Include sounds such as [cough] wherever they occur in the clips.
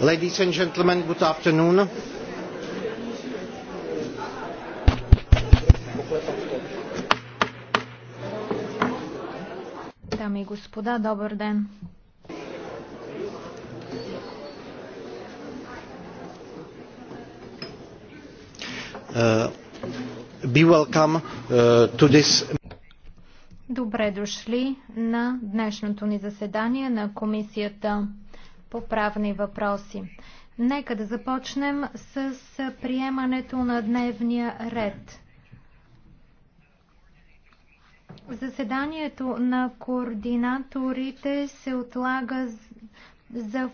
Ladies and gentlemen, good afternoon. Дами и господа, добър ден! Uh, be welcome uh, to this Добре дошли на днешното ни заседание на Комисията по правни въпроси. Нека да започнем с приемането на дневния ред. Заседанието на координаторите се отлага за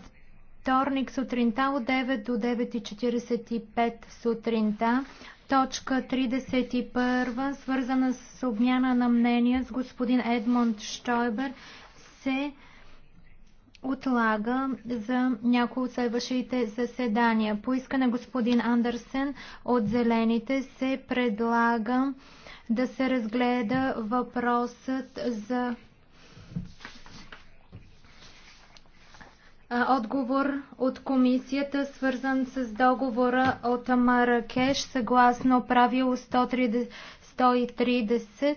вторник сутринта от 9 до 9.45 сутринта. Точка 31, свързана с обмяна на мнения с господин Едмонд Штойбер, се отлага за някои от следващите заседания. По искане господин Андерсен от Зелените се предлага да се разгледа въпросът за отговор от комисията, свързан с договора от Маракеш, съгласно правило 130, 130.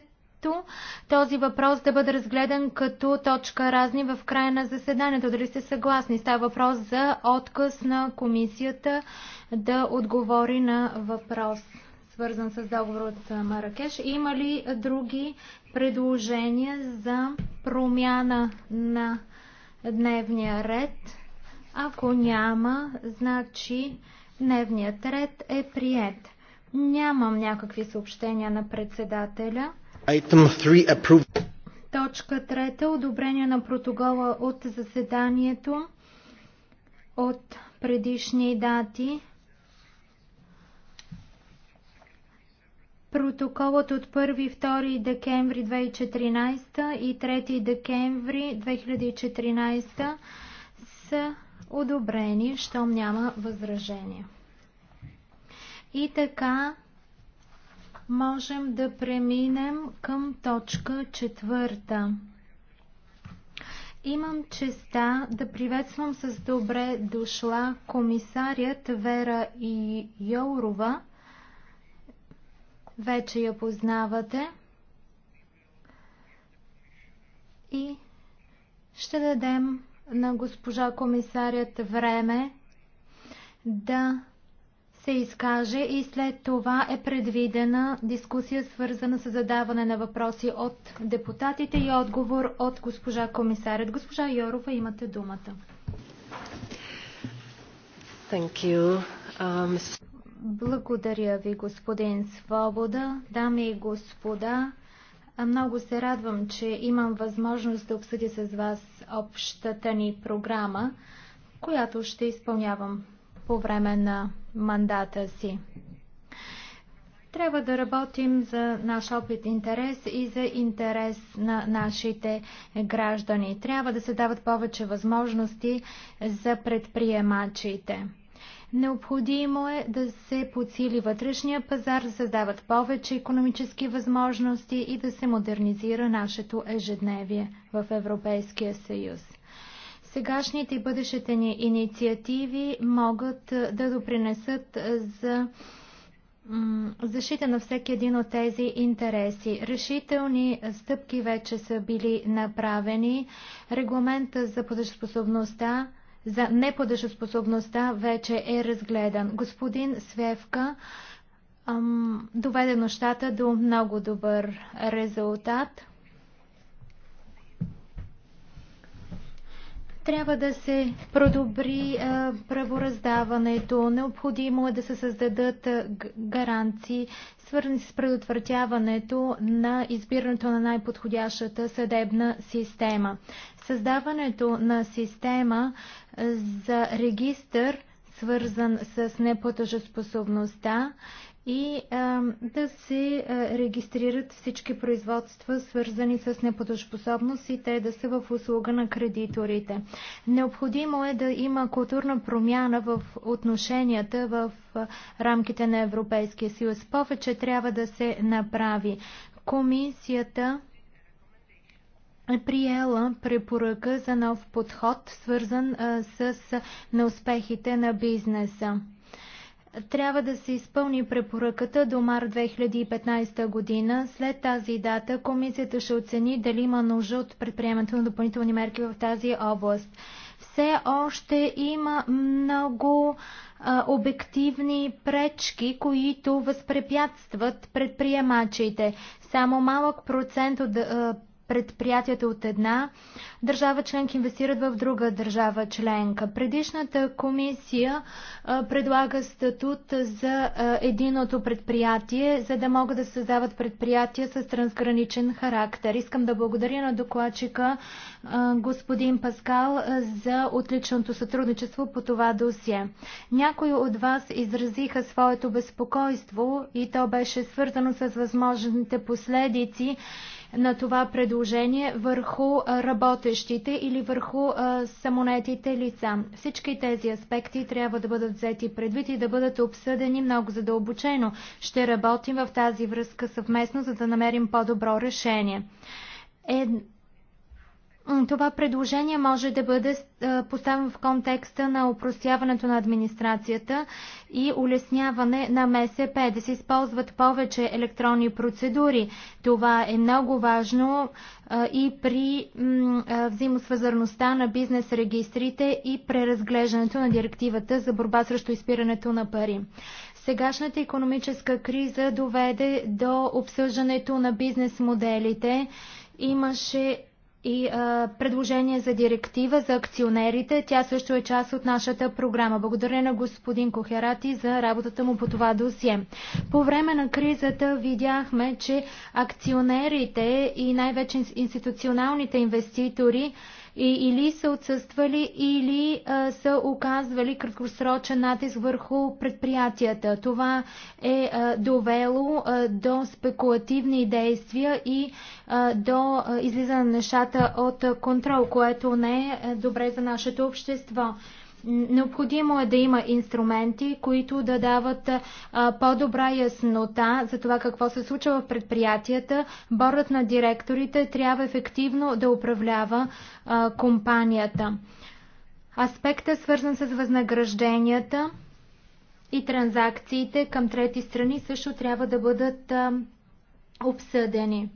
Този въпрос да бъде разгледан като точка разни в края на заседанието. Дали сте съгласни? Става въпрос за отказ на комисията да отговори на въпрос, свързан с договор от Маракеш. Има ли други предложения за промяна на дневния ред. Ако няма, значи дневният ред е прият. Нямам някакви съобщения на председателя. Точка трета. Одобрение на протокола от заседанието от предишни дати. Протоколът от 1-2 декември 2014 и 3 декември 2014 са одобрени, щом няма възражения. И така можем да преминем към точка четвърта. Имам честа да приветствам с добре дошла комисарят Вера и Йорова – вече я познавате. И ще дадем на госпожа комисарят време да се изкаже и след това е предвидена дискусия свързана с задаване на въпроси от депутатите и отговор от госпожа комисарят. Госпожа Йорова, имате думата. Thank you. Um... Благодаря ви, господин Свобода. Дами и господа, много се радвам, че имам възможност да обсъдя с вас общата ни програма, която ще изпълнявам по време на мандата си. Трябва да работим за наш опит интерес и за интерес на нашите граждани. Трябва да се дават повече възможности за предприемачите. Необходимо е да се подсили вътрешния пазар, да създават повече економически възможности и да се модернизира нашето ежедневие в Европейския съюз. Сегашните и бъдещите ни инициативи могат да допринесат за защита на всеки един от тези интереси. Решителни стъпки вече са били направени. Регламента за подъжспособността за неплатежоспособността вече е разгледан. Господин Свевка ам, доведе нощата до много добър резултат. Трябва да се продобри а, правораздаването. Необходимо е да се създадат гаранции, свързани с предотвратяването на избирането на най-подходящата съдебна система. Създаването на система, за регистър, свързан с неплатежоспособността и а, да се регистрират всички производства, свързани с неплатежоспособност и те да са в услуга на кредиторите. Необходимо е да има културна промяна в отношенията в рамките на Европейския съюз. Повече трябва да се направи. Комисията е приела препоръка за нов подход, свързан а, с неуспехите на бизнеса. Трябва да се изпълни препоръката до март 2015 година. След тази дата комисията ще оцени дали има нужда от предприемането на допълнителни мерки в тази област. Все още има много а, обективни пречки, които възпрепятстват предприемачите. Само малък процент от а, предприятията от една държава членка инвестират в друга държава членка. Предишната комисия а, предлага статут за а, единото предприятие, за да могат да създават предприятия с трансграничен характер. Искам да благодаря на докладчика а, господин Паскал за отличното сътрудничество по това досие. Някои от вас изразиха своето безпокойство и то беше свързано с възможните последици на това предложение върху работещите или върху самонетите лица. Всички тези аспекти трябва да бъдат взети предвид и да бъдат обсъдени много задълбочено. Ще работим в тази връзка съвместно, за да намерим по-добро решение. Е, това предложение може да бъде поставено в контекста на упростяването на администрацията и улесняване на МСП, да се използват повече електронни процедури. Това е много важно и при взаимосвъзърността на бизнес регистрите и преразглеждането на директивата за борба срещу изпирането на пари. Сегашната економическа криза доведе до обсъждането на бизнес моделите. Имаше и а, предложение за директива за акционерите. Тя също е част от нашата програма. Благодаря на господин Кохерати за работата му по това досие. По време на кризата видяхме, че акционерите и най-вече институционалните инвеститори и, или са отсъствали, или а, са оказвали краткосрочен натиск върху предприятията. Това е а, довело а, до спекулативни действия и а, до а, излизане на нещата от а, контрол, което не е добре за нашето общество. Необходимо е да има инструменти, които да дават по-добра яснота за това какво се случва в предприятията. Борът на директорите трябва ефективно да управлява а, компанията. Аспекта, е свързан с възнагражденията и транзакциите към трети страни също трябва да бъдат а, обсъдени.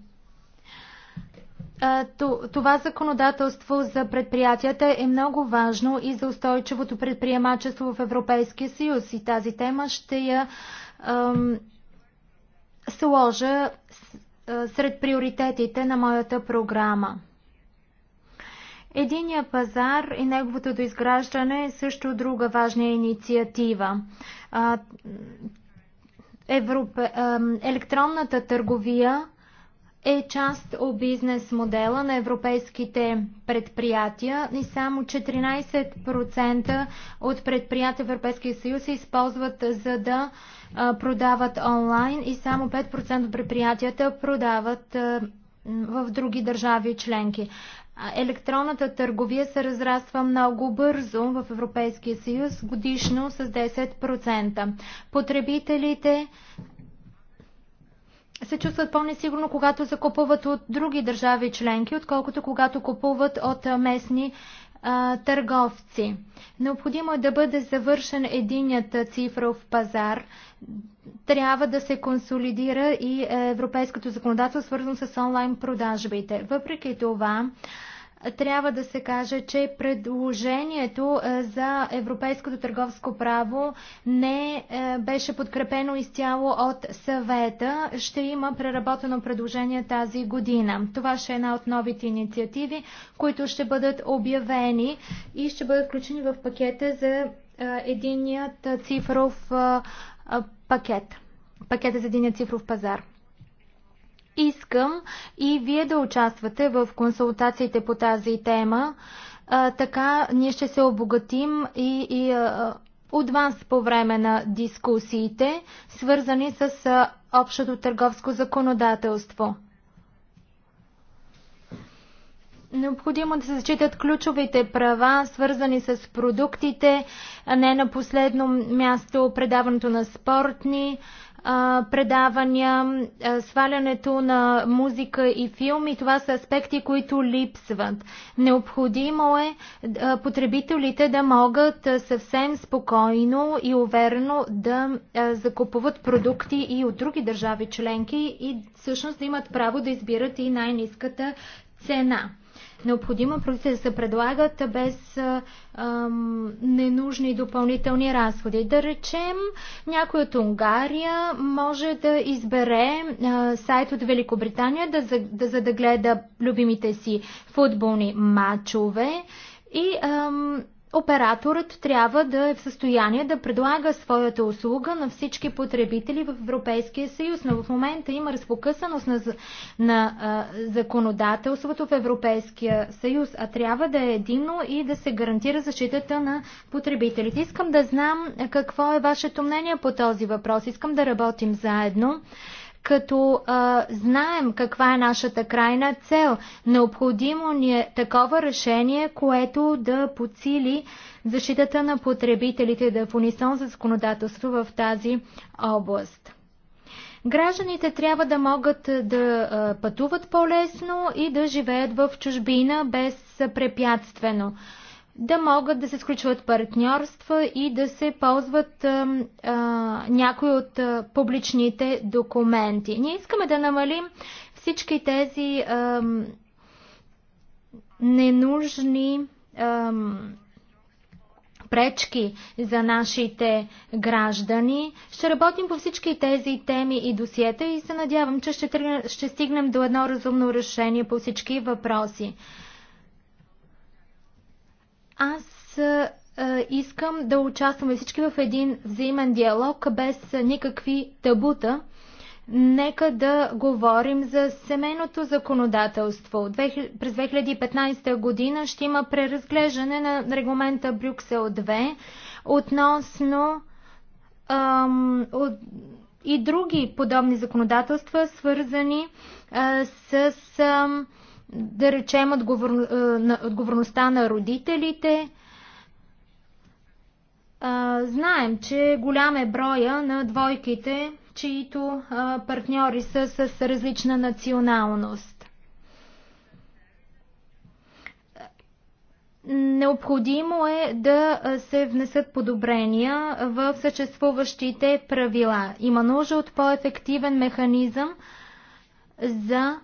Това законодателство за предприятията е много важно и за устойчивото предприемачество в Европейския съюз и тази тема ще я ам, сложа сред приоритетите на моята програма. Единия пазар и неговото доизграждане е също друга важна инициатива. Европе... Електронната търговия е част от бизнес модела на европейските предприятия и само 14% от предприятия в Европейския съюз се използват за да продават онлайн и само 5% от предприятията продават в други държави членки. Електронната търговия се разраства много бързо в Европейския съюз, годишно с 10%. Потребителите се чувстват по-несигурно, когато закупуват от други държави членки, отколкото когато купуват от местни а, търговци. Необходимо е да бъде завършен единият цифров пазар. Трябва да се консолидира и европейското законодателство, свързано с онлайн продажбите. Въпреки това, а, трябва да се каже, че предложението е, за европейското търговско право не е, беше подкрепено изцяло от съвета. Ще има преработено предложение тази година. Това ще е една от новите инициативи, които ще бъдат обявени и ще бъдат включени в пакета за е, единият цифров пакет. Пакета за единият цифров пазар. Искам и вие да участвате в консултациите по тази тема. А, така ние ще се обогатим и, и а, от вас по време на дискусиите, свързани с а, общото търговско законодателство. Необходимо да се зачитат ключовите права, свързани с продуктите, а не на последно място предаването на спортни предавания, свалянето на музика и филми. Това са аспекти, които липсват. Необходимо е потребителите да могат съвсем спокойно и уверено да закупуват продукти и от други държави членки и всъщност да имат право да избират и най-низката цена. Необходимо е продуктите да се предлагат без ам, ненужни допълнителни разходи. Да речем, някой от Унгария може да избере а, сайт от Великобритания, да, за, да, за да гледа любимите си футболни матчове и ам, Операторът трябва да е в състояние да предлага своята услуга на всички потребители в Европейския съюз, но в момента има разпокъсаност на, на а, законодателството в Европейския съюз, а трябва да е едино и да се гарантира защитата на потребителите. Искам да знам какво е вашето мнение по този въпрос. Искам да работим заедно като а, знаем каква е нашата крайна цел. Необходимо ни е такова решение, което да подсили защитата на потребителите, да е в унисон за законодателство в тази област. Гражданите трябва да могат да пътуват по-лесно и да живеят в чужбина безпрепятствено. препятствено да могат да се сключват партньорства и да се ползват а, а, някои от а, публичните документи. Ние искаме да намалим всички тези а, ненужни а, пречки за нашите граждани. Ще работим по всички тези теми и досиета и се надявам, че ще, ще стигнем до едно разумно решение по всички въпроси. Аз а, искам да участваме всички в един взаимен диалог без никакви табута. Нека да говорим за семейното законодателство. През 2015 година ще има преразглеждане на регламента Брюксел 2 относно ам, от, и други подобни законодателства, свързани а, с. Ам, да речем отговор, е, отговорността на родителите. Е, знаем, че голям е броя на двойките, чието е, партньори са с различна националност. Необходимо е да се внесат подобрения в съществуващите правила. Има нужда от по-ефективен механизъм за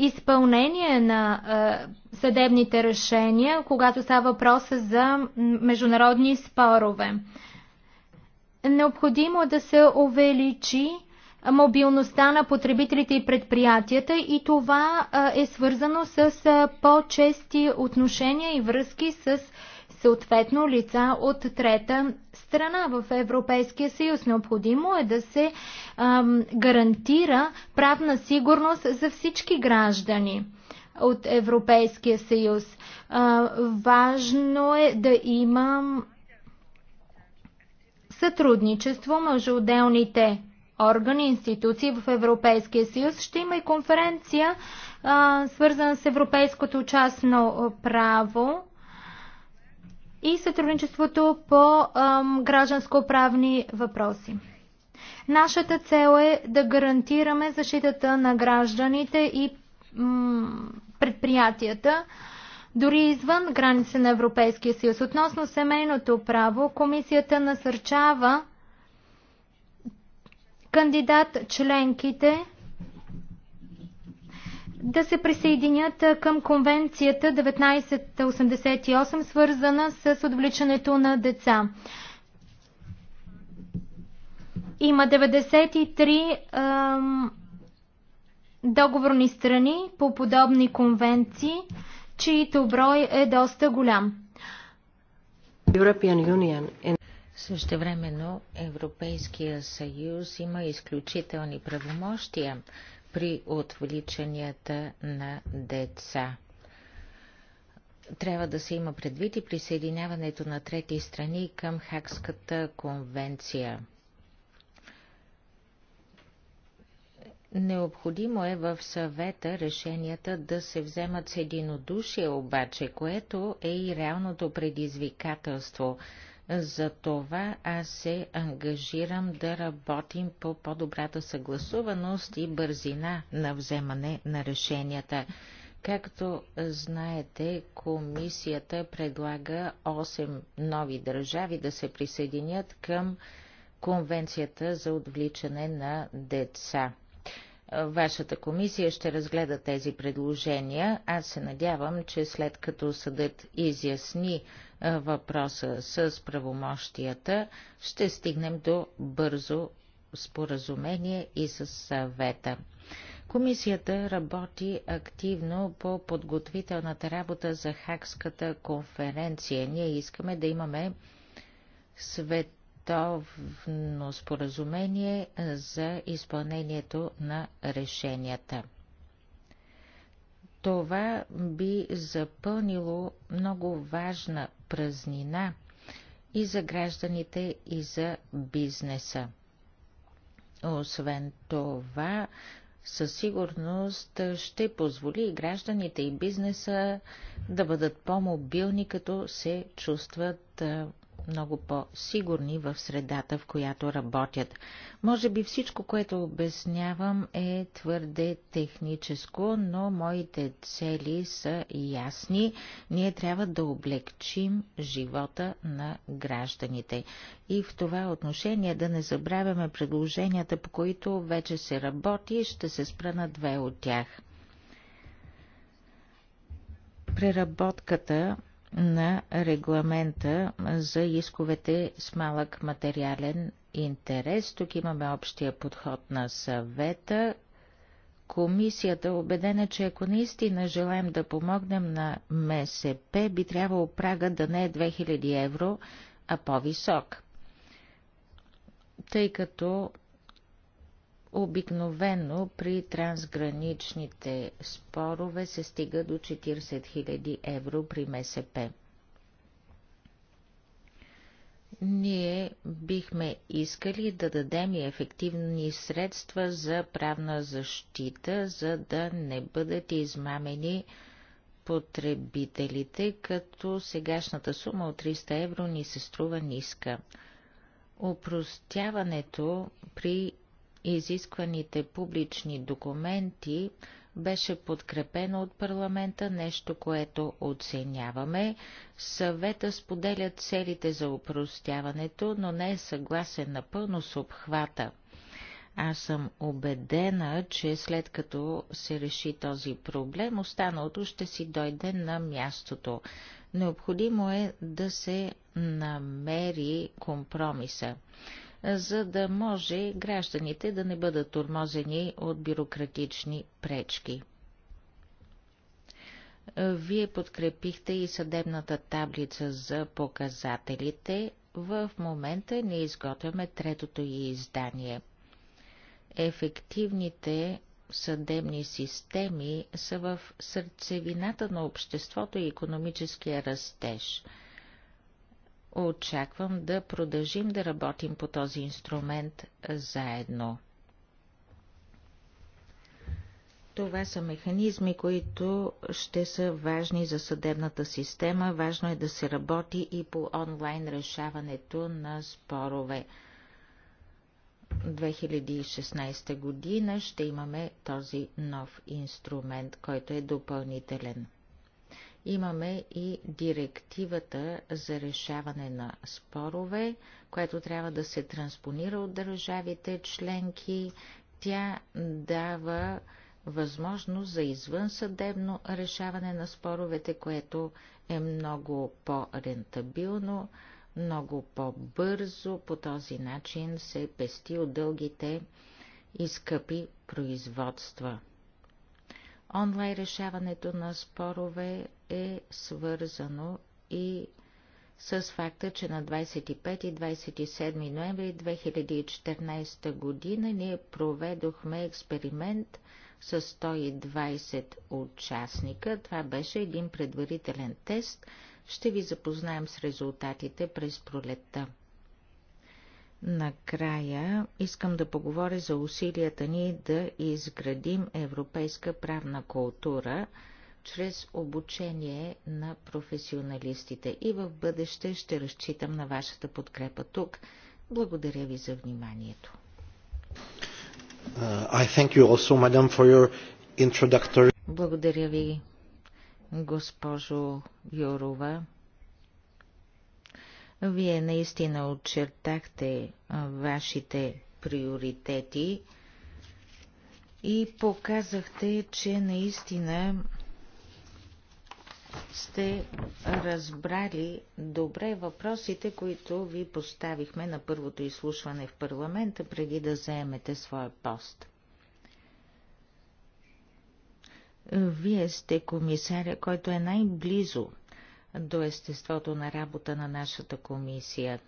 изпълнение на е, съдебните решения, когато става въпроса за международни спорове. Необходимо е да се увеличи мобилността на потребителите и предприятията и това е, е свързано с е, по-чести отношения и връзки с съответно лица от трета страна в Европейския съюз. Необходимо е да се ам, гарантира правна сигурност за всички граждани от Европейския съюз. А, важно е да имам сътрудничество между отделните органи, институции в Европейския съюз. Ще има и конференция, а, свързана с европейското частно право и сътрудничеството по гражданско-правни въпроси. Нашата цел е да гарантираме защитата на гражданите и предприятията, дори извън граница на Европейския съюз. Относно семейното право, комисията насърчава кандидат членките да се присъединят към конвенцията 1988, свързана с отвличането на деца. Има 93 ам, договорни страни по подобни конвенции, чието брой е доста голям. Същевременно Европейския съюз има изключителни правомощия при отвличанията на деца. Трябва да се има предвид и присъединяването на трети страни към Хакската конвенция. Необходимо е в съвета решенията да се вземат с единодушие обаче, което е и реалното предизвикателство – за това аз се ангажирам да работим по по-добрата съгласуваност и бързина на вземане на решенията. Както знаете, комисията предлага 8 нови държави да се присъединят към Конвенцията за отвличане на деца. Вашата комисия ще разгледа тези предложения. Аз се надявам, че след като съдът изясни въпроса с правомощията, ще стигнем до бързо споразумение и с съвета. Комисията работи активно по подготвителната работа за Хакската конференция. Ние искаме да имаме свет редовно споразумение за изпълнението на решенията. Това би запълнило много важна празнина и за гражданите, и за бизнеса. Освен това, със сигурност ще позволи и гражданите и бизнеса да бъдат по-мобилни, като се чувстват много по-сигурни в средата, в която работят. Може би всичко, което обяснявам е твърде техническо, но моите цели са ясни. Ние трябва да облегчим живота на гражданите. И в това отношение да не забравяме предложенията, по които вече се работи, ще се спра на две от тях. Преработката на регламента за исковете с малък материален интерес. Тук имаме общия подход на съвета. Комисията е убедена, че ако наистина желаем да помогнем на МСП, би трябвало прага да не е 2000 евро, а по-висок. Тъй като Обикновено при трансграничните спорове се стига до 40 000 евро при МСП. Ние бихме искали да дадем и ефективни средства за правна защита, за да не бъдат измамени потребителите, като сегашната сума от 300 евро ни се струва ниска. Опростяването при изискваните публични документи беше подкрепено от парламента, нещо, което оценяваме. Съвета споделя целите за упростяването, но не е съгласен напълно с обхвата. Аз съм убедена, че след като се реши този проблем, останалото ще си дойде на мястото. Необходимо е да се намери компромиса за да може гражданите да не бъдат тормозени от бюрократични пречки. Вие подкрепихте и съдебната таблица за показателите. В момента не изготвяме третото и издание. Ефективните съдебни системи са в сърцевината на обществото и економическия растеж – очаквам да продължим да работим по този инструмент заедно. Това са механизми, които ще са важни за съдебната система. Важно е да се работи и по онлайн решаването на спорове. 2016 година ще имаме този нов инструмент, който е допълнителен. Имаме и директивата за решаване на спорове, което трябва да се транспонира от държавите членки. Тя дава възможност за извънсъдебно решаване на споровете, което е много по-рентабилно, много по-бързо. По този начин се пести от дългите и скъпи производства онлайн решаването на спорове е свързано и с факта, че на 25 и 27 ноември 2014 година ние проведохме експеримент с 120 участника. Това беше един предварителен тест. Ще ви запознаем с резултатите през пролетта. Накрая искам да поговоря за усилията ни да изградим европейска правна култура чрез обучение на професионалистите и в бъдеще ще разчитам на вашата подкрепа тук. Благодаря ви за вниманието. Uh, Благодаря ви, госпожо Юрова. Вие наистина очертахте вашите приоритети и показахте, че наистина сте разбрали добре въпросите, които ви поставихме на първото изслушване в парламента, преди да заемете своя пост. Вие сте комисаря, който е най-близо до естеството на работа на нашата комисия.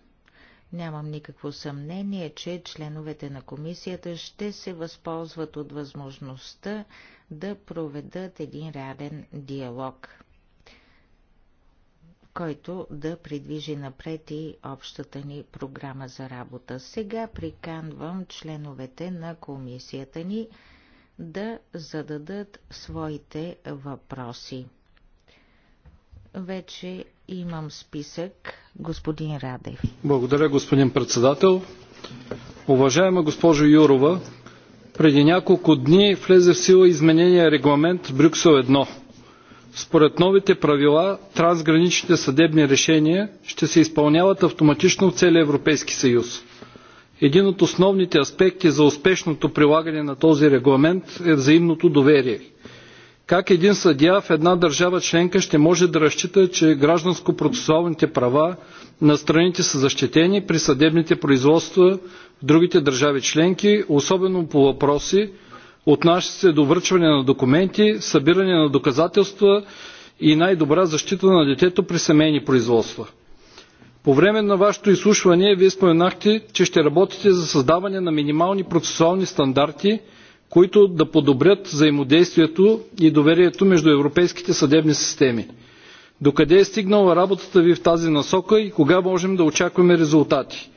Нямам никакво съмнение, че членовете на комисията ще се възползват от възможността да проведат един реален диалог, който да придвижи напред и общата ни програма за работа. Сега приканвам членовете на комисията ни да зададат своите въпроси. Вече имам списък. Господин Радев. Благодаря, господин председател. Уважаема госпожо Юрова, преди няколко дни влезе в сила изменения регламент Брюксел 1. Според новите правила, трансграничните съдебни решения ще се изпълняват автоматично в целия Европейски съюз. Един от основните аспекти за успешното прилагане на този регламент е взаимното доверие – как един съдия в една държава членка ще може да разчита, че гражданско-процесуалните права на страните са защитени при съдебните производства в другите държави членки, особено по въпроси, отнасящи се до връчване на документи, събиране на доказателства и най-добра защита на детето при семейни производства? По време на вашето изслушване вие споменахте, че ще работите за създаване на минимални процесуални стандарти – които да подобрят взаимодействието и доверието между европейските съдебни системи. Докъде е стигнала работата ви в тази насока и кога можем да очакваме резултати?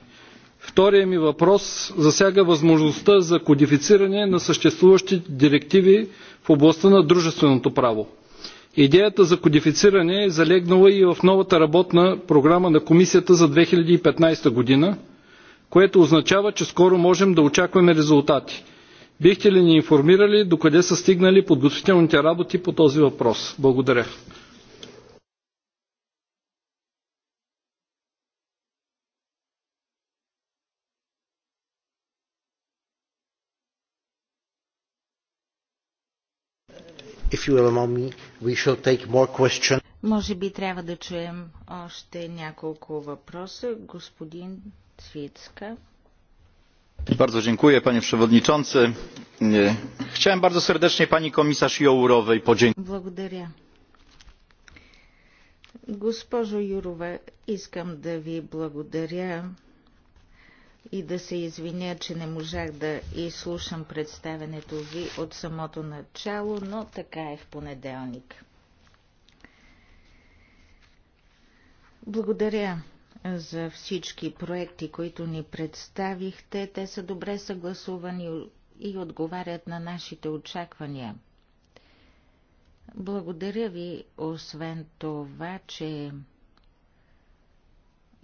Вторият ми въпрос засяга възможността за кодифициране на съществуващи директиви в областта на дружественото право. Идеята за кодифициране е залегнала и в новата работна програма на комисията за 2015 година, което означава, че скоро можем да очакваме резултати – Бихте ли ни информирали докъде са стигнали подготвителните работи по този въпрос? Благодаря. Me, Може би трябва да чуем още няколко въпроса. Господин Цвицка panie przewodniczący! chciałem bardzo serdecznie pani komisarz jourovej podziękować. Госпожо Юрова, искам да ви благодаря и да се извиня, че не можах да изслушам представенето ви от самото начало, но така е в понеделник. Благодаря за всички проекти, които ни представихте. Те са добре съгласувани и отговарят на нашите очаквания. Благодаря ви, освен това, че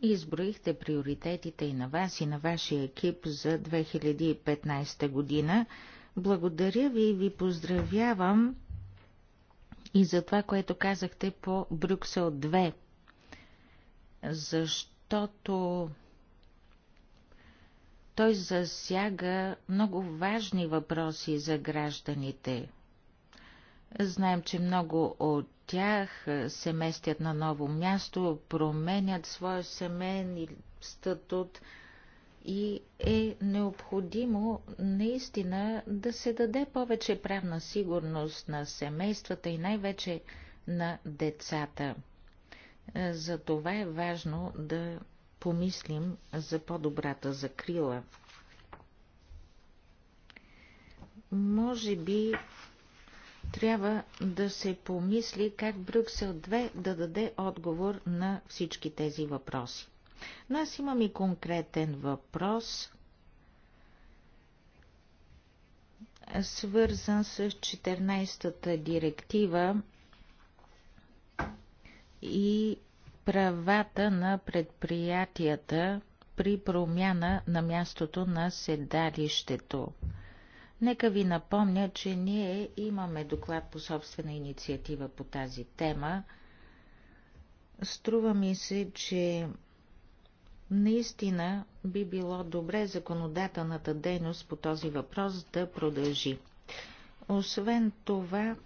изброихте приоритетите и на вас, и на вашия екип за 2015 година. Благодаря ви и ви поздравявам и за това, което казахте по Брюксел 2, защото защото той засяга много важни въпроси за гражданите. Знаем, че много от тях се местят на ново място, променят своя семейен статут и е необходимо наистина да се даде повече правна сигурност на семействата и най-вече на децата. За това е важно да помислим за по-добрата закрила. Може би трябва да се помисли как Брюксел 2 да даде отговор на всички тези въпроси. Но аз имам и конкретен въпрос, свързан с 14-та директива и правата на предприятията при промяна на мястото на седалището. Нека ви напомня, че ние имаме доклад по собствена инициатива по тази тема. Струва ми се, че наистина би било добре законодателната дейност по този въпрос да продължи. Освен това,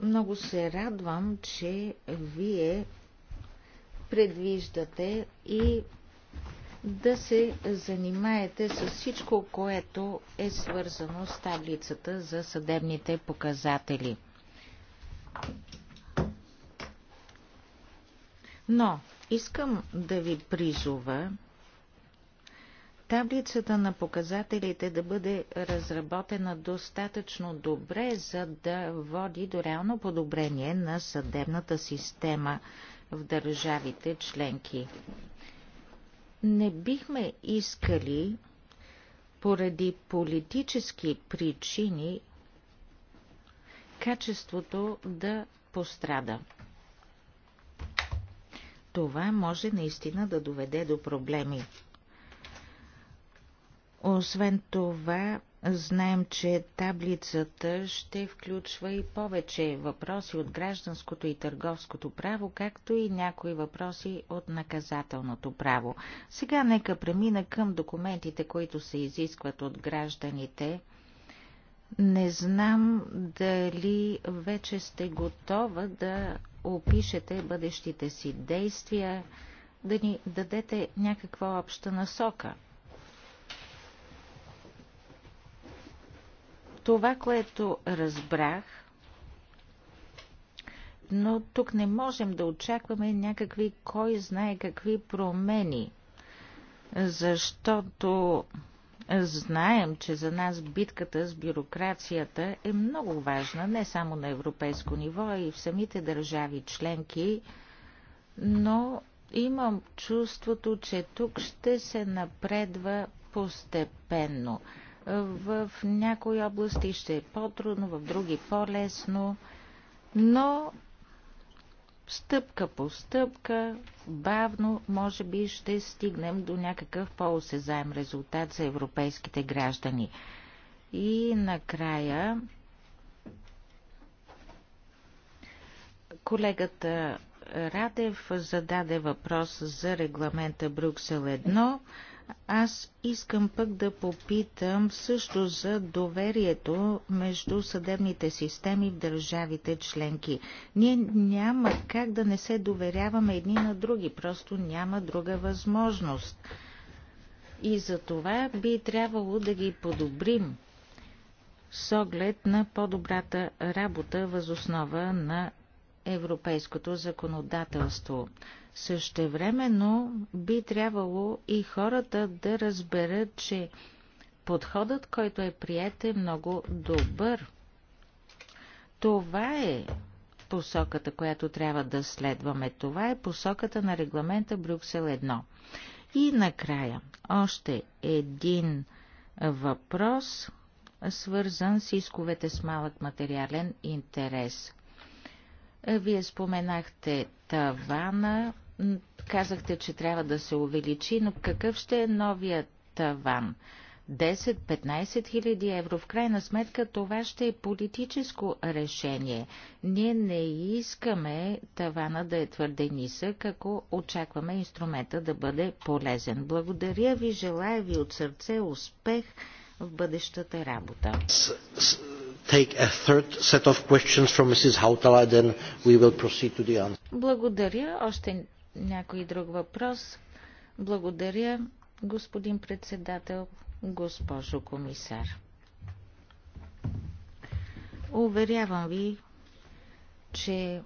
много се радвам, че вие предвиждате и да се занимаете с всичко, което е свързано с таблицата за съдебните показатели. Но искам да ви призова таблицата на показателите да бъде разработена достатъчно добре, за да води до реално подобрение на съдебната система в държавите членки. Не бихме искали поради политически причини качеството да пострада. Това може наистина да доведе до проблеми. Освен това, знаем, че таблицата ще включва и повече въпроси от гражданското и търговското право, както и някои въпроси от наказателното право. Сега нека премина към документите, които се изискват от гражданите. Не знам дали вече сте готова да опишете бъдещите си действия, да ни дадете някаква обща насока – Това, което разбрах, но тук не можем да очакваме някакви, кой знае какви промени, защото знаем, че за нас битката с бюрокрацията е много важна, не само на европейско ниво, а и в самите държави членки, но имам чувството, че тук ще се напредва постепенно – в някои области ще е по-трудно, в други по-лесно, но стъпка по стъпка, бавно, може би ще стигнем до някакъв по-осезаем резултат за европейските граждани. И накрая колегата Радев зададе въпрос за регламента Брюксел 1. Аз искам пък да попитам също за доверието между съдебните системи в държавите членки. Ние няма как да не се доверяваме едни на други, просто няма друга възможност. И за това би трябвало да ги подобрим с оглед на по-добрата работа възоснова на европейското законодателство. Същевременно би трябвало и хората да разберат, че подходът, който е прият, е много добър. Това е посоката, която трябва да следваме. Това е посоката на регламента Брюксел 1. И накрая, още един въпрос, свързан с исковете с малък материален интерес. Вие споменахте тавана, казахте, че трябва да се увеличи, но какъв ще е новият таван? 10-15 хиляди евро. В крайна сметка това ще е политическо решение. Ние не искаме тавана да е твърде нисък, ако очакваме инструмента да бъде полезен. Благодаря ви, желая ви от сърце успех в бъдещата работа take a third set of questions from Mrs. Hautala, then we will proceed to the answer. Благодаря. Още някой друг въпрос? Благодаря, господин председател, госпожо комисар. Уверявам ви, че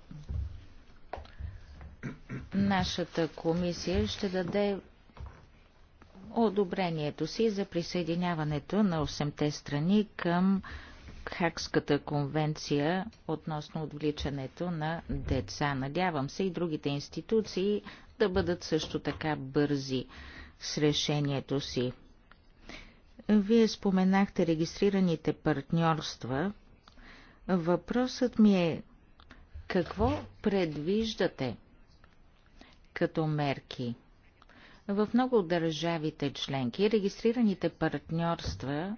нашата комисия ще даде одобрението си за присъединяването на 8-те страни към Хакската конвенция относно отвличането на деца. Надявам се и другите институции да бъдат също така бързи с решението си. Вие споменахте регистрираните партньорства. Въпросът ми е какво предвиждате като мерки? В много от държавите членки регистрираните партньорства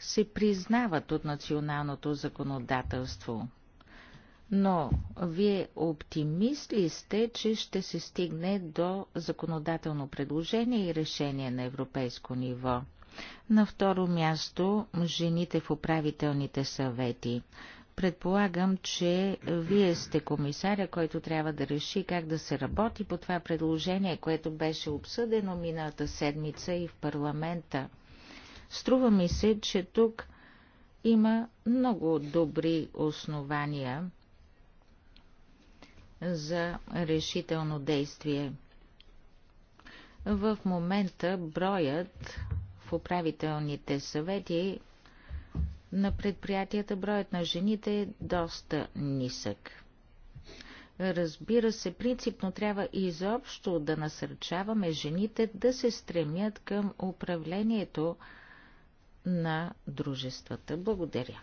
се признават от националното законодателство. Но вие оптимист ли сте, че ще се стигне до законодателно предложение и решение на европейско ниво? На второ място жените в управителните съвети. Предполагам, че вие сте комисаря, който трябва да реши как да се работи по това предложение, което беше обсъдено миналата седмица и в парламента. Струва ми се, че тук има много добри основания за решително действие. В момента броят в управителните съвети на предприятията, броят на жените е доста нисък. Разбира се, принципно трябва изобщо да насърчаваме жените да се стремят към управлението на дружествата. Благодаря.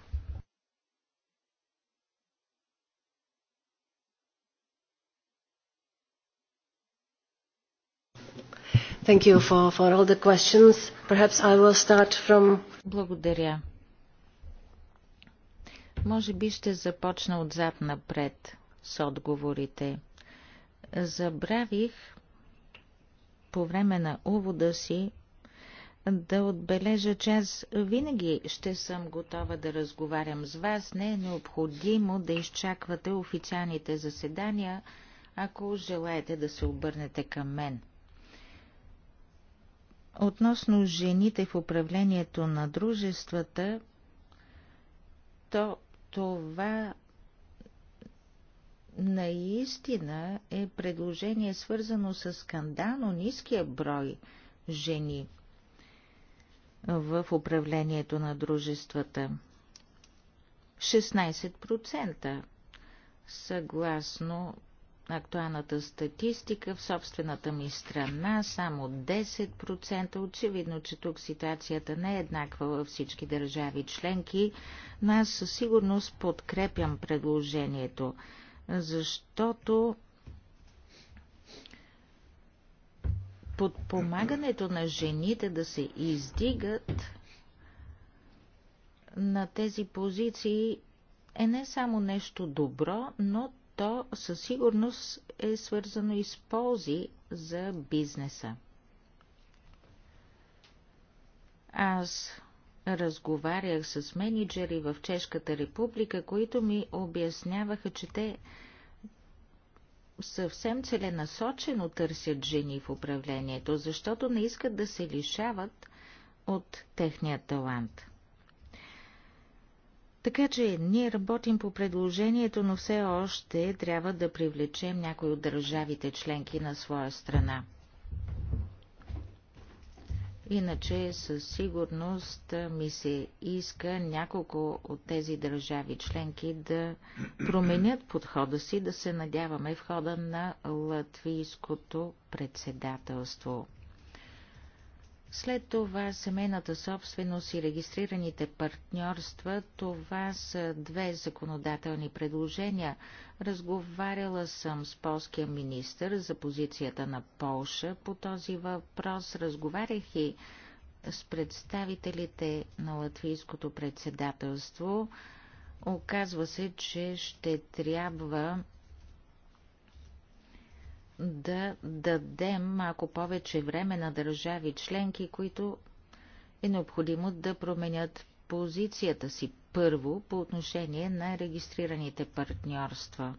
For, for from... Благодаря. Може би ще започна отзад напред с отговорите. Забравих по време на увода си да отбележа, че аз винаги ще съм готова да разговарям с вас. Не е необходимо да изчаквате официалните заседания, ако желаете да се обърнете към мен. Относно жените в управлението на дружествата, то това наистина е предложение свързано с скандално ниския брой жени – в управлението на дружествата. 16% съгласно актуалната статистика в собствената ми страна само 10%. Очевидно, че тук ситуацията не е еднаква във всички държави членки, но аз със сигурност подкрепям предложението, защото подпомагането на жените да се издигат на тези позиции е не само нещо добро, но то със сигурност е свързано и с ползи за бизнеса. Аз разговарях с менеджери в Чешката република, които ми обясняваха, че те съвсем целенасочено търсят жени в управлението, защото не искат да се лишават от техния талант. Така че ние работим по предложението, но все още трябва да привлечем някои от държавите членки на своя страна. Иначе със сигурност ми се иска няколко от тези държави членки да променят подхода си, да се надяваме в хода на латвийското председателство. След това семейната собственост и регистрираните партньорства, това са две законодателни предложения. Разговаряла съм с полския министр за позицията на Полша по този въпрос. Разговарях и с представителите на латвийското председателство. Оказва се, че ще трябва да дадем малко повече време на държави членки, които е необходимо да променят позицията си първо по отношение на регистрираните партньорства.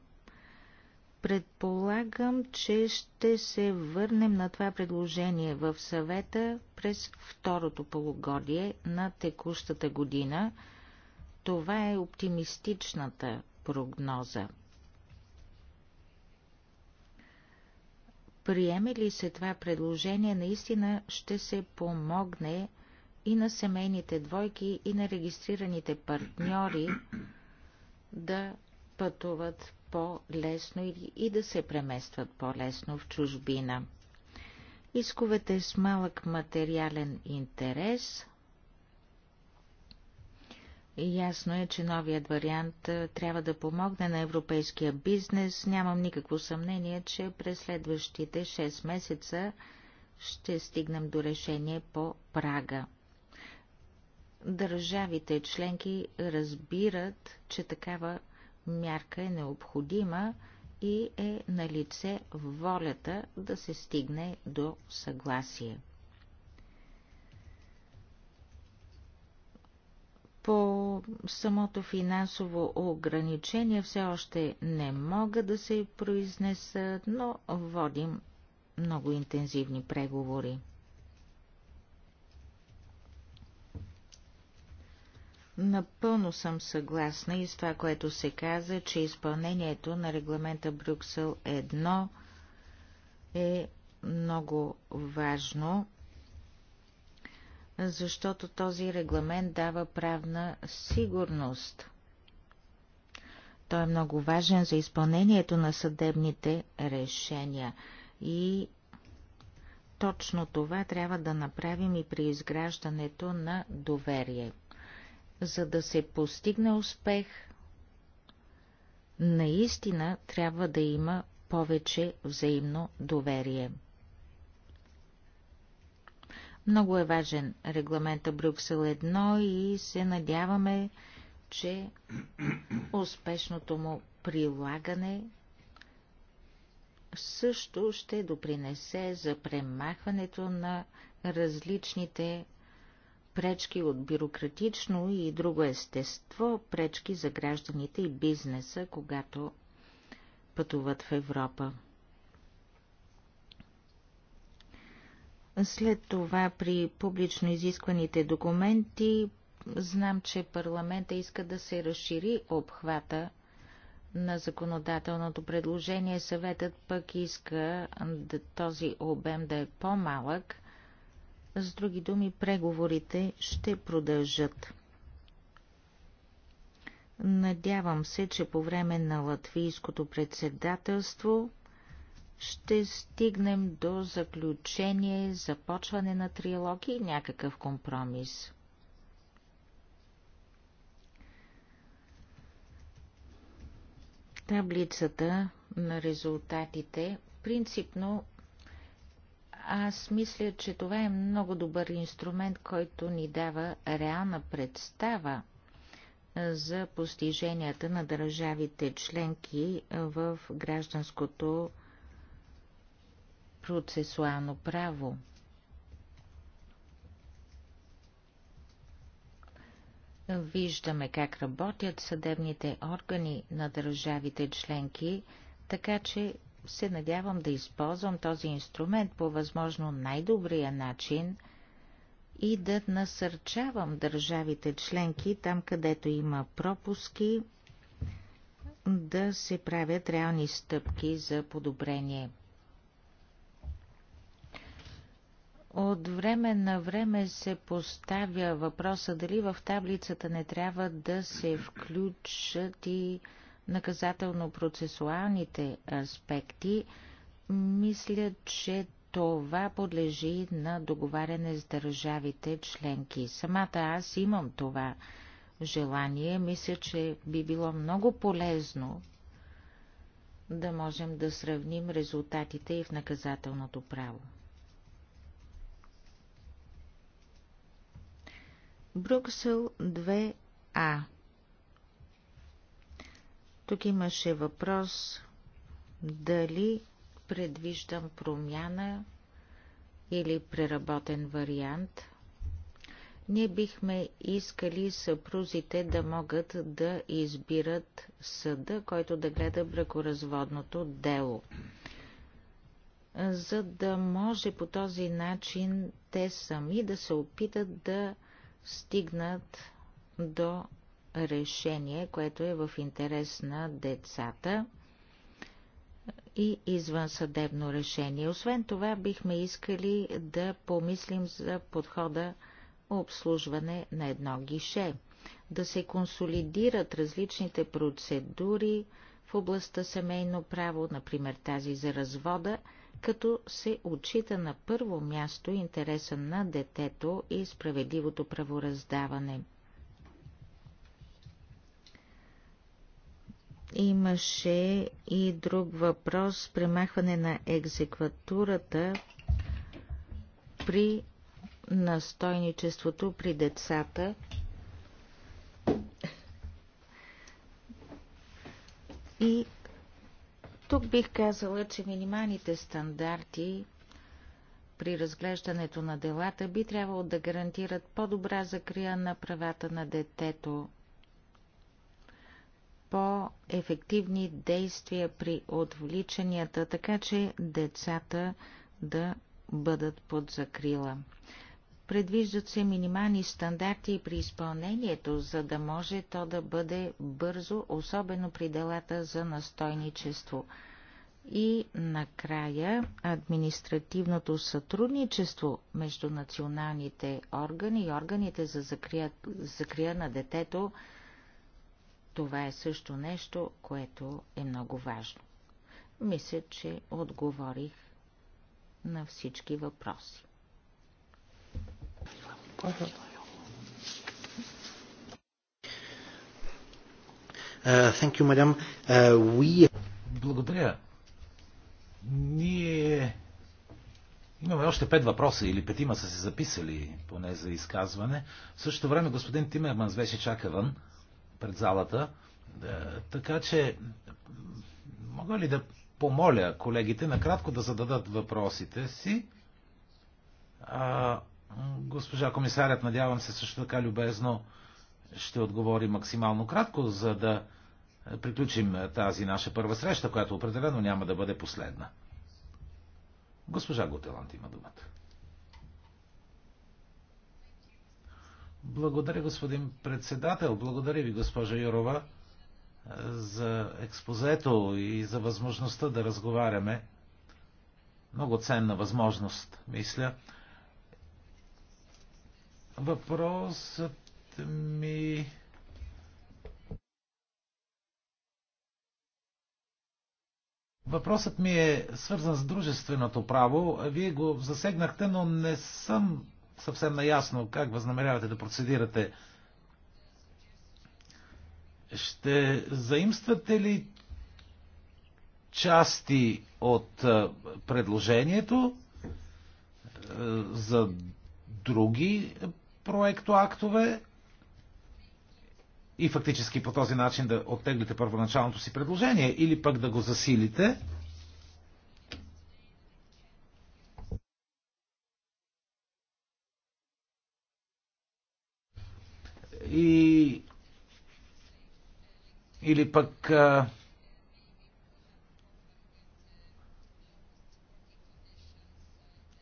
Предполагам, че ще се върнем на това предложение в съвета през второто полугодие на текущата година. Това е оптимистичната прогноза. приеме ли се това предложение, наистина ще се помогне и на семейните двойки, и на регистрираните партньори да пътуват по-лесно и да се преместват по-лесно в чужбина. Исковете с малък материален интерес Ясно е, че новият вариант трябва да помогне на европейския бизнес. Нямам никакво съмнение, че през следващите 6 месеца ще стигнем до решение по прага. Държавите членки разбират, че такава мярка е необходима и е на лице волята да се стигне до съгласие. По самото финансово ограничение все още не мога да се произнеса, но водим много интензивни преговори. Напълно съм съгласна и с това, което се каза, че изпълнението на регламента Брюксел 1 е много важно защото този регламент дава правна сигурност. Той е много важен за изпълнението на съдебните решения и точно това трябва да направим и при изграждането на доверие. За да се постигне успех, наистина трябва да има повече взаимно доверие. Много е важен регламента Брюксел 1 и се надяваме, че успешното му прилагане също ще допринесе за премахването на различните пречки от бюрократично и друго естество, пречки за гражданите и бизнеса, когато пътуват в Европа. След това при публично изискваните документи знам, че парламента иска да се разшири обхвата на законодателното предложение. Съветът пък иска да този обем да е по-малък. С други думи, преговорите ще продължат. Надявам се, че по време на латвийското председателство ще стигнем до заключение, започване на триалог и някакъв компромис. Таблицата на резултатите принципно аз мисля, че това е много добър инструмент, който ни дава реална представа за постиженията на държавите членки в гражданското процесуално право. Виждаме как работят съдебните органи на държавите членки, така че се надявам да използвам този инструмент по възможно най-добрия начин и да насърчавам държавите членки, там където има пропуски, да се правят реални стъпки за подобрение. От време на време се поставя въпроса дали в таблицата не трябва да се включат и наказателно-процесуалните аспекти. Мисля, че това подлежи на договаряне с държавите членки. Самата аз имам това желание. Мисля, че би било много полезно да можем да сравним резултатите и в наказателното право. Бруксел 2А. Тук имаше въпрос дали предвиждам промяна или преработен вариант. Ние бихме искали съпрузите да могат да избират съда, който да гледа бракоразводното дело за да може по този начин те сами да се опитат да стигнат до решение, което е в интерес на децата и извънсъдебно решение. Освен това, бихме искали да помислим за подхода обслужване на едно гише, да се консолидират различните процедури в областта семейно право, например тази за развода, като се отчита на първо място интереса на детето и справедливото правораздаване. Имаше и друг въпрос – премахване на екзекватурата при настойничеството при децата. И тук бих казала, че минималните стандарти при разглеждането на делата би трябвало да гарантират по-добра закрия на правата на детето, по-ефективни действия при отвличанията, така че децата да бъдат под закрила. Предвиждат се минимални стандарти при изпълнението, за да може то да бъде бързо, особено при делата за настойничество. И накрая административното сътрудничество между националните органи и органите за закрия, на детето, това е също нещо, което е много важно. Мисля, че отговорих на всички въпроси. Uh, thank you, madam. Uh, we... Благодаря. Ние имаме още пет въпроса или петима са се записали поне за изказване. В същото време господин Тимерманс беше вън пред залата. Така че мога ли да помоля колегите накратко да зададат въпросите си? А, Госпожа комисарят, надявам се също така любезно ще отговори максимално кратко, за да приключим тази наша първа среща, която определено няма да бъде последна. Госпожа Готеланд има думата. Благодаря, господин председател. Благодаря ви, госпожа Юрова, за експозето и за възможността да разговаряме. Много ценна възможност, мисля. Въпросът ми... Въпросът ми е свързан с дружественото право. Вие го засегнахте, но не съм съвсем наясно как възнамерявате да процедирате. Ще заимствате ли части от предложението за други проектоактове и фактически по този начин да оттеглите първоначалното си предложение или пък да го засилите. И или пък а...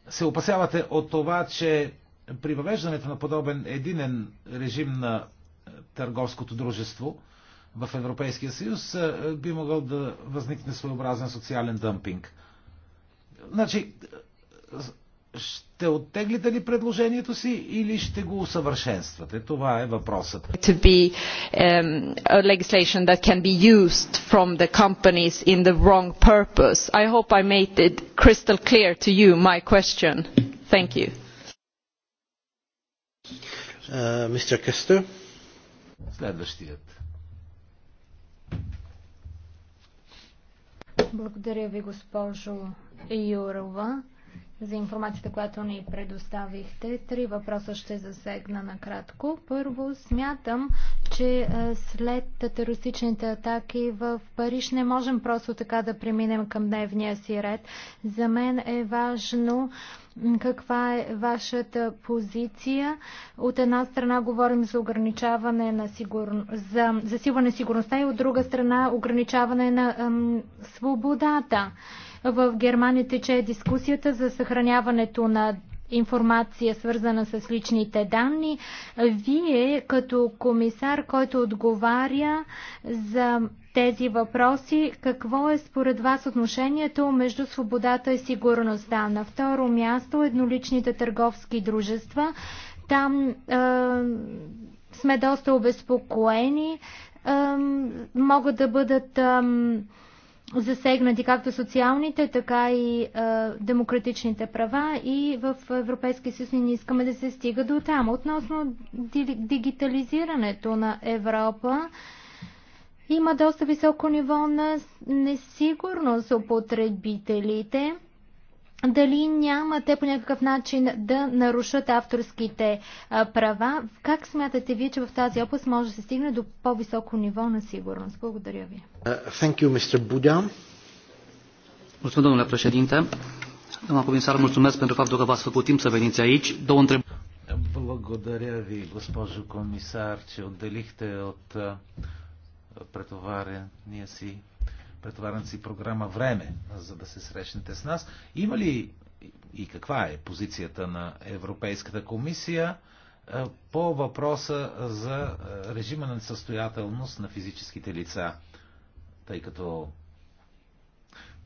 се опасявате от това, че при въвеждането на подобен единен режим на е, търговското дружество в Европейския съюз е, би могъл да възникне своеобразен социален дъмпинг. Значи, е, ще оттеглите ли предложението си или ще го усъвършенствате? Това е въпросът. To be um, a legislation that can be used from the companies in the wrong purpose. I hope I made it crystal clear to you my question. Thank you Мистер uh, Кестър. Следващият. Благодаря ви, госпожо Юрова, за информацията, която ни предоставихте. Три въпроса ще засегна накратко. Първо, смятам, че след терористичните атаки в Париж не можем просто така да преминем към дневния си ред. За мен е важно каква е вашата позиция. От една страна говорим за ограничаване на сигурно... за засилване сигурността и от друга страна ограничаване на ам, свободата. В Германия тече дискусията за съхраняването на информация, свързана с личните данни. Вие, като комисар, който отговаря за тези въпроси, какво е според вас отношението между свободата и сигурността? На второ място, едноличните търговски дружества. Там е, сме доста обезпокоени. Е, могат да бъдат. Е, засегнати както социалните, така и е, демократичните права и в Европейския съюз не искаме да се стига до там. Относно дигитализирането на Европа, има доста високо ниво на несигурност у потребителите дали няма те по някакъв начин да нарушат авторските права? Как смятате вие, че в тази област може да се стигне до по-високо ниво на сигурност? Благодаря ви. Uh, you, Mulțumesc, domnule președinte. comisar, mulțumesc pentru faptul că v-ați făcut timp să veniți aici. Două întrebări. Благодаря ви, госпожо комисар, че отделихте от претоварения си претоварната си програма време, за да се срещнете с нас. Има ли и каква е позицията на Европейската комисия е, по въпроса за е, режима на несъстоятелност на физическите лица? Тъй като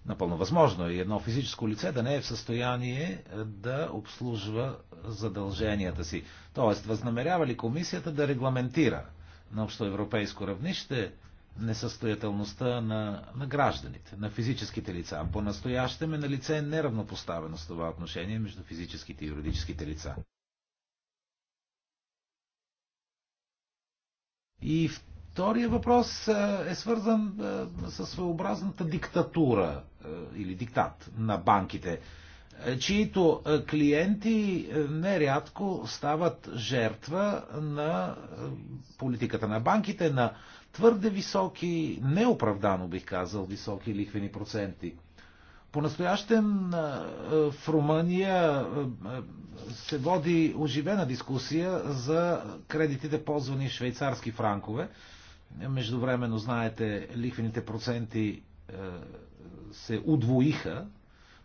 напълно възможно е едно физическо лице да не е в състояние е, да обслужва задълженията си. Тоест, възнамерява ли комисията да регламентира на общоевропейско равнище несъстоятелността на, на гражданите, на физическите лица. По-настоящем е на лице неравнопоставеност това отношение между физическите и юридическите лица. И втория въпрос е, е свързан е, с своеобразната диктатура е, или диктат на банките, чието клиенти нерядко стават жертва на политиката на банките, на твърде високи, неоправдано бих казал, високи лихвени проценти. По-настоящен в Румъния се води оживена дискусия за кредитите ползвани в швейцарски франкове. Междувременно, знаете, лихвените проценти се удвоиха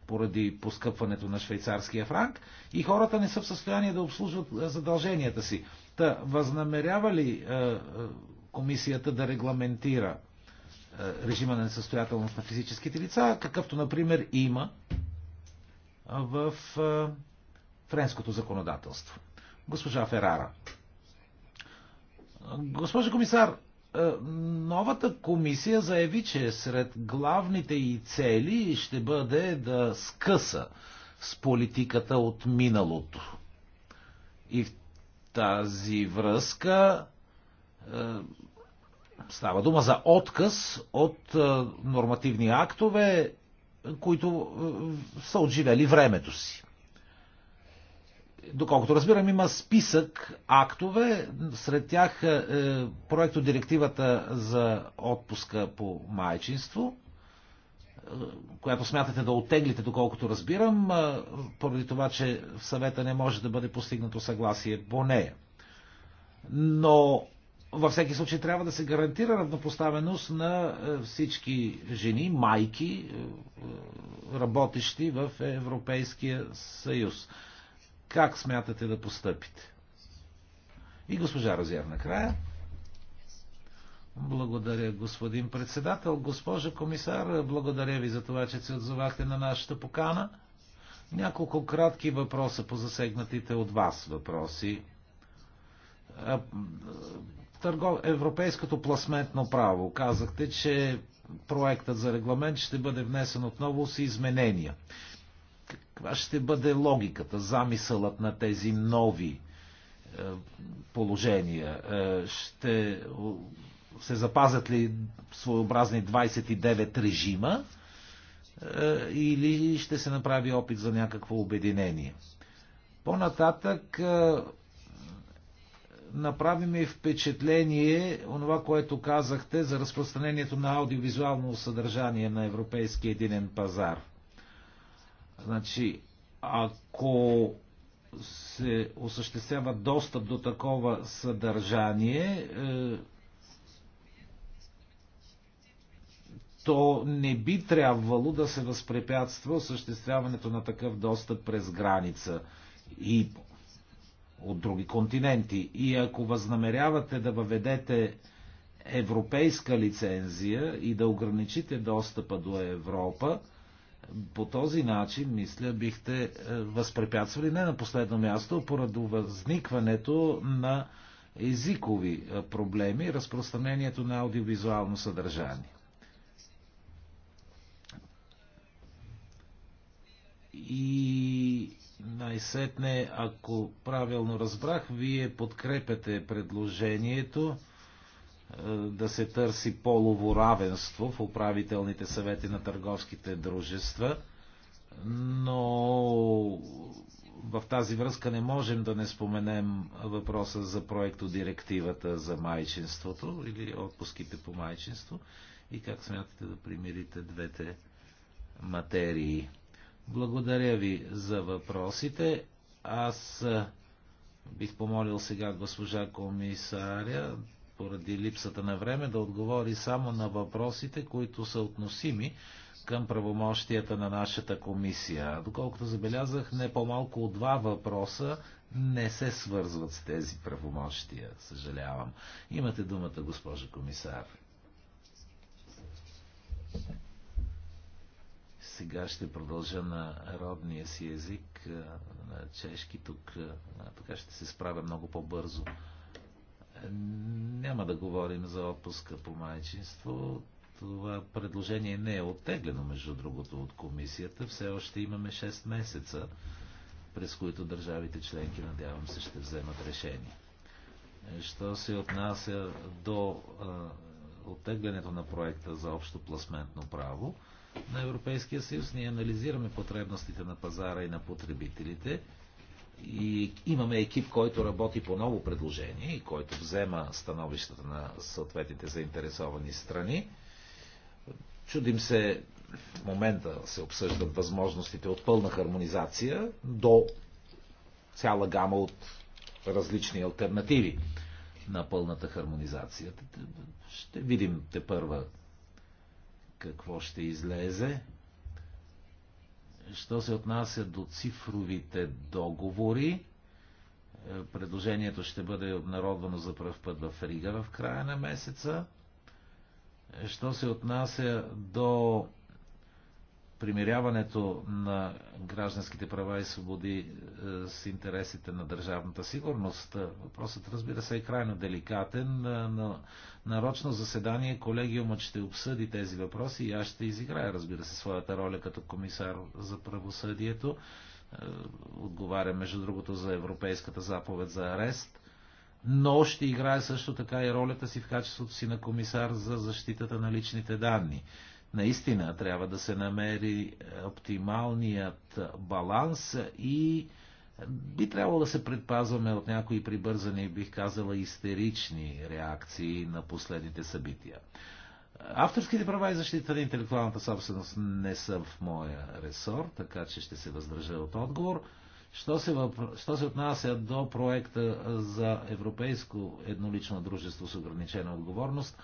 поради поскъпването на швейцарския франк и хората не са в състояние да обслужват задълженията си. Та, възнамерява ли комисията да регламентира е, режима на несъстоятелност на физическите лица, какъвто, например, има в е, френското законодателство. Госпожа Ферара. Госпожа комисар, е, новата комисия заяви, че сред главните и цели ще бъде да скъса с политиката от миналото. И в тази връзка е, става дума за отказ от е, нормативни актове, които е, са отживели времето си. Доколкото разбирам, има списък актове, сред тях е, проекто директивата за отпуска по майчинство, която смятате да отеглите, доколкото разбирам, поради това, че в съвета не може да бъде постигнато съгласие по нея. Но във всеки случай трябва да се гарантира равнопоставеност на е, всички жени, майки, е, е, работещи в Европейския съюз. Как смятате да постъпите? И госпожа Розяр накрая. Благодаря, господин председател. Госпожа комисар, благодаря ви за това, че се отзовахте на нашата покана. Няколко кратки въпроса по засегнатите от вас въпроси търгов... европейското пласментно право. Казахте, че проектът за регламент ще бъде внесен отново с изменения. Каква ще бъде логиката, замисълът на тези нови е, положения? Е, ще се запазят ли своеобразни 29 режима е, или ще се направи опит за някакво обединение? По-нататък направи ми впечатление онова, което казахте за разпространението на аудиовизуално съдържание на Европейския единен пазар. Значи, ако се осъществява достъп до такова съдържание, е, то не би трябвало да се възпрепятства осъществяването на такъв достъп през граница. И от други континенти. И ако възнамерявате да въведете европейска лицензия и да ограничите достъпа до Европа, по този начин, мисля, бихте е, възпрепятствали не на последно място, поради възникването на езикови е, проблеми, разпространението на аудиовизуално съдържание. И най-сетне, ако правилно разбрах, вие подкрепяте предложението е, да се търси полово равенство в управителните съвети на търговските дружества, но в тази връзка не можем да не споменем въпроса за проекто директивата за майчинството или отпуските по майчинство и как смятате да примирите двете материи. Благодаря ви за въпросите. Аз бих помолил сега госпожа комисаря, поради липсата на време, да отговори само на въпросите, които са относими към правомощията на нашата комисия. Доколкото забелязах, не по-малко от два въпроса не се свързват с тези правомощия, съжалявам. Имате думата, госпожа комисар. Сега ще продължа на родния си език, на чешки. Тук така ще се справя много по-бързо. Няма да говорим за отпуска по майчинство. Това предложение не е оттеглено, между другото, от комисията. Все още имаме 6 месеца, през които държавите членки, надявам се, ще вземат решение. Що се отнася до оттеглянето на проекта за общо пласментно право, на Европейския съюз. Ние анализираме потребностите на пазара и на потребителите. И имаме екип, който работи по ново предложение и който взема становищата на съответните заинтересовани страни. Чудим се, в момента се обсъждат възможностите от пълна хармонизация до цяла гама от различни альтернативи на пълната хармонизация. Ще видим те първа какво ще излезе. Що се отнася до цифровите договори, е, предложението ще бъде обнародвано за пръв път в Рига в края на месеца. Е, що се отнася до примиряването на гражданските права и свободи е, с интересите на държавната сигурност. Е, въпросът, разбира се, е крайно деликатен. Е, но нарочно заседание колегиумът ще обсъди тези въпроси и аз ще изиграя, разбира се, своята роля като комисар за правосъдието. Отговаря, между другото, за Европейската заповед за арест но ще играе също така и ролята си в качеството си на комисар за защитата на личните данни. Наистина трябва да се намери е, оптималният баланс и би трябвало да се предпазваме от някои прибързани, бих казала, истерични реакции на последните събития. Авторските права и защита на интелектуалната собственост не са в моя ресор, така че ще се въздържа от отговор. Що се, въпро... Що се отнася до проекта за Европейско еднолично дружество с ограничена отговорност,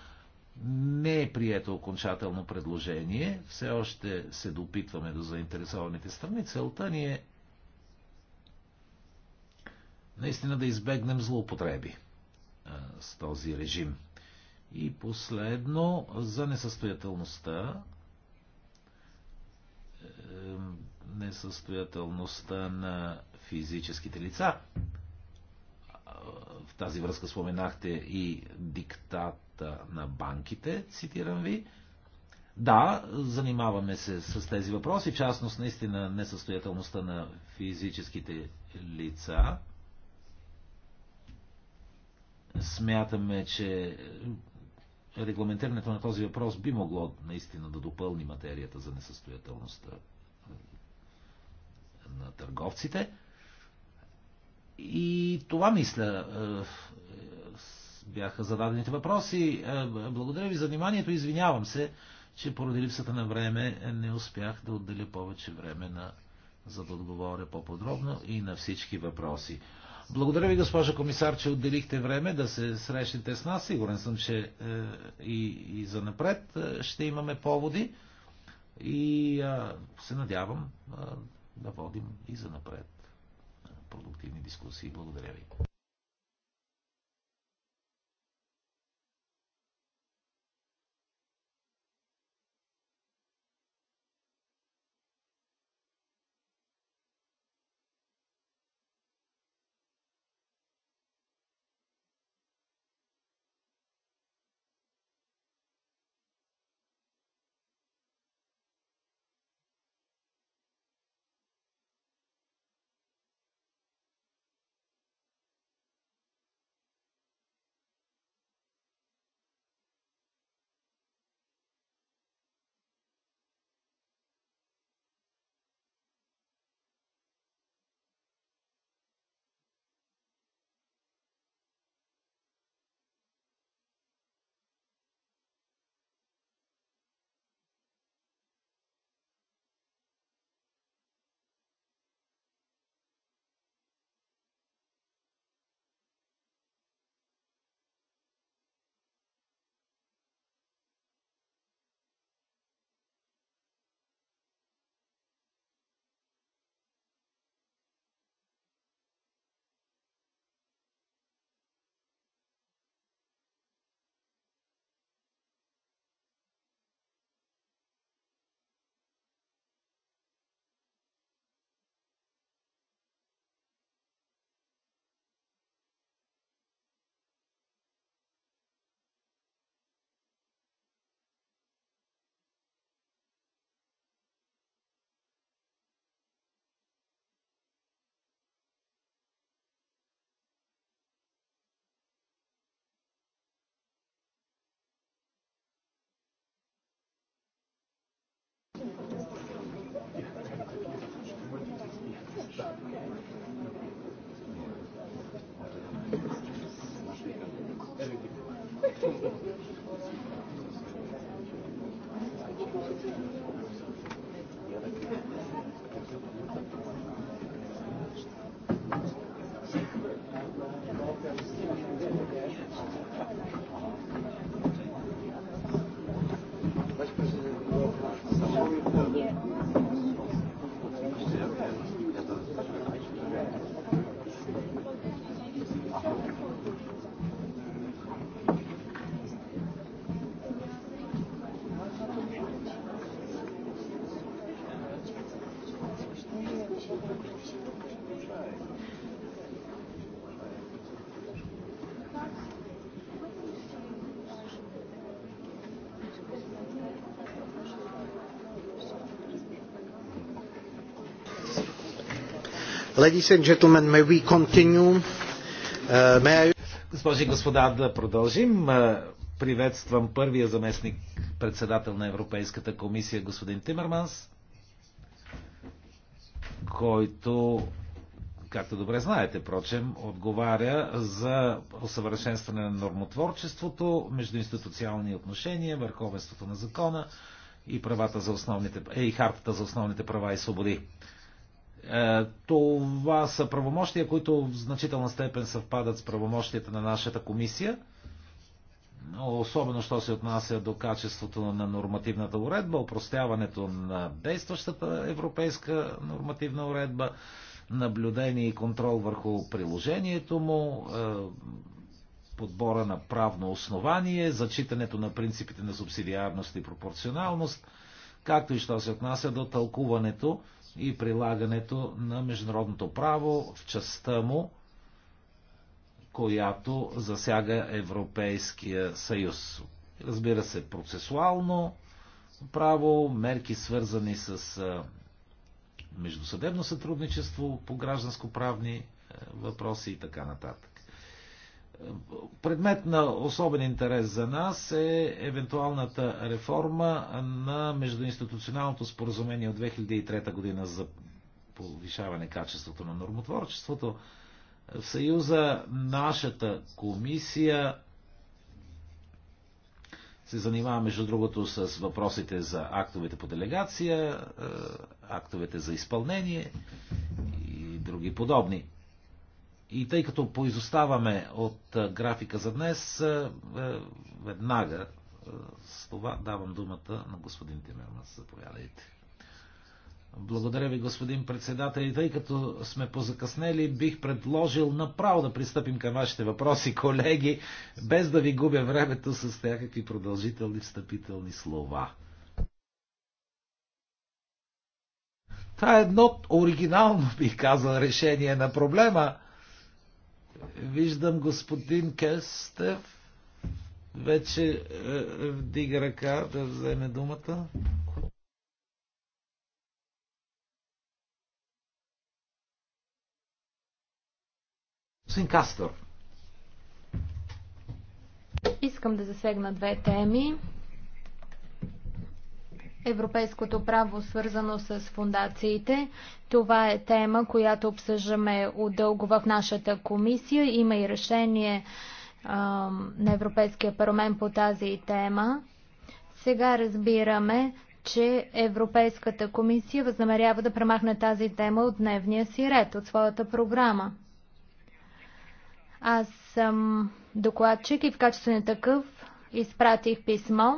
не е прието окончателно предложение. Все още се допитваме до заинтересованите страни. Целта ни е наистина да избегнем злоупотреби с този режим. И последно, за несъстоятелността. Несъстоятелността на физическите лица. В тази връзка споменахте и диктат на банките, цитирам ви. Да, занимаваме се с тези въпроси, в частност наистина несъстоятелността на физическите лица. Смятаме, че регламентирането на този въпрос би могло наистина да допълни материята за несъстоятелността на търговците. И това мисля бяха зададените въпроси. Е, благодаря ви за вниманието. Извинявам се, че поради липсата на време не успях да отделя повече време на за да отговоря по-подробно и на всички въпроси. Благодаря ви, госпожа комисар, че отделихте време да се срещнете с нас. Сигурен съм, че е, и, и за напред е, ще имаме поводи и а, се надявам а, да водим и за напред продуктивни дискусии. Благодаря ви. Uh, Госпожи и господа, да продължим. Е, приветствам първия заместник председател на Европейската комисия, господин Тимерманс, който, както добре знаете, прочем, отговаря за усъвършенстване на нормотворчеството, междуинституциални отношения, върховенството на закона и правата за основните, е, и хартата за основните права и свободи. Е, това са правомощия, които в значителна степен съвпадат с правомощията на нашата комисия, особено що се отнася до качеството на нормативната уредба, упростяването на действащата европейска нормативна уредба, наблюдение и контрол върху приложението му, е, подбора на правно основание, зачитането на принципите на субсидиарност и пропорционалност, както и що се отнася до тълкуването и прилагането на международното право в частта му, която засяга Европейския съюз. Разбира се, процесуално право, мерки свързани с междусъдебно сътрудничество по гражданско-правни въпроси и така нататък. Предмет на особен интерес за нас е евентуалната реформа на междуинституционалното споразумение от 2003 година за повишаване качеството на нормотворчеството. В Съюза нашата комисия се занимава, между другото, с въпросите за актовете по делегация, е, актовете за изпълнение и други подобни. И тъй като поизоставаме от графика за днес, веднага с това давам думата на господин Тимермас. Заповядайте. Благодаря ви, господин председател. И тъй като сме позакъснели, бих предложил направо да пристъпим към вашите въпроси, колеги, без да ви губя времето с някакви продължителни встъпителни слова. Това е едно оригинално, бих казал, решение на проблема – Виждам господин Кестев. Вече е, е, вдига ръка да вземе думата. Господин Кастор. Искам да засегна две теми европейското право, свързано с фундациите. Това е тема, която обсъждаме отдълго в нашата комисия. Има и решение а, на Европейския парламент по тази тема. Сега разбираме, че Европейската комисия възнамерява да премахне тази тема от дневния си ред, от своята програма. Аз съм докладчик и в качество на такъв изпратих писмо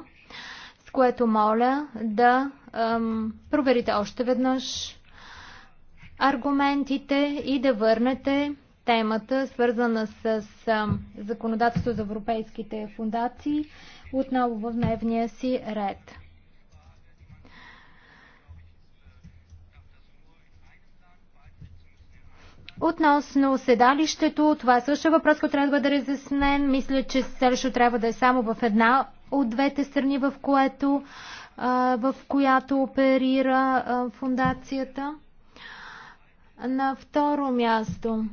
което моля да ам, проверите още веднъж аргументите и да върнете темата, свързана с ам, законодателство за европейските фундации, отново в дневния си ред. Относно седалището, това е също въпрос, който трябва да бъде разяснен. Мисля, че седалището трябва да е само в една от двете страни, в, което, в която оперира фундацията. На второ място,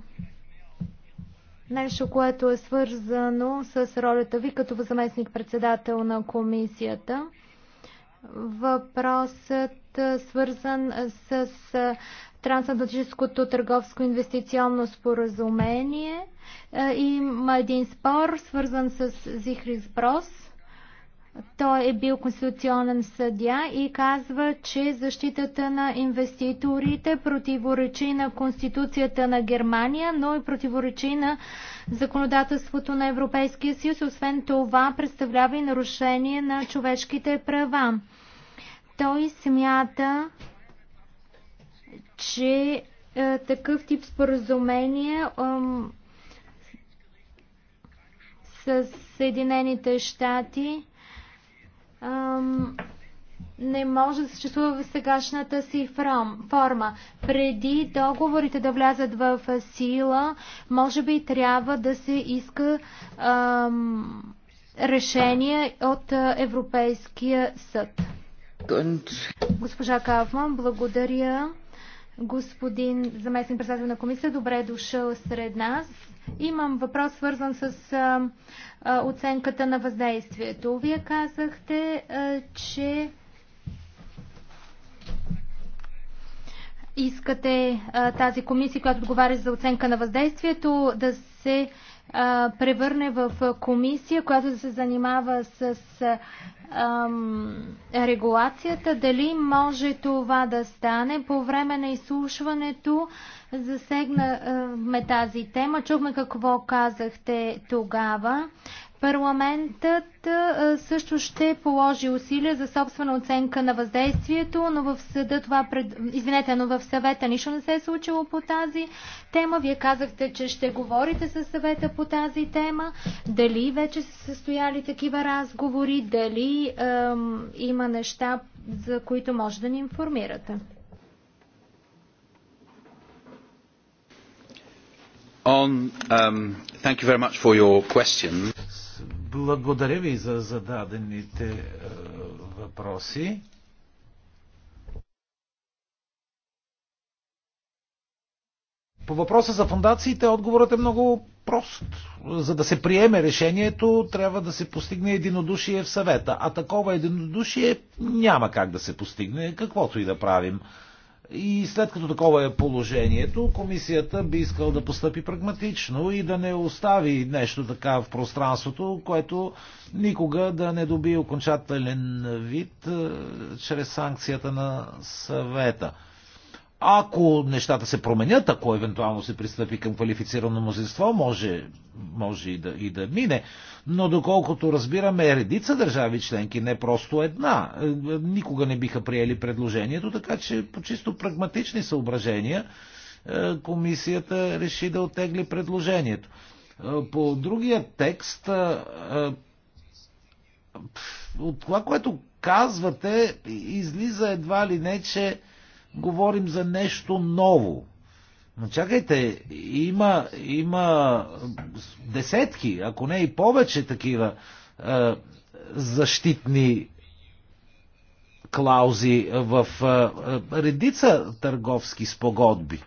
нещо, което е свързано с ролята ви като заместник-председател на комисията. Въпросът свързан с Трансатлантическото търговско инвестиционно споразумение. Има един спор, свързан с Зихрис Брос. Той е бил конституционен съдя и казва, че защитата на инвеститорите противоречи на Конституцията на Германия, но и противоречи на законодателството на Европейския съюз. Освен това, представлява и нарушение на човешките права. Той смята, че е, такъв тип споразумение е, с Съединените щати ам, не може да съществува в сегашната си форма. Преди договорите да влязат в сила, може би трябва да се иска ам, решение от Европейския съд. Госпожа Кавман, благодаря. Господин заместник председател на комисия, добре е дошъл сред нас. Имам въпрос свързан с а, а, оценката на въздействието. Вие казахте, а, че искате а, тази комисия, която отговаря за оценка на въздействието, да се а, превърне в комисия, която да се занимава с регулацията. Дали може това да стане? По време на изслушването засегнахме тази тема. Чухме какво казахте тогава. Парламентът също ще положи усилия за собствена оценка на въздействието, но в съда това пред... Извинете, но в съвета нищо не се е случило по тази тема. Вие казахте, че ще говорите с съвета по тази тема. Дали вече са състояли такива разговори, дали ем, има неща, за които може да ни информирате. Um, Благодаря ви за зададените е, въпроси. По въпроса за фундациите отговорът е много прост. За да се приеме решението, трябва да се постигне единодушие в съвета. А такова единодушие няма как да се постигне, каквото и да правим. И след като такова е положението, комисията би искала да постъпи прагматично и да не остави нещо така в пространството, което никога да не добие окончателен вид е, чрез санкцията на съвета. Ако нещата се променят, ако евентуално се пристъпи към квалифицирано мнозинство, може, може и, да, и да мине. Но доколкото разбираме, редица държави членки, не просто една, е, никога не биха приели предложението, така че по чисто прагматични съображения е, комисията реши да отегли предложението. Е, по другия текст, от това, което казвате, излиза едва ли не, че говорим за нещо ново. Но чакайте, има, има десетки, ако не и повече такива е, защитни клаузи в е, е, редица търговски спогодби.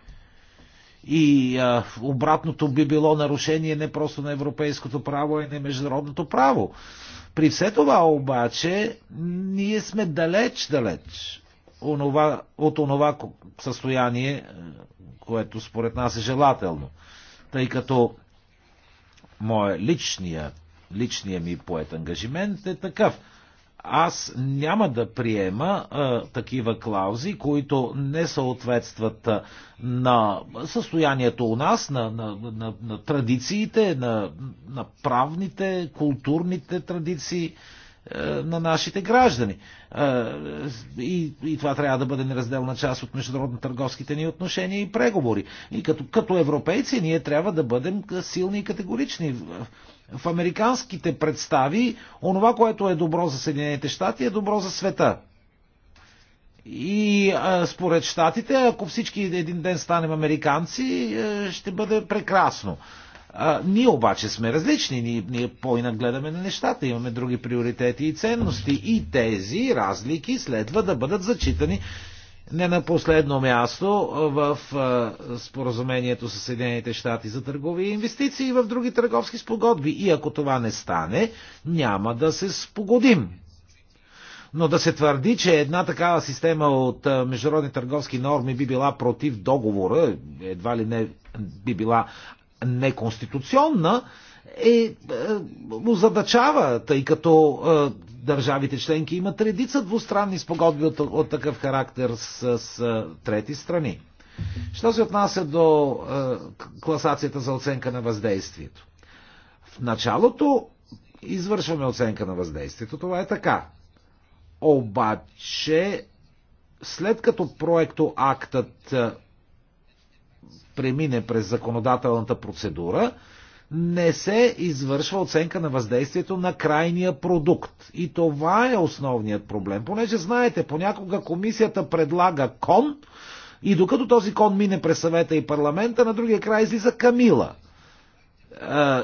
И е, обратното би било нарушение не просто на европейското право, а и на международното право. При все това обаче ние сме далеч-далеч онова, от онова състояние, е, което според нас е желателно. Тъй като моя личния, личния ми поет ангажимент е такъв. Аз няма да приема а, е, такива клаузи, които не съответстват а, е, на състоянието у нас, на, на, на, на традициите, на, на правните, културните традиции. А, е, на нашите граждани. Е, и, и това трябва да бъде неразделна част от международно-търговските ни отношения и преговори. И като, като европейци ние трябва да бъдем силни и категорични. В американските представи, онова, което е добро за Съединените щати, е добро за света. И а, е, според щатите, ако всички един ден станем американци, ще бъде прекрасно. А, а, ние обаче сме различни, ние, ние по гледаме на нещата, имаме други приоритети и ценности и тези разлики следва да бъдат зачитани не на последно място в споразумението с Съединените щати за търговия и инвестиции и в други търговски спогодби. И ако това не стане, няма да се спогодим. Но да се твърди, че една такава система от международни търговски норми би била против договора, едва ли не би била неконституционна, е, е, озадачава, тъй като е, държавите членки имат редица двустранни спогодби от, от такъв характер с, с е, трети страни. Що се отнася до е, класацията за оценка на въздействието? В началото извършваме оценка на въздействието, това е така. Обаче, след като проекто актът е, премине през законодателната процедура, не се извършва оценка на въздействието на крайния продукт. И това е основният проблем. Понеже знаете, понякога комисията предлага кон и докато този кон мине през съвета и парламента, на другия край излиза Камила.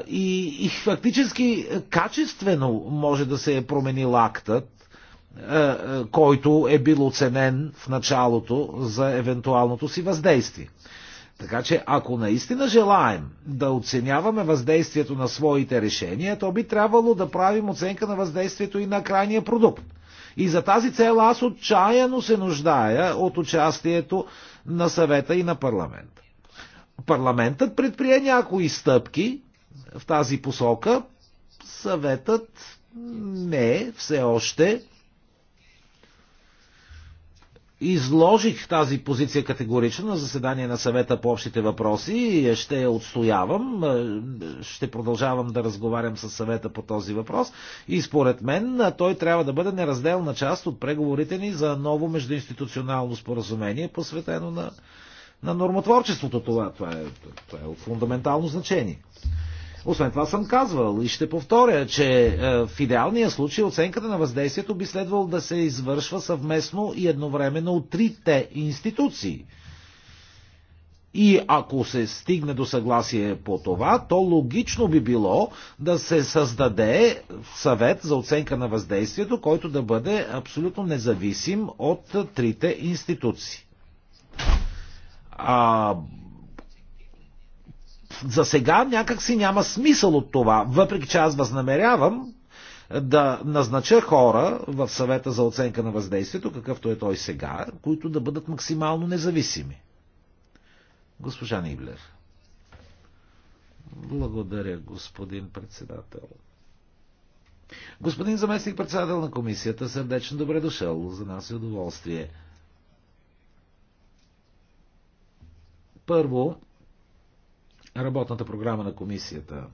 И, и фактически качествено може да се е променил актът, който е бил оценен в началото за евентуалното си въздействие. Така че, ако наистина желаем да оценяваме въздействието на своите решения, то би трябвало да правим оценка на въздействието и на крайния продукт. И за тази цел аз отчаяно се нуждая от участието на съвета и на парламента. Парламентът предприе някои стъпки в тази посока, съветът не е все още изложих тази позиция категорично на заседание на съвета по общите въпроси. Ще я отстоявам, е, ще продължавам да разговарям с съвета по този въпрос и според мен е, той трябва да бъде неразделна част от преговорите ни за ново междуинституционално споразумение, посветено на, на нормотворчеството. Това, това, е, това е от фундаментално значение. Освен това съм казвал и ще повторя, че е, в идеалния случай оценката на въздействието би следвало да се извършва съвместно и едновременно от трите институции. И ако се стигне до съгласие по това, то логично би било да се създаде съвет за оценка на въздействието, който да бъде абсолютно независим от трите институции. А за сега някак си няма смисъл от това, въпреки че аз възнамерявам е, да назнача хора в съвета за оценка на въздействието, какъвто е той сега, които да бъдат максимално независими. Госпожа Ниблер. Благодаря, господин председател. Господин заместник председател на комисията, сърдечно добре дошъл. За нас е удоволствие. Първо, работната програма на комисията.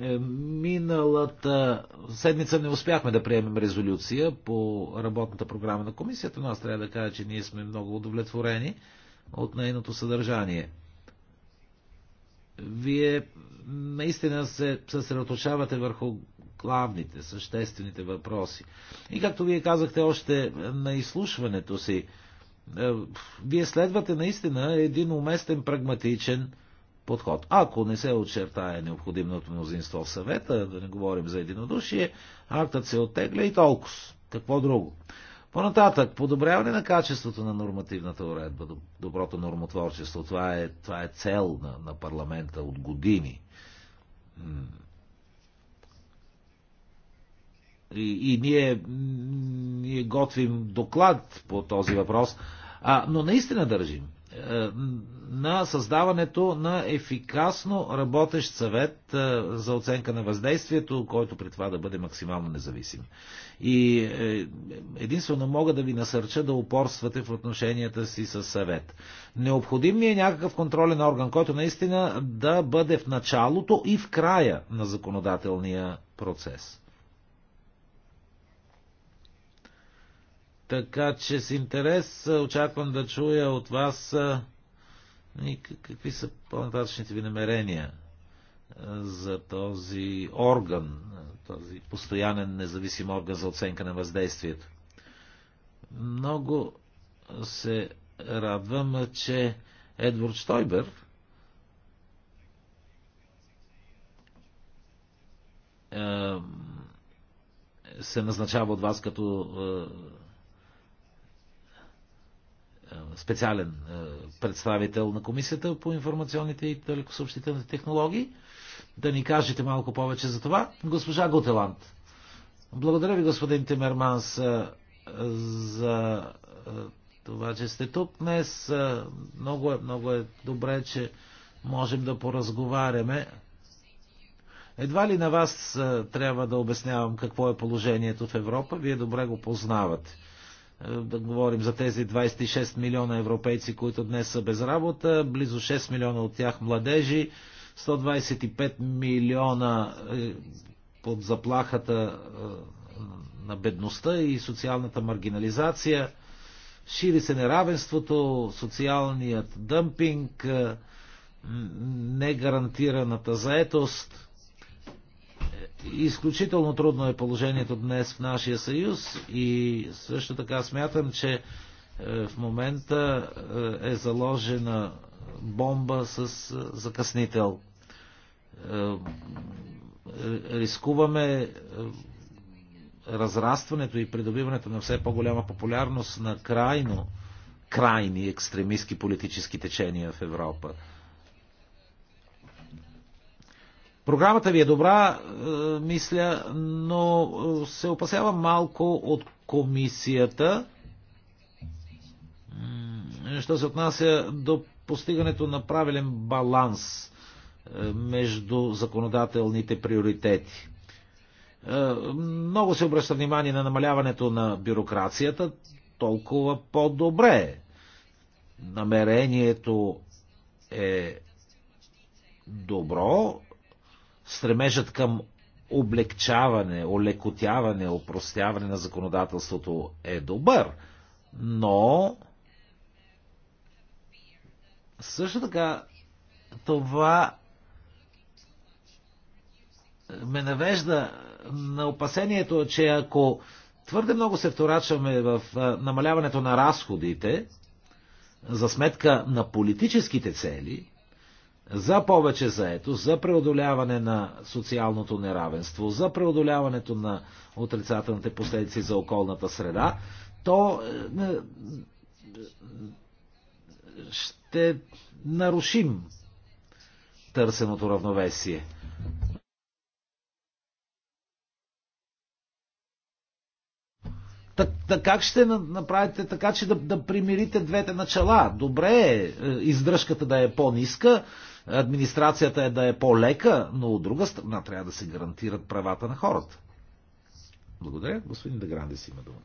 Е, миналата седмица не успяхме да приемем резолюция по работната програма на комисията, но аз трябва да кажа, че ние сме много удовлетворени от нейното съдържание. Вие наистина се съсредоточавате върху главните, съществените въпроси. И както вие казахте още на изслушването си, е, вие следвате наистина един уместен, прагматичен подход. Ако не се очертае необходимото мнозинство в съвета, да не говорим за единодушие, актът се оттегля и толкова. Какво друго? Понататък, подобряване на качеството на нормативната уредба, доброто нормотворчество, това е, това е цел на, на парламента от години. И, и ние, ние готвим доклад по този въпрос, а, но наистина държим е, на създаването на ефикасно работещ съвет е, за оценка на въздействието, който при това да бъде максимално независим. И е, единствено мога да ви насърча да упорствате в отношенията си с съвет. Необходим ми е някакъв контролен орган, който наистина да бъде в началото и в края на законодателния процес. Така че с интерес очаквам да чуя от вас и какви са по-нататъчните ви намерения за този орган, този постоянен независим орган за оценка на въздействието. Много се радвам, че Едвард Штойбер се назначава от вас като е, специален е, представител на Комисията по информационните и телекосъобщителните технологии. Да ни кажете малко повече за това. Госпожа Готеланд. Благодаря ви, господин Тимерманс, е, за това, че сте тук днес. Много е, много е добре, че можем да поразговаряме. Едва ли на вас трябва да обяснявам какво е положението в Европа, вие добре го познавате да говорим за тези 26 милиона европейци, които днес са без работа, близо 6 милиона от тях младежи, 125 милиона е, под заплахата е, на бедността и социалната маргинализация, шири се неравенството, социалният дъмпинг, е, негарантираната заетост – Изключително трудно е положението днес в нашия съюз и също така смятам, че е, в момента е, е заложена бомба с е, закъснител. Рискуваме разрастването и придобиването на все по-голяма популярност на крайно крайни екстремистски политически течения в Европа. Програмата ви е добра, е, мисля, но е, се опасявам малко от комисията, що се отнася до постигането на правилен баланс е, между законодателните приоритети. Много се обръща внимание на намаляването на бюрокрацията, толкова по-добре. Намерението е добро, стремежът към облегчаване, олекотяване, опростяване на законодателството е добър, но също така това ме навежда на опасението, че ако твърде много се вторачваме в намаляването на разходите за сметка на политическите цели, за повече заето, за преодоляване на социалното неравенство, за преодоляването на отрицателните последици за околната среда, то е, е, ще нарушим търсеното равновесие. Так, как ще направите така, че да, да примирите двете начала? Добре е издръжката да е по-ниска, администрацията е да е по-лека, но от друга страна трябва да се гарантират правата на хората. Благодаря. Господин си има думата.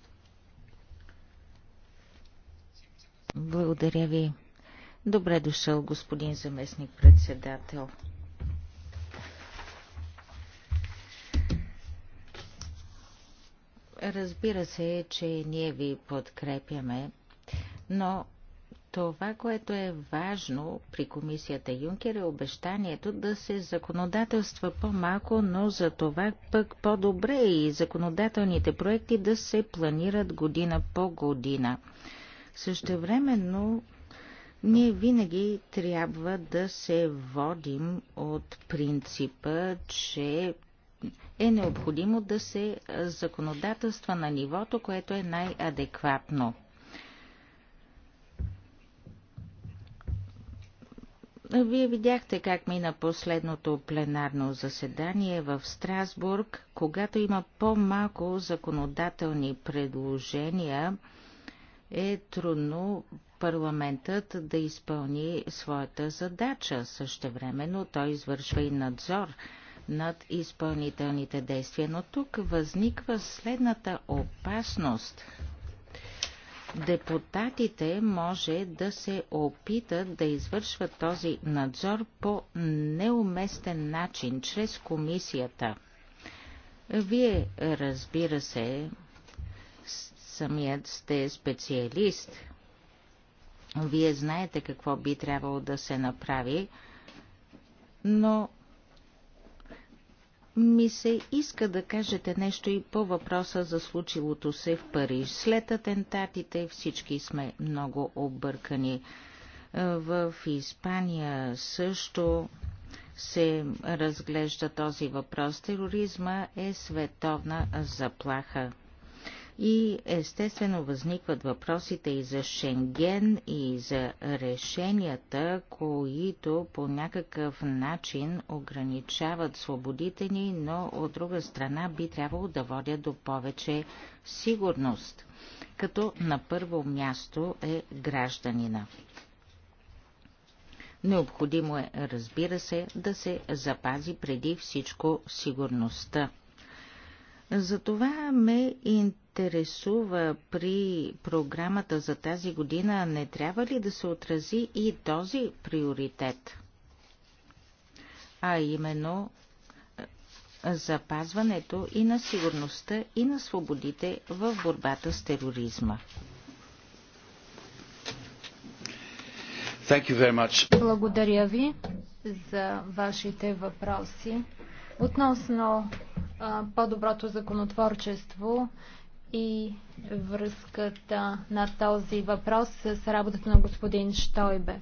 Благодаря ви. Добре дошъл, господин заместник председател. Разбира се, че ние ви подкрепяме, но това, което е важно при комисията Юнкер е обещанието да се законодателства по-малко, но за това пък по-добре и законодателните проекти да се планират година по година. Същевременно ние винаги трябва да се водим от принципа, че е необходимо да се законодателства на нивото, което е най-адекватно. Вие видяхте как мина последното пленарно заседание в Страсбург, когато има по-малко законодателни предложения, е трудно парламентът да изпълни своята задача. Същевременно той извършва и надзор над изпълнителните действия. Но тук възниква следната опасност – депутатите може да се опитат да извършват този надзор по неуместен начин, чрез комисията. Вие, разбира се, самият сте специалист. Вие знаете какво би трябвало да се направи, но ми се иска да кажете нещо и по въпроса за случилото се в Париж. След атентатите всички сме много объркани. Е, в Испания също се разглежда този въпрос. Тероризма е световна заплаха и естествено възникват въпросите и за Шенген и за решенията, които по някакъв начин ограничават свободите ни, но от друга страна би трябвало да водят до повече сигурност, като на първо място е гражданина. Необходимо е, разбира се, да се запази преди всичко сигурността затова ме интересува при програмата за тази година не трябва ли да се отрази и този приоритет, а именно е, запазването и на сигурността и на свободите в борбата с тероризма. Благодаря ви за вашите въпроси. Относно по-доброто законотворчество и връзката на този въпрос с работата на господин Штойбе.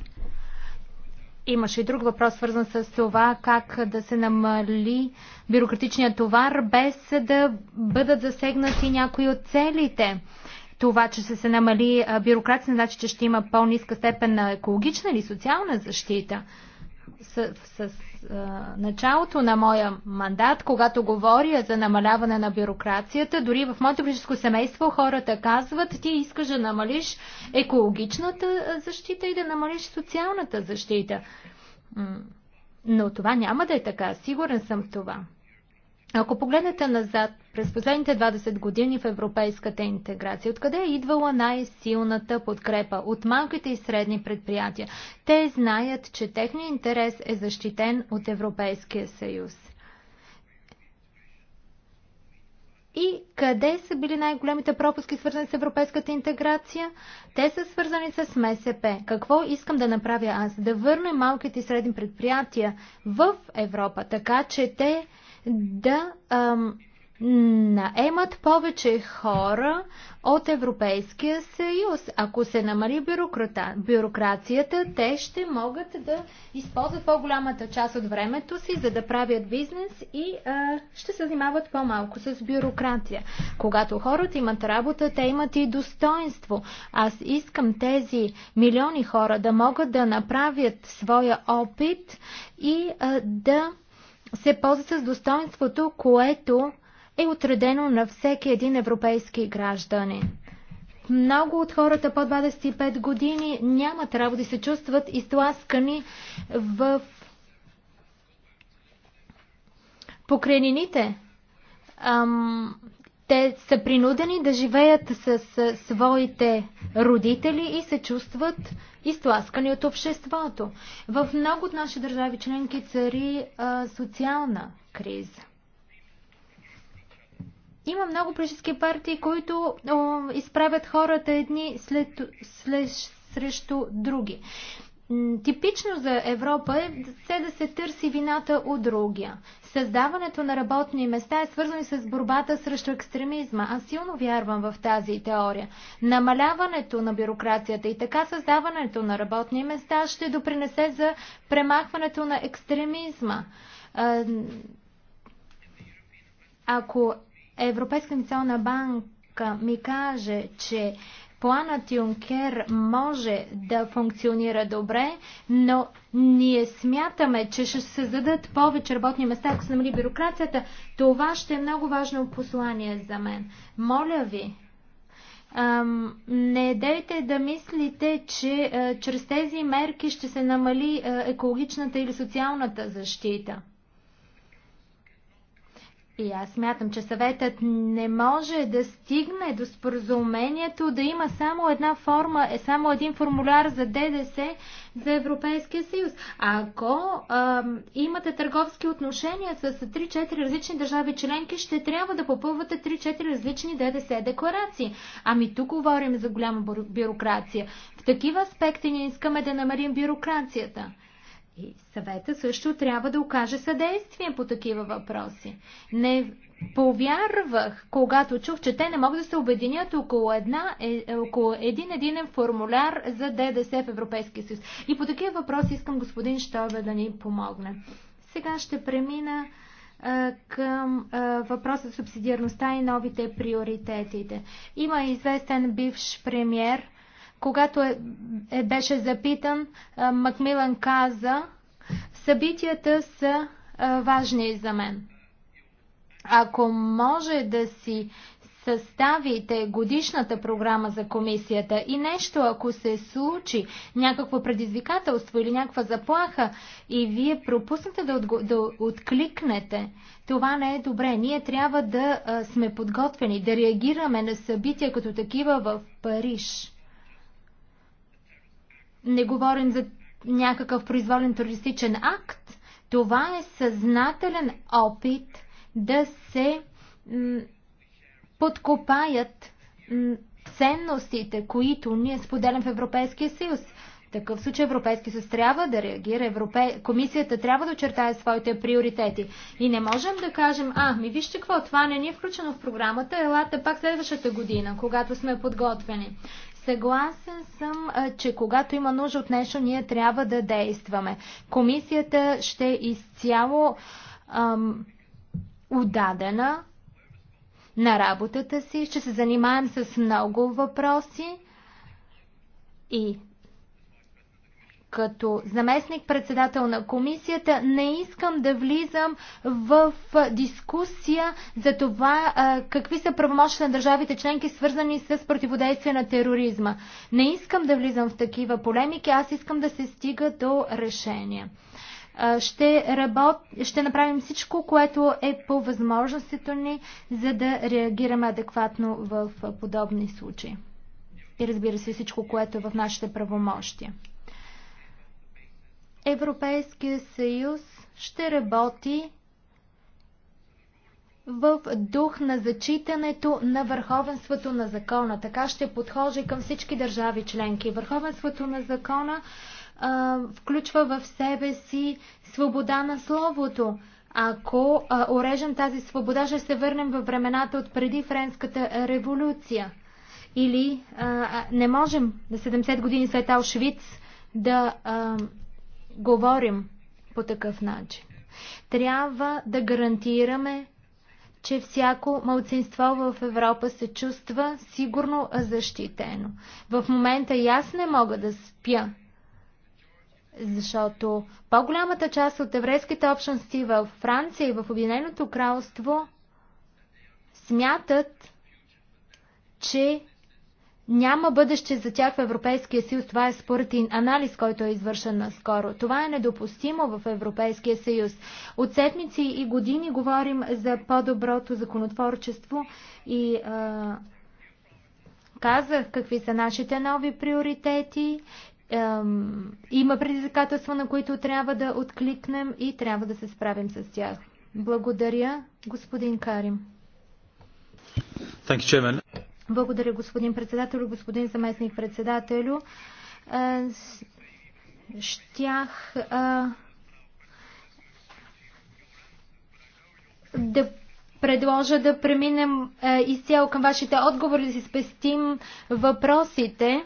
Имаше и друг въпрос, свързан с това как да се намали бюрократичния товар, без да бъдат засегнати някои от целите. Това, че се, се намали бюрокрация, значи, че ще има по-ниска степен на екологична или социална защита. С, с началото на моя мандат, когато говоря за намаляване на бюрокрацията, дори в моето политическо семейство хората казват, ти искаш да намалиш екологичната защита и да намалиш социалната защита. Но това няма да е така. Сигурен съм в това. Ако погледнете назад през последните 20 години в европейската интеграция. Откъде е идвала най-силната подкрепа? От малките и средни предприятия. Те знаят, че техният интерес е защитен от Европейския съюз. И къде са били най-големите пропуски, свързани с европейската интеграция? Те са свързани с МСП. Какво искам да направя аз? Да върна малките и средни предприятия в Европа, така че те да ам, наемат повече хора от Европейския съюз. Ако се намали бюрократа, бюрокрацията, те ще могат да използват по-голямата част от времето си, за да правят бизнес и а, ще се занимават по-малко с бюрокрация. Когато хората имат работа, те имат и достоинство. Аз искам тези милиони хора да могат да направят своя опит и а, да се ползват с достоинството, което е отредено на всеки един европейски гражданин. Много от хората по 25 години нямат работа и се чувстват изтласкани в покренините. Ам, те са принудени да живеят с, с своите родители и се чувстват изтласкани от обществото. В много от наши държави членки цари а, социална криза. Има много политически партии, които о, изправят хората едни след, след, срещу други. Типично за Европа е все да се търси вината от другия. Създаването на работни места е свързано с борбата срещу екстремизма. Аз силно вярвам в тази теория. Намаляването на бюрокрацията и така създаването на работни места ще допринесе за премахването на екстремизма. Ако Европейска инвестиционна банка ми каже, че планът Юнкер може да функционира добре, но ние смятаме, че ще се зададат повече работни места, ако се намали бюрокрацията. Това ще е много важно послание за мен. Моля ви, не дейте да мислите, че чрез тези мерки ще се намали екологичната или социалната защита. И аз смятам, че съветът не може да стигне до споразумението да има само една форма, е само един формуляр за ДДС за Европейския съюз. А Ако а, имате търговски отношения с 3-4 различни държави членки, ще трябва да попълвате 3-4 различни ДДС декларации. Ами тук говорим за голяма бюрокрация. В такива аспекти ние искаме да намерим бюрокрацията. И съвета също трябва да окаже съдействие по такива въпроси. Не повярвах, когато чух, че те не могат да се обединят около, една, е, около един единен формуляр за ДДС в Европейския съюз. И по такива въпроси искам господин Штове да ни помогне. Сега ще премина е, към а, е, въпроса за субсидиарността и новите приоритетите. Има известен бивш премьер, когато е, е, беше запитан, Макмилан каза, събитията са важни за мен. Ако може да си съставите годишната програма за комисията и нещо, ако се случи някакво предизвикателство или някаква заплаха и вие пропуснете да, отго... да откликнете, това не е добре. Ние трябва да а, сме подготвени, да реагираме на събития като такива в Париж. Не говорим за някакъв произволен туристичен акт. Това е съзнателен опит да се подкопаят ценностите, които ние споделям в Европейския съюз. В такъв случай Европейски съюз трябва да реагира, Европе... комисията трябва да очертае своите приоритети. И не можем да кажем, а, ми вижте какво, това не ни е включено в програмата, елате пак следващата година, когато сме подготвени. Съгласен съм, че когато има нужда от нещо, ние трябва да действаме. Комисията ще е изцяло ам, удадена на работата си, ще се занимаем с много въпроси и като заместник-председател на комисията не искам да влизам в дискусия за това какви са правомощи на държавите членки, свързани с противодействие на тероризма. Не искам да влизам в такива полемики, аз искам да се стига до решения. Ще, работ... ще направим всичко, което е по възможностите ни, за да реагираме адекватно в подобни случаи. И разбира се, всичко, което е в нашите правомощия. Европейския съюз ще работи в дух на зачитането на върховенството на закона. Така ще подхожи към всички държави членки. Върховенството на закона а, включва в себе си свобода на словото. Ако а, урежем тази свобода, ще се върнем във времената от преди Френската революция. Или а, не можем на 70 години след Аушвиц да а, говорим по такъв начин. Трябва да гарантираме, че всяко мълцинство в Европа се чувства сигурно защитено. В момента и аз не мога да спя, защото по-голямата част от еврейските общности в Франция и в Обединеното кралство смятат, че няма бъдеще за тях в Европейския съюз. Това е според анализ, който е извършен наскоро. Това е недопустимо в Европейския съюз. От седмици и години говорим за по-доброто законотворчество и а, казах какви са нашите нови приоритети. А, има предизвикателства, на които трябва да откликнем и трябва да се справим с тях. Благодаря, господин Карим. Thank you, благодаря, господин председател, господин заместник председателю. Щях да предложа да преминем е, изцяло към вашите отговори, да си спестим въпросите. Е,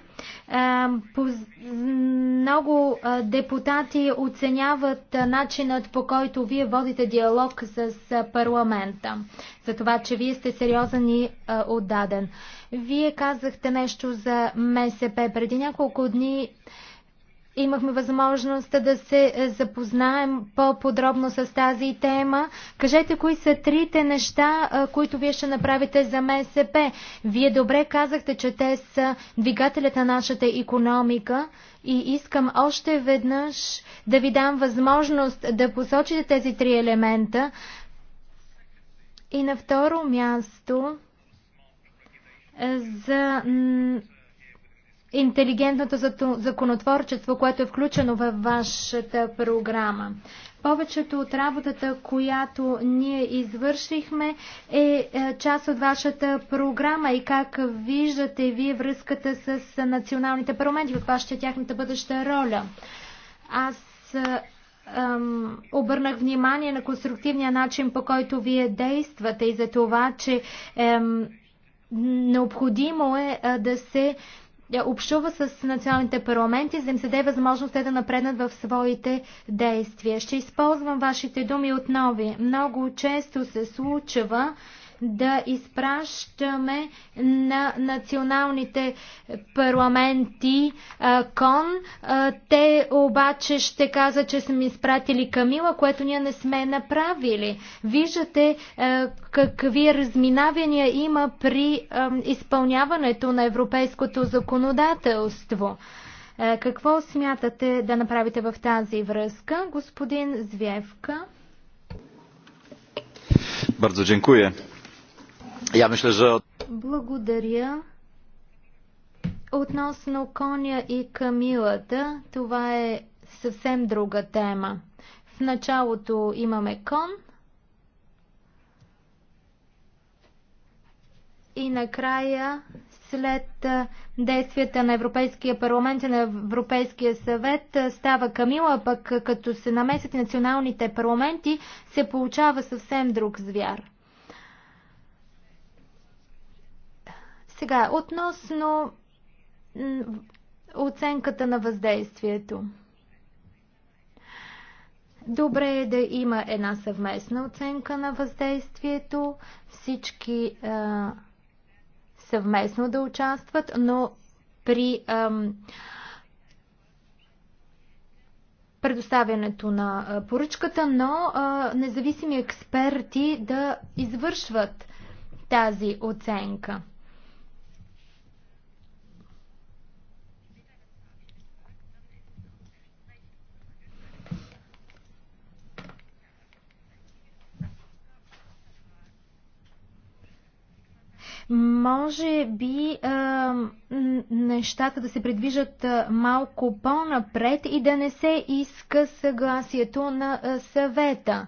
поз... Много е, депутати оценяват е, начинът по който вие водите диалог с е, парламента, за това, че вие сте сериозен и е, отдаден. Вие казахте нещо за МСП. Преди няколко дни Имахме възможност да се е, запознаем по-подробно с тази тема. Кажете, кои са трите неща, е, които вие ще направите за МСП? Вие добре казахте, че те са двигателят на нашата економика и искам още веднъж да ви дам възможност да посочите тези три елемента. И на второ място е, за интелигентното законотворчество, което е включено във вашата програма. Повечето от работата, която ние извършихме, е, е част от вашата програма и как виждате вие връзката с националните парламенти, каква ще е тяхната бъдеща роля. Аз е, ам, обърнах внимание на конструктивния начин, по който вие действате и за това, че ам, необходимо е, е да се ам, общува с националните парламенти, за да им се даде възможност те да напреднат в своите действия. Ще използвам вашите думи отново. Много често се случва да изпращаме на националните парламенти а, кон. А, те обаче ще казат, че сме изпратили Камила, което ние не сме направили. Виждате а, какви разминавания има при а, изпълняването на европейското законодателство. Какво смятате да направите в тази връзка, господин Звевка? Bardzo dziękuję. Я мисля за... Благодаря. Относно коня и камилата, това е съвсем друга тема. В началото имаме кон и накрая след действията на Европейския парламент и на Европейския съвет става камила, пък като се намесят националните парламенти, се получава съвсем друг звяр. Сега, относно оценката на въздействието. Добре е да има една съвместна оценка на въздействието, всички съвместно да участват, но при предоставянето на поръчката, но независими експерти да извършват тази оценка. Може би а, нещата да се предвижат малко по-напред и да не се иска съгласието на съвета,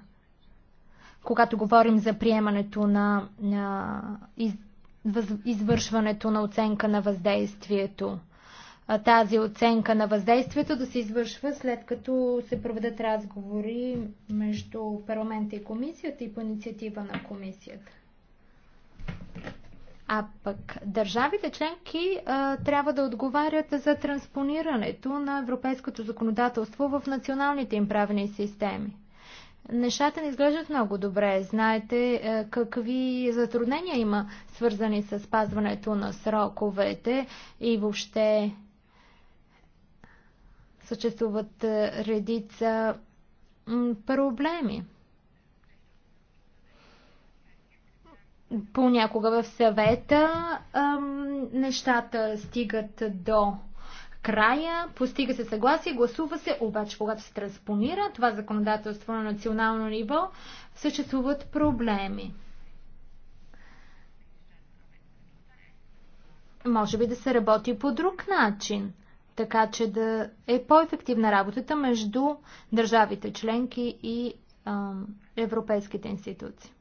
когато говорим за приемането на, на из, въз, извършването на оценка на въздействието тази оценка на въздействието да се извършва след като се проведат разговори между парламента и комисията и по инициатива на комисията. А пък държавите членки а, трябва да отговарят за транспонирането на европейското законодателство в националните им правни системи. Нещата не изглеждат много добре. Знаете какви затруднения има свързани с спазването на сроковете и въобще съществуват редица проблеми. понякога в съвета ам, нещата стигат до края, постига се съгласие, гласува се, обаче когато се транспонира това законодателство на национално ниво, съществуват проблеми. Може би да се работи по друг начин, така че да е по-ефективна работата между държавите членки и ам, европейските институции.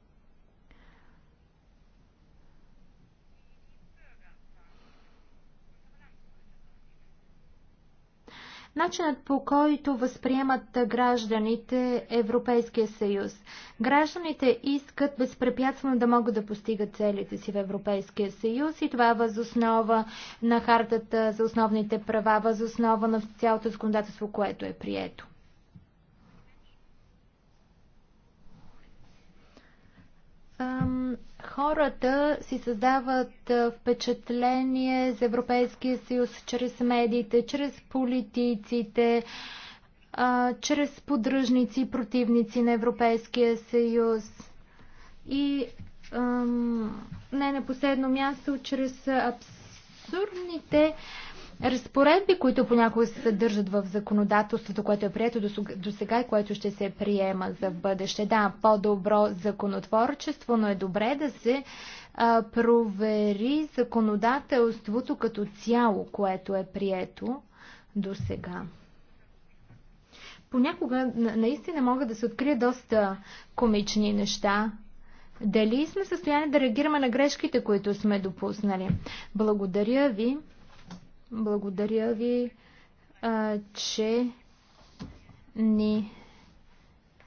начинът по който възприемат гражданите Европейския съюз. Гражданите искат безпрепятствено да могат да постигат целите си в Европейския съюз и това е възоснова на хартата за основните права, възоснова на цялото законодателство, което е прието. хората си създават впечатление за Европейския съюз чрез медиите, чрез политиците, чрез поддръжници и противници на Европейския съюз. И не на последно място, чрез абсурдните разпоредби, които понякога се съдържат в законодателството, което е прието до сега и което ще се приема за бъдеще. Да, по-добро законотворчество, но е добре да се а, провери законодателството като цяло, което е прието до сега. Понякога наистина могат да се открият доста комични неща, дали сме в състояние да реагираме на грешките, които сме допуснали. Благодаря ви. Благодаря ви, а, че ни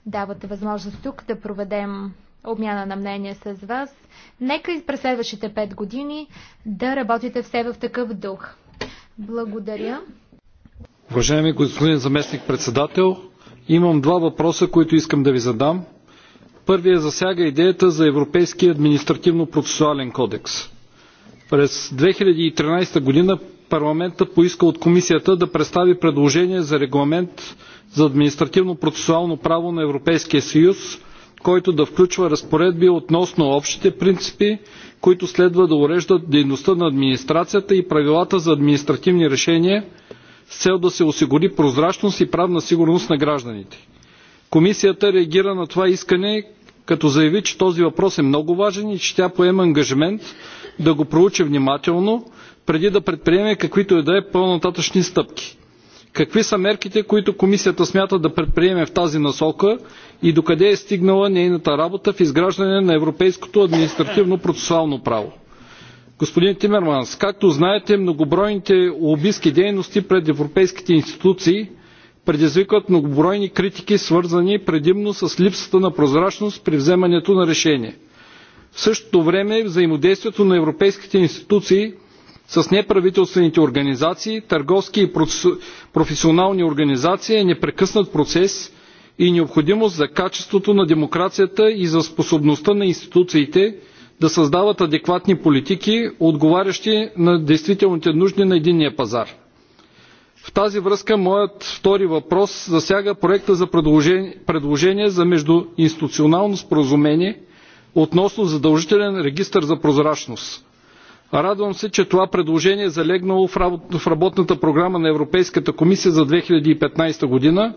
давате възможност тук да проведем обмяна на мнение с вас. Нека и през следващите 5 години да работите все в такъв дух. Благодаря. Уважаеми господин заместник председател, имам два въпроса, които искам да ви задам. Първият засяга идеята за Европейския административно-процесуален кодекс. През 2013 година парламентът поиска от комисията да представи предложение за регламент за административно процесуално право на Европейския съюз, който да включва разпоредби относно общите принципи, които следва да уреждат дейността на администрацията и правилата за административни решения с цел да се осигури прозрачност и правна сигурност на гражданите. Комисията реагира на това искане, като заяви, че този въпрос е много важен и че тя поема ангажимент да го проучи внимателно преди да предприеме каквито и да е по нататъчни стъпки. Какви са мерките, които комисията смята да предприеме в тази насока и докъде е стигнала нейната работа в изграждане на европейското административно-процесуално право? Господин Тимерманс, както знаете, многобройните лобистки дейности пред европейските институции предизвикват многобройни критики, свързани предимно с липсата на прозрачност при вземането на решение. В същото време взаимодействието на европейските институции – с неправителствените организации, търговски и професионални организации е непрекъснат процес и необходимост за качеството на демокрацията и за способността на институциите да създават адекватни политики, отговарящи на действителните нужди на единния пазар. В тази връзка моят втори въпрос засяга проекта за предложение за междуинституционално споразумение относно задължителен регистър за прозрачност. Радвам се, че това предложение е залегнало в работната програма на Европейската комисия за 2015 година,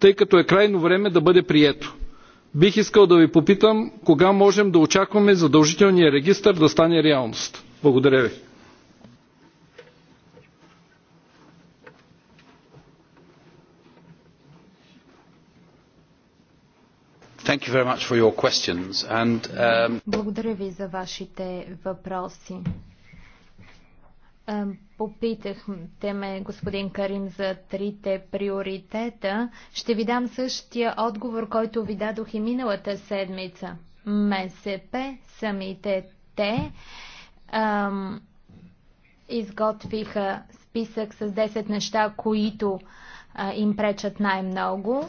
тъй като е крайно време да бъде прието. Бих искал да ви попитам кога можем да очакваме задължителният регистър да стане реалност. Благодаря ви. Um, Благодаря ви за вашите въпроси. Попитахте ме, господин Карим, за трите приоритета. Ще ви дам същия отговор, който ви дадох и миналата седмица. МСП, самите те, ам, изготвиха списък с 10 неща, които а, им пречат най-много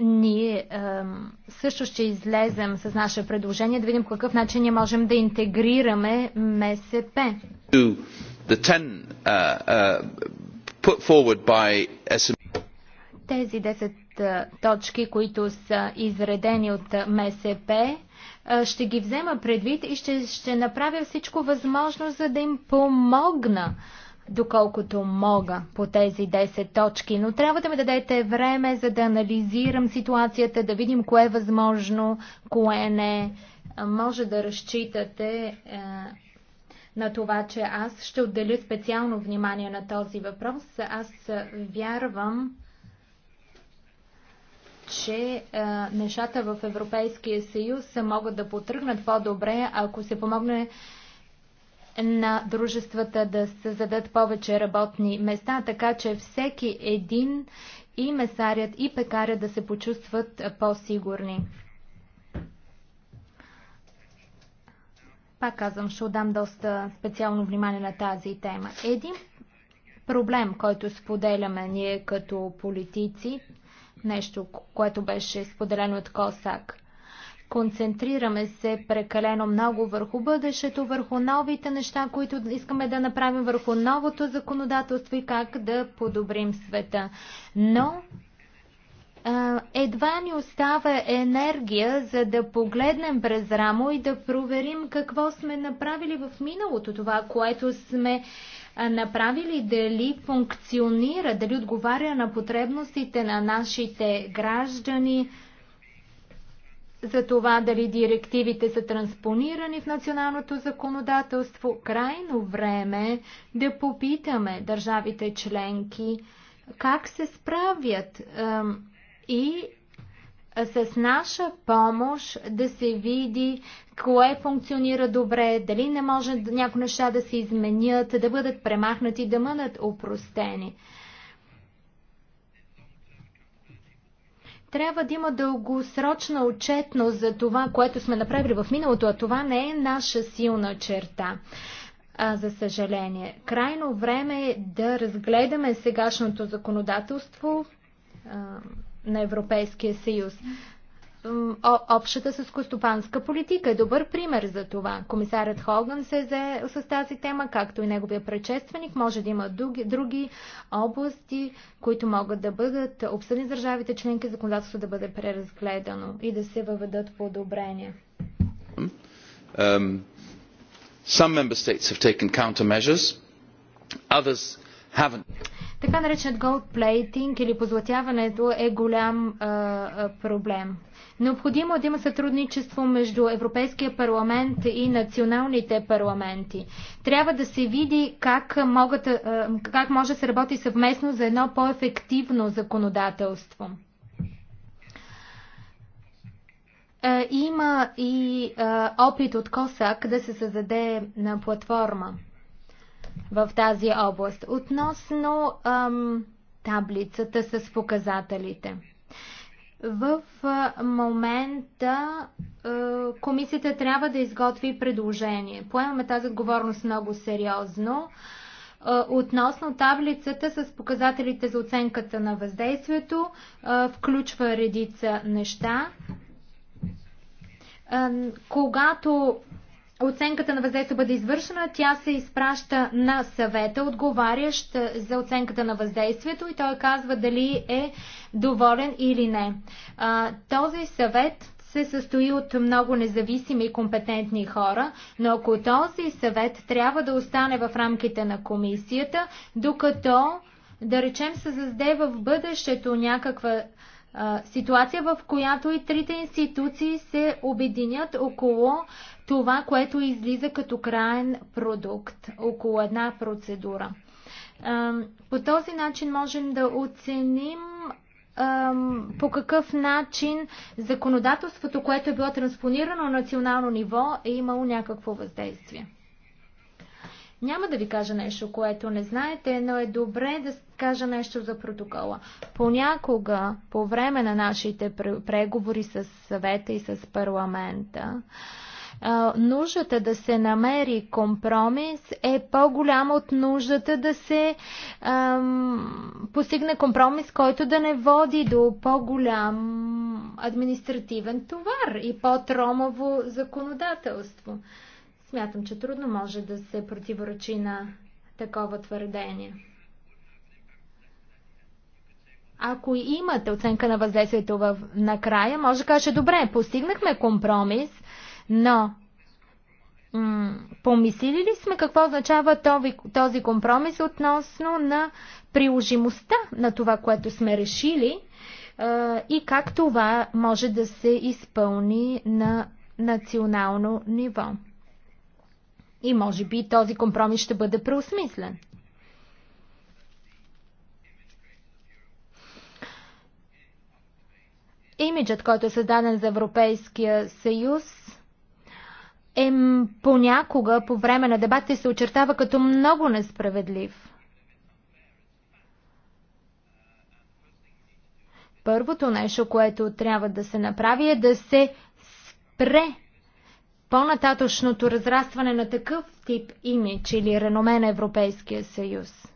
ние ем, също ще излезем с наше предложение да видим по какъв начин ние можем да интегрираме МСП. Uh, uh, e. Тези 10 точки, които са изредени от МСП, ще ги взема предвид и ще, ще направя всичко възможно, за да им помогна. Uh, доколкото мога по тези 10 точки, но трябва да ми дадете време, за да анализирам ситуацията, да видим кое е възможно, кое не. Може да разчитате е, на това, че аз ще отделя специално внимание на този въпрос. Аз вярвам, че е, нещата в Европейския съюз могат да потръгнат по-добре, ако се помогне на дружествата да създадат повече работни места, така че всеки един и месарят и пекарят да се почувстват по-сигурни. Пак казвам, ще отдам доста специално внимание на тази тема. Един проблем, който споделяме ние като политици, нещо, което беше споделено от Косак – Концентрираме се прекалено много върху бъдещето, върху новите неща, които искаме да направим, върху новото законодателство и как да подобрим света. Но едва ни остава енергия, за да погледнем през рамо и да проверим какво сме направили в миналото, това, което сме направили, дали функционира, дали отговаря на потребностите на нашите граждани, за това дали директивите са транспонирани в националното законодателство, крайно време да попитаме държавите членки как се справят и с наша помощ да се види кое функционира добре, дали не може някои неща да се изменят, да бъдат премахнати, да бъдат опростени. трябва да има дългосрочна отчетност за това, което сме направили в миналото, а това не е наша силна черта. А, за съжаление, крайно време е да разгледаме сегашното законодателство а, на Европейския съюз общата съскостопанска политика е добър пример за това. Комисарят Холган се зае с тази тема, както и неговия предшественик. Може да има други, други области, които могат да бъдат обсъдени държавите членки, законодателство да бъде преразгледано и да се въведат по Um, some member states have taken countermeasures, others haven't. Така нареченият gold plating или позлатяването е голям а, а, проблем. Необходимо е да има сътрудничество между Европейския парламент и националните парламенти. Трябва да се види как, могат, как може да се работи съвместно за едно по-ефективно законодателство. Има и опит от КОСАК да се създаде на платформа в тази област. Относно ам, таблицата с показателите. В момента комисията трябва да изготви предложение. Поемаме тази отговорност много сериозно. Относно таблицата с показателите за оценката на въздействието, включва редица неща. Когато оценката на въздействие бъде извършена, тя се изпраща на съвета, отговарящ е, за оценката на въздействието и той казва дали е доволен или не. Този съвет се състои от много независими и компетентни хора, но ако този съвет трябва да остане в рамките на комисията, докато, да речем, се създаде в бъдещето някаква ситуация, в която и трите институции се обединят около това, което излиза като краен продукт около една процедура. По този начин можем да оценим по какъв начин законодателството, което е било транспонирано на национално ниво, е имало някакво въздействие. Няма да ви кажа нещо, което не знаете, но е добре да кажа нещо за протокола. Понякога, по време на нашите преговори с съвета и с парламента, нуждата да се намери компромис е по-голяма от нуждата да се ам, постигне компромис, който да не води до по-голям административен товар и по-тромово законодателство. Смятам, че трудно може да се противоречи на такова твърдение. Ако имате оценка на въздействието в, накрая, може да каже, добре, постигнахме компромис, но помислили ли сме какво означава този компромис относно на приложимостта на това, което сме решили и как това може да се изпълни на национално ниво? И може би този компромис ще бъде преосмислен. Имиджът, който е създаден за Европейския съюз, е понякога по време на дебатите се очертава като много несправедлив. Първото нещо, което трябва да се направи е да се спре по-нататъчното разрастване на такъв тип имидж или реноме на Европейския съюз.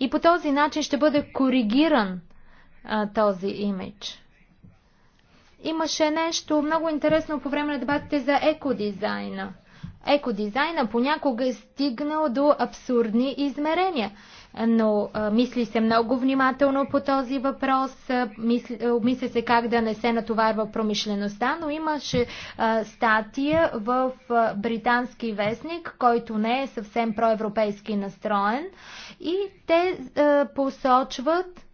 И по този начин ще бъде коригиран а, този имидж. Имаше нещо много интересно по време на дебатите за екодизайна. Екодизайна понякога е стигнал до абсурдни измерения, но а, мисли се много внимателно по този въпрос, а, мисли, а, мисли се как да не се натоварва промишлеността, но имаше а, статия в а, британски вестник, който не е съвсем проевропейски настроен и те а, посочват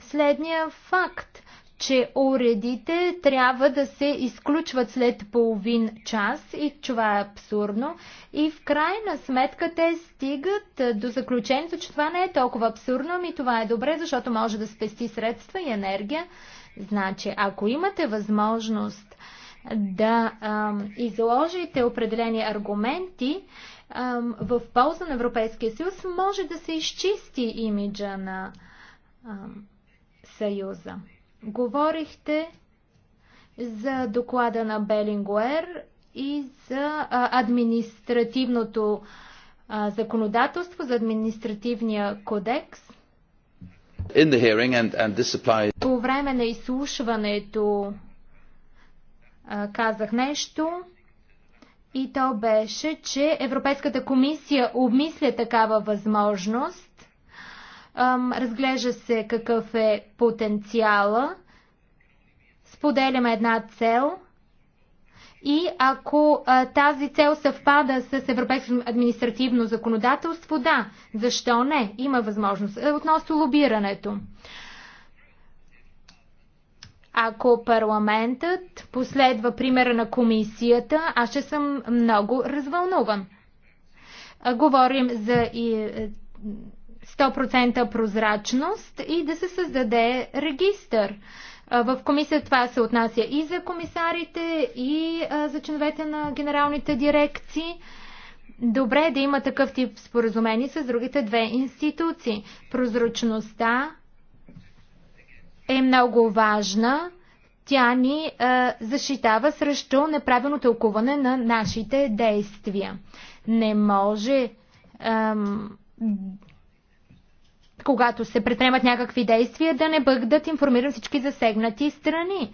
следния факт – че уредите трябва да се изключват след половин час и това е абсурдно. И в крайна сметка те стигат до заключението, че това не е толкова абсурдно, ми това е добре, защото може да спести средства и енергия. Значи, ако имате възможност да ам, изложите определени аргументи ам, в полза на Европейския съюз, може да се изчисти имиджа на ам, Съюза. Говорихте за доклада на Белингуер и за административното законодателство, за административния кодекс. And, and applies... По време на изслушването казах нещо и то беше, че Европейската комисия обмисля такава възможност Разглежда се какъв е потенциала. Споделяме една цел. И ако а, тази цел съвпада с европейско административно законодателство, да, защо не? Има възможност. Е, относно лобирането. Ако парламентът последва примера на комисията, аз ще съм много развълнуван. Говорим за и, е, 100% прозрачност и да се създаде регистър. В комисия това се отнася и за комисарите, и за членовете на генералните дирекции. Добре е да има такъв тип споразумени с другите две институции. Прозрачността е много важна. Тя ни а, защитава срещу неправилно тълкуване на нашите действия. Не може ам, когато се предприемат някакви действия, да не бъдат информирани всички засегнати страни.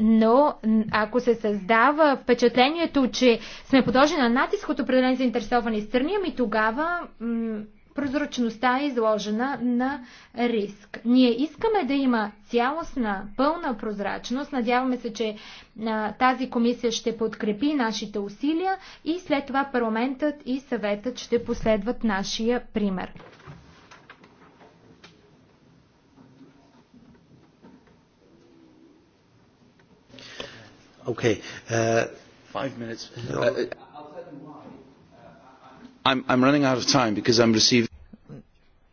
Но ако се създава впечатлението, че сме подложени на натиск от определени заинтересовани страни, ами тогава прозрачността е изложена на риск. Ние искаме да има цялостна, пълна прозрачност. Надяваме се, че а, тази комисия ще подкрепи нашите усилия и след това парламентът и съветът ще последват нашия пример. Okay. Uh, Five minutes. Uh, uh, I'm, I'm running out of time because I'm receiving.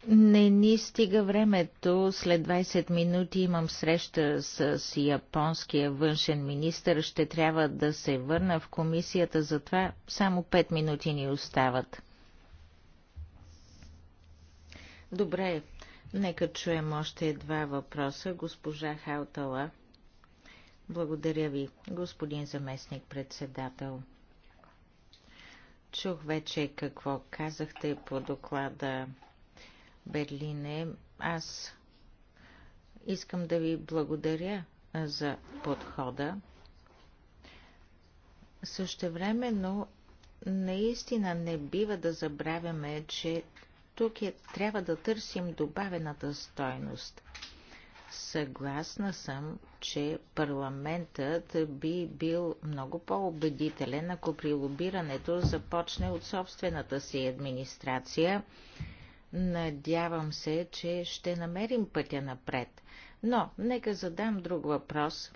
Не ни стига времето. След 20 минути имам среща с японския външен министр. Ще трябва да се върна в комисията, затова само 5 минути ни остават. Добре, нека чуем още два въпроса. Госпожа Хаутала. Благодаря ви, господин заместник председател. Чух вече какво казахте по доклада Берлине. Аз искам да ви благодаря за подхода. но наистина не бива да забравяме, че тук е, трябва да търсим добавената стойност – Съгласна съм, че парламентът би бил много по-убедителен, ако при лобирането започне от собствената си администрация. Надявам се, че ще намерим пътя напред. Но, нека задам друг въпрос.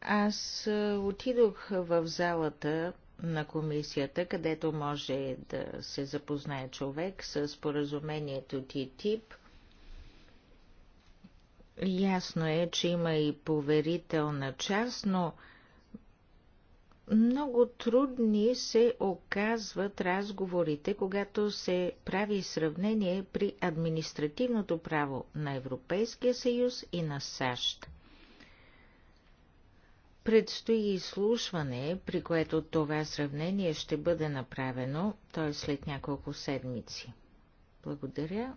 Аз е, отидох в залата на комисията, където може да се запознае човек с поразумението Тип. Ясно е, че има и поверителна част, но много трудни се оказват разговорите, когато се прави сравнение при административното право на Европейския съюз и на САЩ. Предстои изслушване, при което това сравнение ще бъде направено, т.е. след няколко седмици. Благодаря,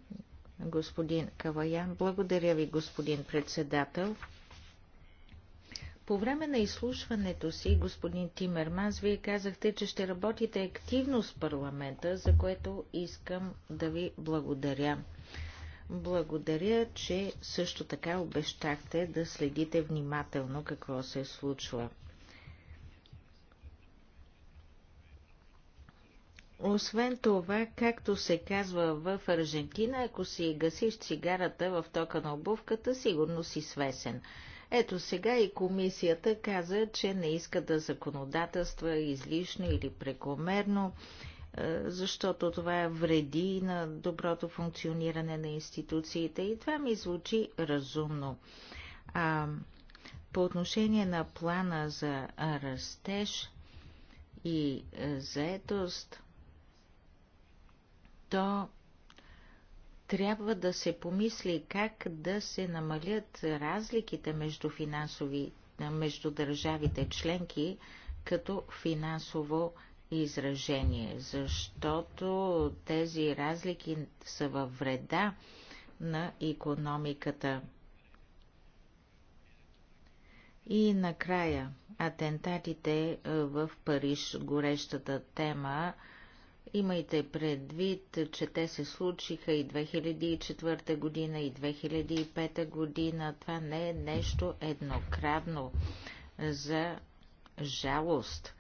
господин Каваян. Благодаря ви, господин председател. По време на изслушването си, господин Тимерманс, вие казахте, че ще работите активно с парламента, за което искам да ви благодаря. Благодаря, че също така обещахте да следите внимателно какво се случва. Освен това, както се казва в Аржентина, ако си гасиш цигарата в тока на обувката, сигурно си свесен. Ето сега и комисията каза, че не иска да законодателства излишно или прекомерно е, защото това вреди на доброто функциониране на институциите и това ми звучи разумно. А, по отношение на плана за растеж и е, заетост, то трябва да се помисли как да се намалят разликите между финансови, между държавите членки като финансово изражение, защото тези разлики са във вреда на економиката. И накрая атентатите е, в Париж, горещата тема. Имайте предвид, че те се случиха и 2004 година, и 2005 година. Това не е нещо еднократно за жалост.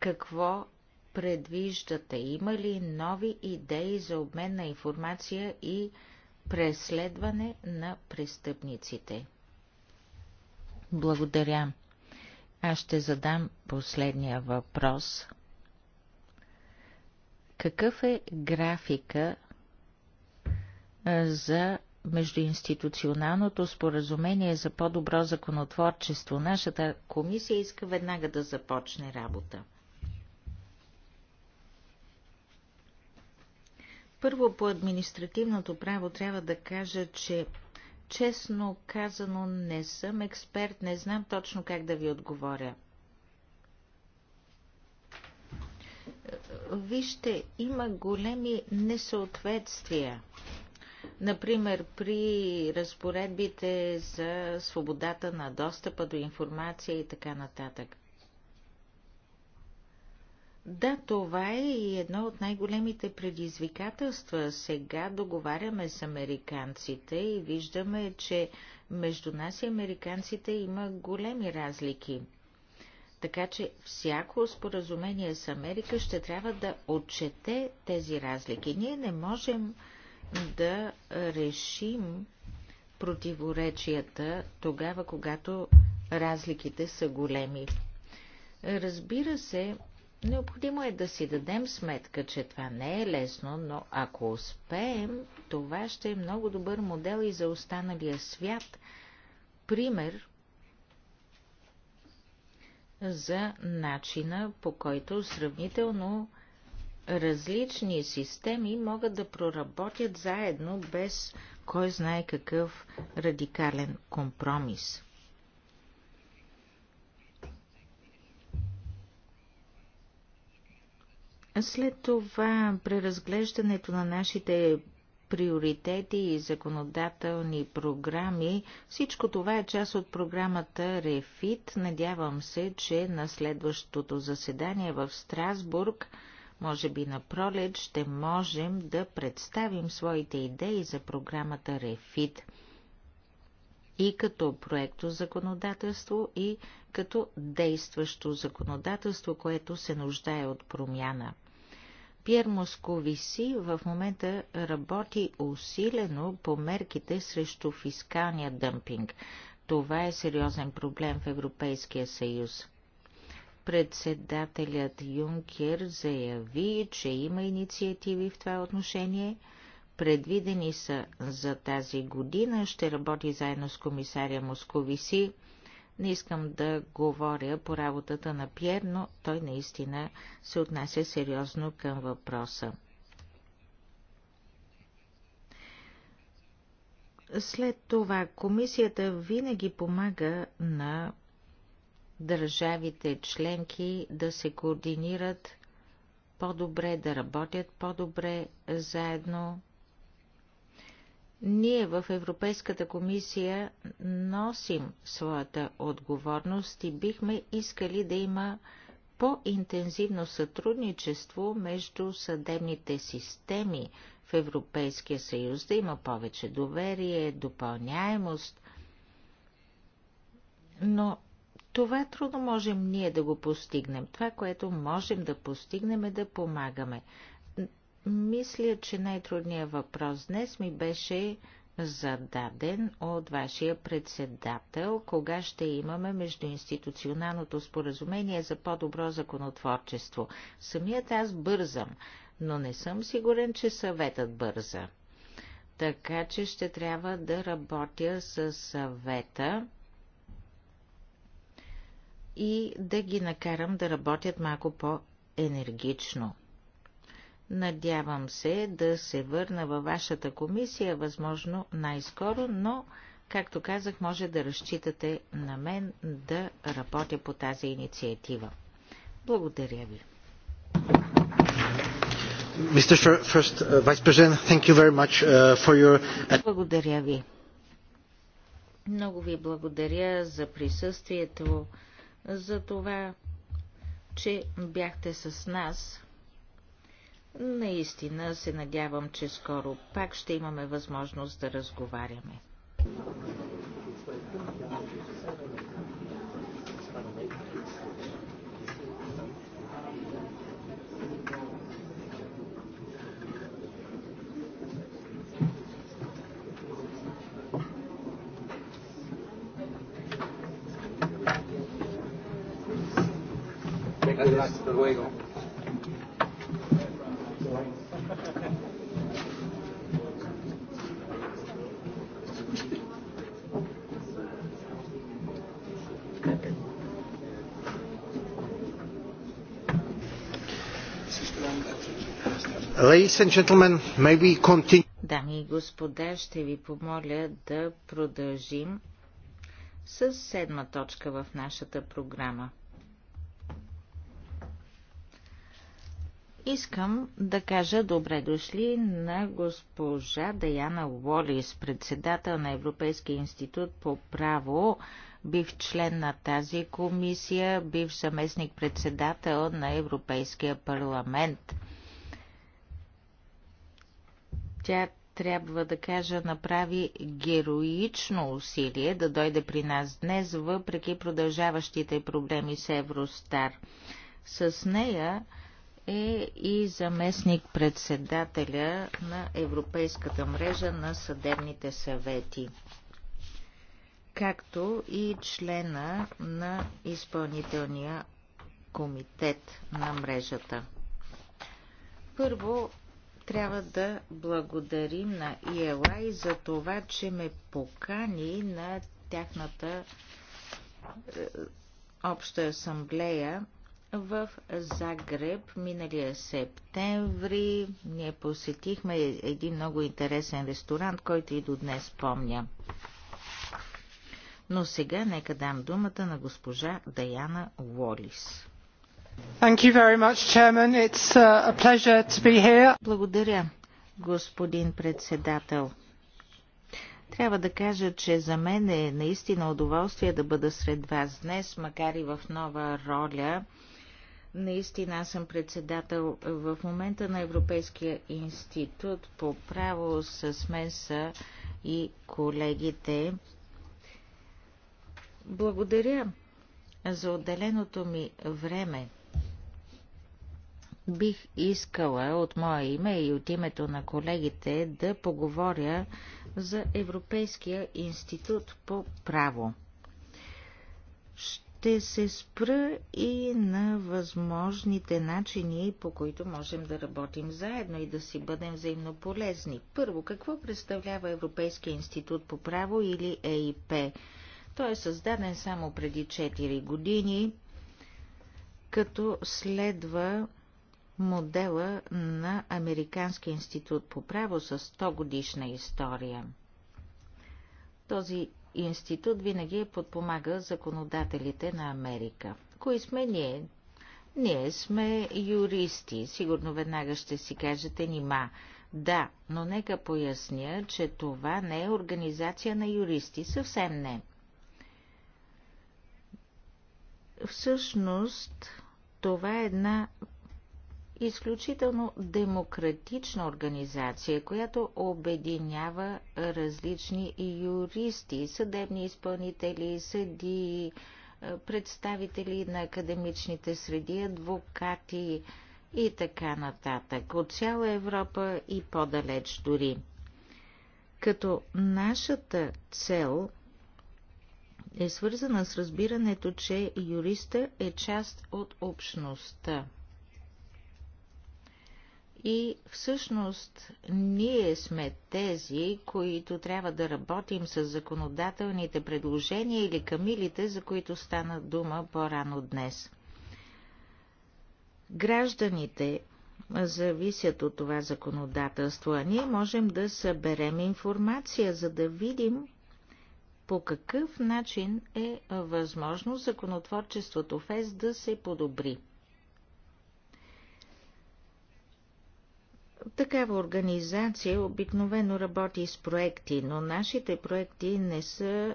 Какво предвиждате? Има ли нови идеи за обмен на информация и преследване на престъпниците? Благодаря. Аз ще задам последния въпрос. Какъв е графика за междуинституционалното споразумение за по-добро законотворчество? Нашата комисия иска веднага да започне работа. Първо по административното право трябва да кажа, че честно казано не съм експерт, не знам точно как да ви отговоря. Вижте, има големи несъответствия. Например, при разпоредбите за свободата на достъпа до информация и така нататък. Да, това е и едно от най-големите предизвикателства. Сега договаряме с американците и виждаме, че между нас и американците има големи разлики. Така че всяко споразумение с Америка ще трябва да отчете тези разлики. Ние не можем да решим противоречията тогава, когато разликите са големи. Разбира се, Необходимо е да си дадем сметка, че това не е лесно, но ако успеем, това ще е много добър модел и за останалия свят. Пример за начина, по който сравнително различни системи могат да проработят заедно без кой знае какъв радикален компромис. След това преразглеждането на нашите приоритети и законодателни програми. Всичко това е част от програмата Рефит. Надявам се, че на следващото заседание в Страсбург, може би на пролет, ще можем да представим своите идеи за програмата Рефит и като проекто законодателство, и като действащо законодателство, което се нуждае от промяна. Пьер Московиси в момента работи усилено по мерките срещу фискалния дъмпинг. Това е сериозен проблем в Европейския съюз. Председателят Юнкер заяви, че има инициативи в това отношение. Предвидени са за тази година, ще работи заедно с комисаря Московиси не искам да говоря по работата на Пьер, но той наистина се отнася сериозно към въпроса. След това комисията винаги помага на държавите членки да се координират по-добре, да работят по-добре заедно. Ние в Европейската комисия носим своята отговорност и бихме искали да има по-интензивно сътрудничество между съдебните системи в Европейския съюз, да има повече доверие, допълняемост. Но това трудно можем ние да го постигнем. Това, което можем да постигнем е да помагаме. Мисля, че най-трудният въпрос днес ми беше зададен от вашия председател, кога ще имаме междуинституционалното споразумение за по-добро законотворчество. Самият аз бързам, но не съм сигурен, че съветът бърза. Така че ще трябва да работя с съвета и да ги накарам да работят малко по-енергично. Надявам се да се върна във вашата комисия, възможно най-скоро, но, както казах, може да разчитате на мен да работя по тази инициатива. Благодаря ви. Благодаря ви. Много ви благодаря за присъствието, за това, че бяхте с нас. Наистина се надявам, че скоро пак ще имаме възможност да разговаряме. Gracias, hasta luego. Дами и господа, ще ви помоля да продължим с седма точка в нашата програма. Искам да кажа добре дошли на госпожа Даяна Уолис, председател на Европейския институт по право, бив член на тази комисия, бив заместник председател на Европейския парламент – тя трябва да кажа, направи героично усилие да дойде при нас днес, въпреки продължаващите проблеми с Евростар. С нея е и заместник председателя на Европейската мрежа на съдебните съвети, както и члена на изпълнителния комитет на мрежата. Първо трябва да благодарим на и e за това, че ме покани на тяхната е, обща асамблея в Загреб миналия септември. Ние посетихме един много интересен ресторант, който и до днес помня. Но сега нека дам думата на госпожа Даяна Уолис. Uh, Благодаря, господин председател. Трябва да кажа, че за мен е наистина удоволствие да бъда сред вас днес, макар и в нова роля. Наистина аз съм председател в момента на Европейския институт по право с мен са и колегите. Благодаря за отделеното ми време бих искала от мое име и от името на колегите да поговоря за Европейския институт по право. Ще се спра и на възможните начини, по които можем да работим заедно и да си бъдем взаимно полезни. Първо, какво представлява Европейския институт по право или ЕИП? Той е създаден само преди 4 години, като следва модела на Американски институт по право с 100 годишна история. Този институт винаги е подпомага законодателите на Америка. Кои сме ние? Ние сме юристи. Сигурно веднага ще си кажете нима. Да, но нека поясня, че това не е организация на юристи. Съвсем не. Всъщност, това е една изключително демократична организация, която обединява различни юристи, съдебни изпълнители, съдии, представители на академичните среди, адвокати и така нататък. От цяла Европа и по-далеч дори. Като нашата цел е свързана с разбирането, че юриста е част от общността. И всъщност ние сме тези, които трябва да работим с законодателните предложения или камилите, за които стана дума по-рано днес. Гражданите зависят от това законодателство, а ние можем да съберем информация, за да видим по какъв начин е възможно законотворчеството в ЕС да се подобри. Такава организация обикновено работи с проекти, но нашите проекти не са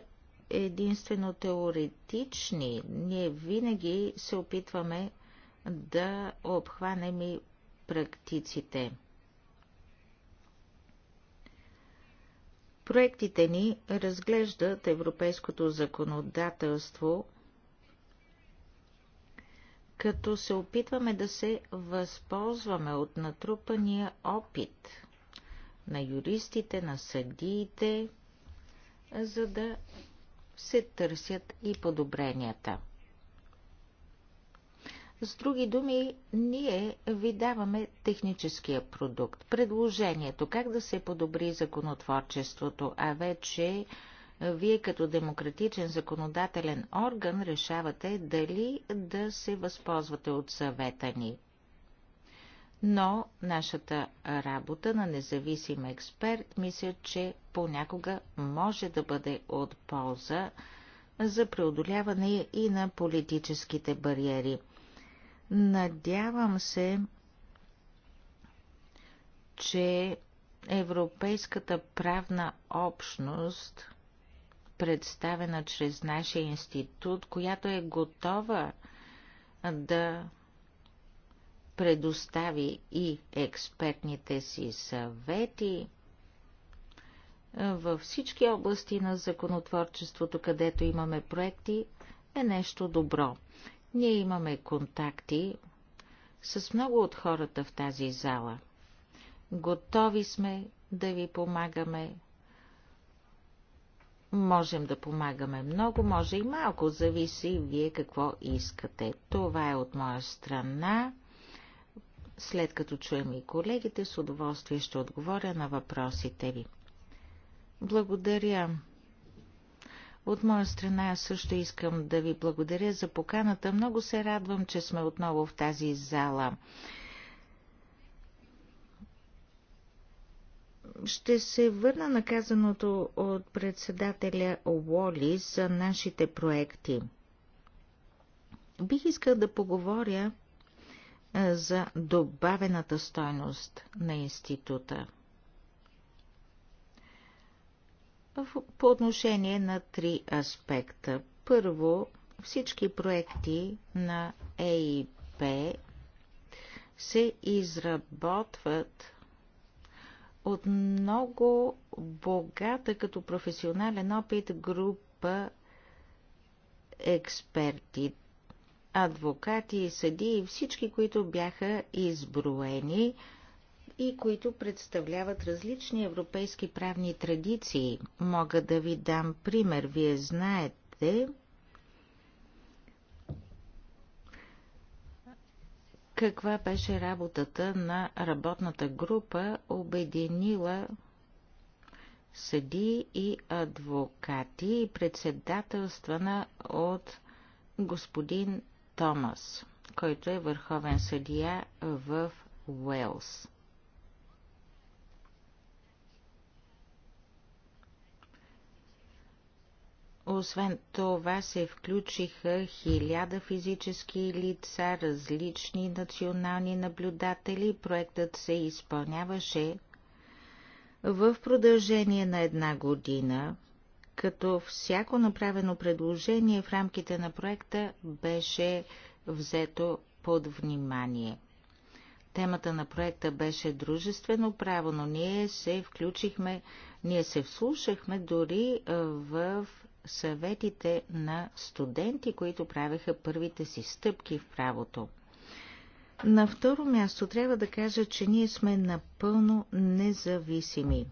единствено теоретични. Ние винаги се опитваме да обхванем и практиците. Проектите ни разглеждат европейското законодателство като се опитваме да се възползваме от натрупания опит на юристите, на съдиите, за да се търсят и подобренията. С други думи, ние ви даваме техническия продукт, предложението как да се подобри законотворчеството, а вече вие като демократичен законодателен орган решавате дали да се възползвате от съвета ни. Но нашата работа на независим експерт мисля, че понякога може да бъде от полза за преодоляване и на политическите бариери. Надявам се, че Европейската правна общност представена чрез нашия институт, която е готова да предостави и експертните си съвети във всички области на законотворчеството, където имаме проекти, е нещо добро. Ние имаме контакти с много от хората в тази зала. Готови сме да ви помагаме Можем да помагаме много, може и малко, зависи вие какво искате. Това е от моя страна. След като чуем и колегите, с удоволствие ще отговоря на въпросите ви. Благодаря. От моя страна също искам да ви благодаря за поканата. Много се радвам, че сме отново в тази зала. Ще се върна на казаното от председателя Уоли за нашите проекти. Бих искал да поговоря за добавената стойност на института. По отношение на три аспекта. Първо, всички проекти на ЕИП се изработват от много богата като професионален опит група експерти, адвокати, съди и всички, които бяха изброени и които представляват различни европейски правни традиции. Мога да ви дам пример. Вие знаете, каква беше работата на работната група, обединила съди и адвокати, и председателствана от господин Томас, който е върховен съдия в Уелс. Освен това се включиха хиляда физически лица, различни национални наблюдатели. Проектът се изпълняваше в продължение на една година, като всяко направено предложение в рамките на проекта беше взето под внимание. Темата на проекта беше дружествено право, но ние се включихме, ние се вслушахме дори в съветите на студенти, които правеха първите си стъпки в правото. На второ място трябва да кажа, че ние сме напълно независими.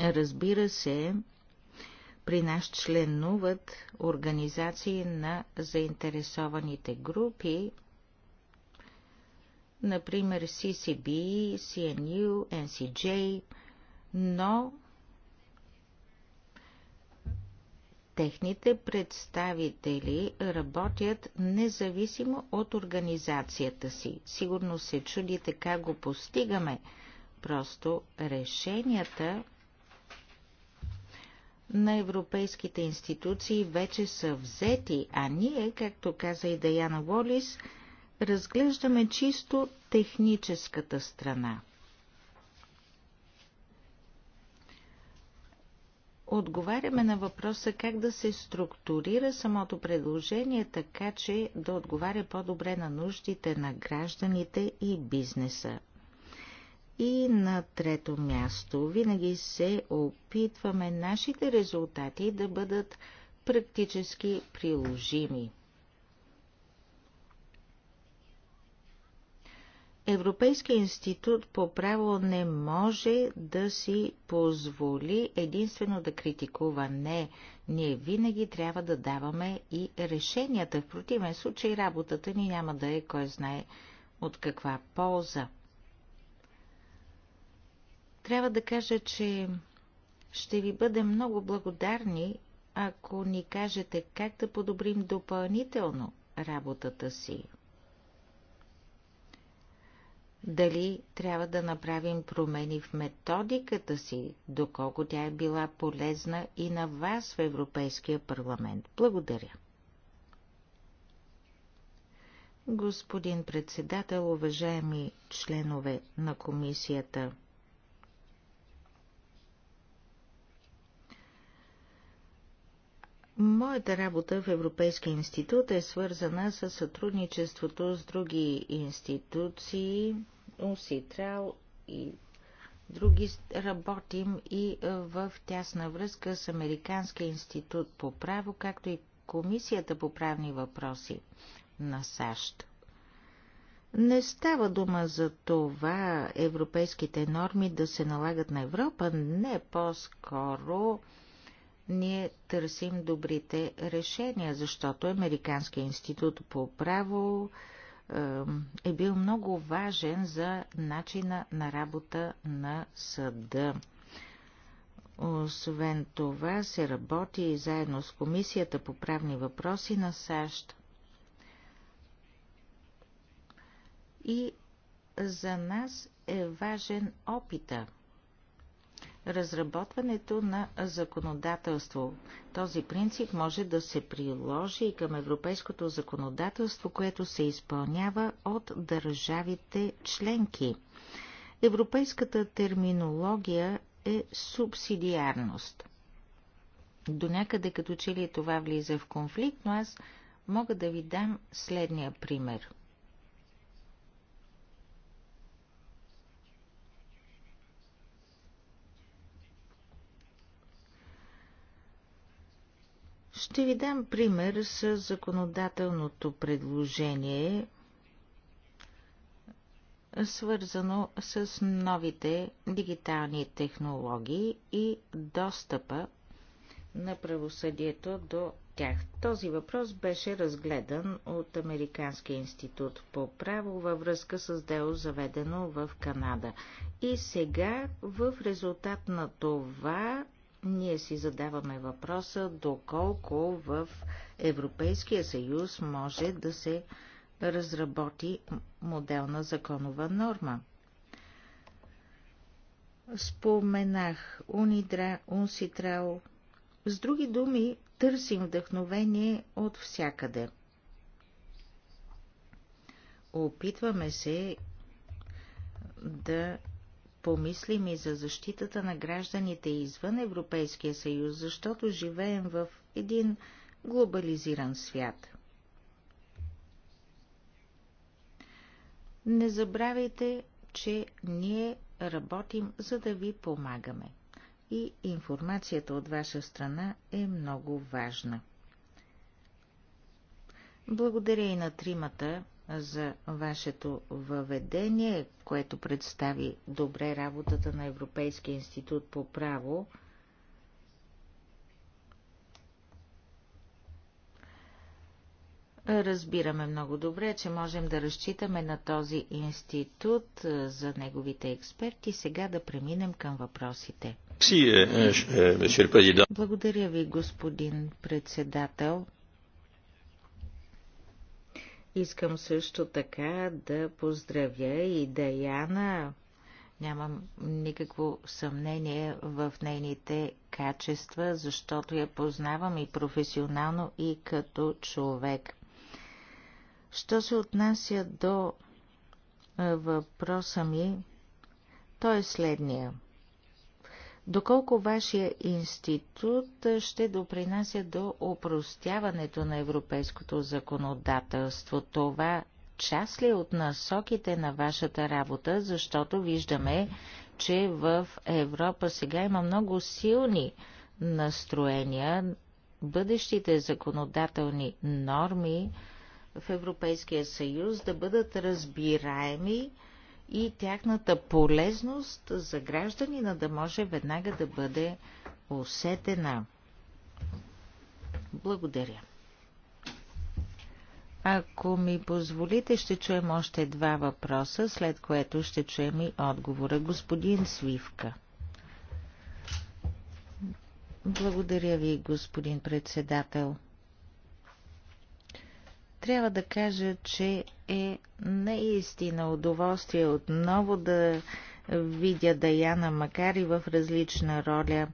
Разбира се, при нас членуват организации на заинтересованите групи, например CCB, CNU, NCJ, но Техните представители работят независимо от организацията си. Сигурно се чудите как го постигаме. Просто решенията на европейските институции вече са взети, а ние, както каза и Даяна Волис, разглеждаме чисто техническата страна – отговаряме на въпроса как да се структурира самото предложение, така че да отговаря по-добре на нуждите на гражданите и бизнеса. И на трето място, винаги се опитваме нашите резултати да бъдат практически приложими. Европейския институт по право не може да си позволи единствено да критикува. Не, ние винаги трябва да даваме и решенията. В противен случай работата ни няма да е кой знае от каква полза. Трябва да кажа, че ще ви бъдем много благодарни, ако ни кажете как да подобрим допълнително работата си дали трябва да направим промени в методиката си, доколко тя е била полезна и на вас в Европейския парламент. Благодаря. Господин председател, уважаеми членове на комисията, Моята работа в Европейския институт е свързана с сътрудничеството с други институции, трябва и други работим и е, в тясна връзка с Американския институт по право, както и Комисията по правни въпроси на САЩ. Не става дума за това европейските норми да се налагат на Европа, не по-скоро ние търсим добрите решения, защото Американския институт по право е бил много важен за начина на работа на съда. Освен това се работи и заедно с Комисията по правни въпроси на САЩ. И за нас е важен опита – разработването на законодателство. Този принцип може да се приложи и към европейското законодателство, което се изпълнява от държавите членки. Европейската терминология е субсидиарност. До някъде като че ли това влиза в конфликт, но аз мога да ви дам следния пример – Ще ви дам пример с законодателното предложение, свързано с новите дигитални технологии и достъпа на правосъдието до тях. Този въпрос беше разгледан от Американския институт по право във връзка с дело заведено в Канада. И сега в резултат на това ние си задаваме въпроса доколко в Европейския съюз може да се разработи моделна законова норма. Споменах унидра, унситрал. С други думи, търсим вдъхновение от всякъде. Опитваме се да помислим и за защитата на гражданите извън Европейския съюз, защото живеем в един глобализиран свят. Не забравяйте, че ние работим, за да ви помагаме. И информацията от ваша страна е много важна. Благодаря и на тримата за вашето въведение, което представи добре работата на Европейския институт по право. Разбираме много добре, че можем да разчитаме на този институт за неговите експерти. Сега да преминем към въпросите. Euh, euh, Благодаря ви, господин председател. Искам също така да поздравя и Даяна. Нямам никакво съмнение в нейните качества, защото я познавам и професионално, и като човек. Що се отнася до въпроса ми, той е следния – Доколко вашия институт ще допринася до опростяването на европейското законодателство? Това част ли е от насоките на вашата работа, защото виждаме, че в Европа сега има много силни настроения, бъдещите законодателни норми в Европейския съюз да бъдат разбираеми и тяхната полезност за гражданина да може веднага да бъде усетена. Благодаря. Ако ми позволите, ще чуем още два въпроса, след което ще чуем и отговора. Господин Свивка. Благодаря ви, господин председател. Трябва да кажа, че е наистина удоволствие отново да видя Даяна, макар и в различна роля.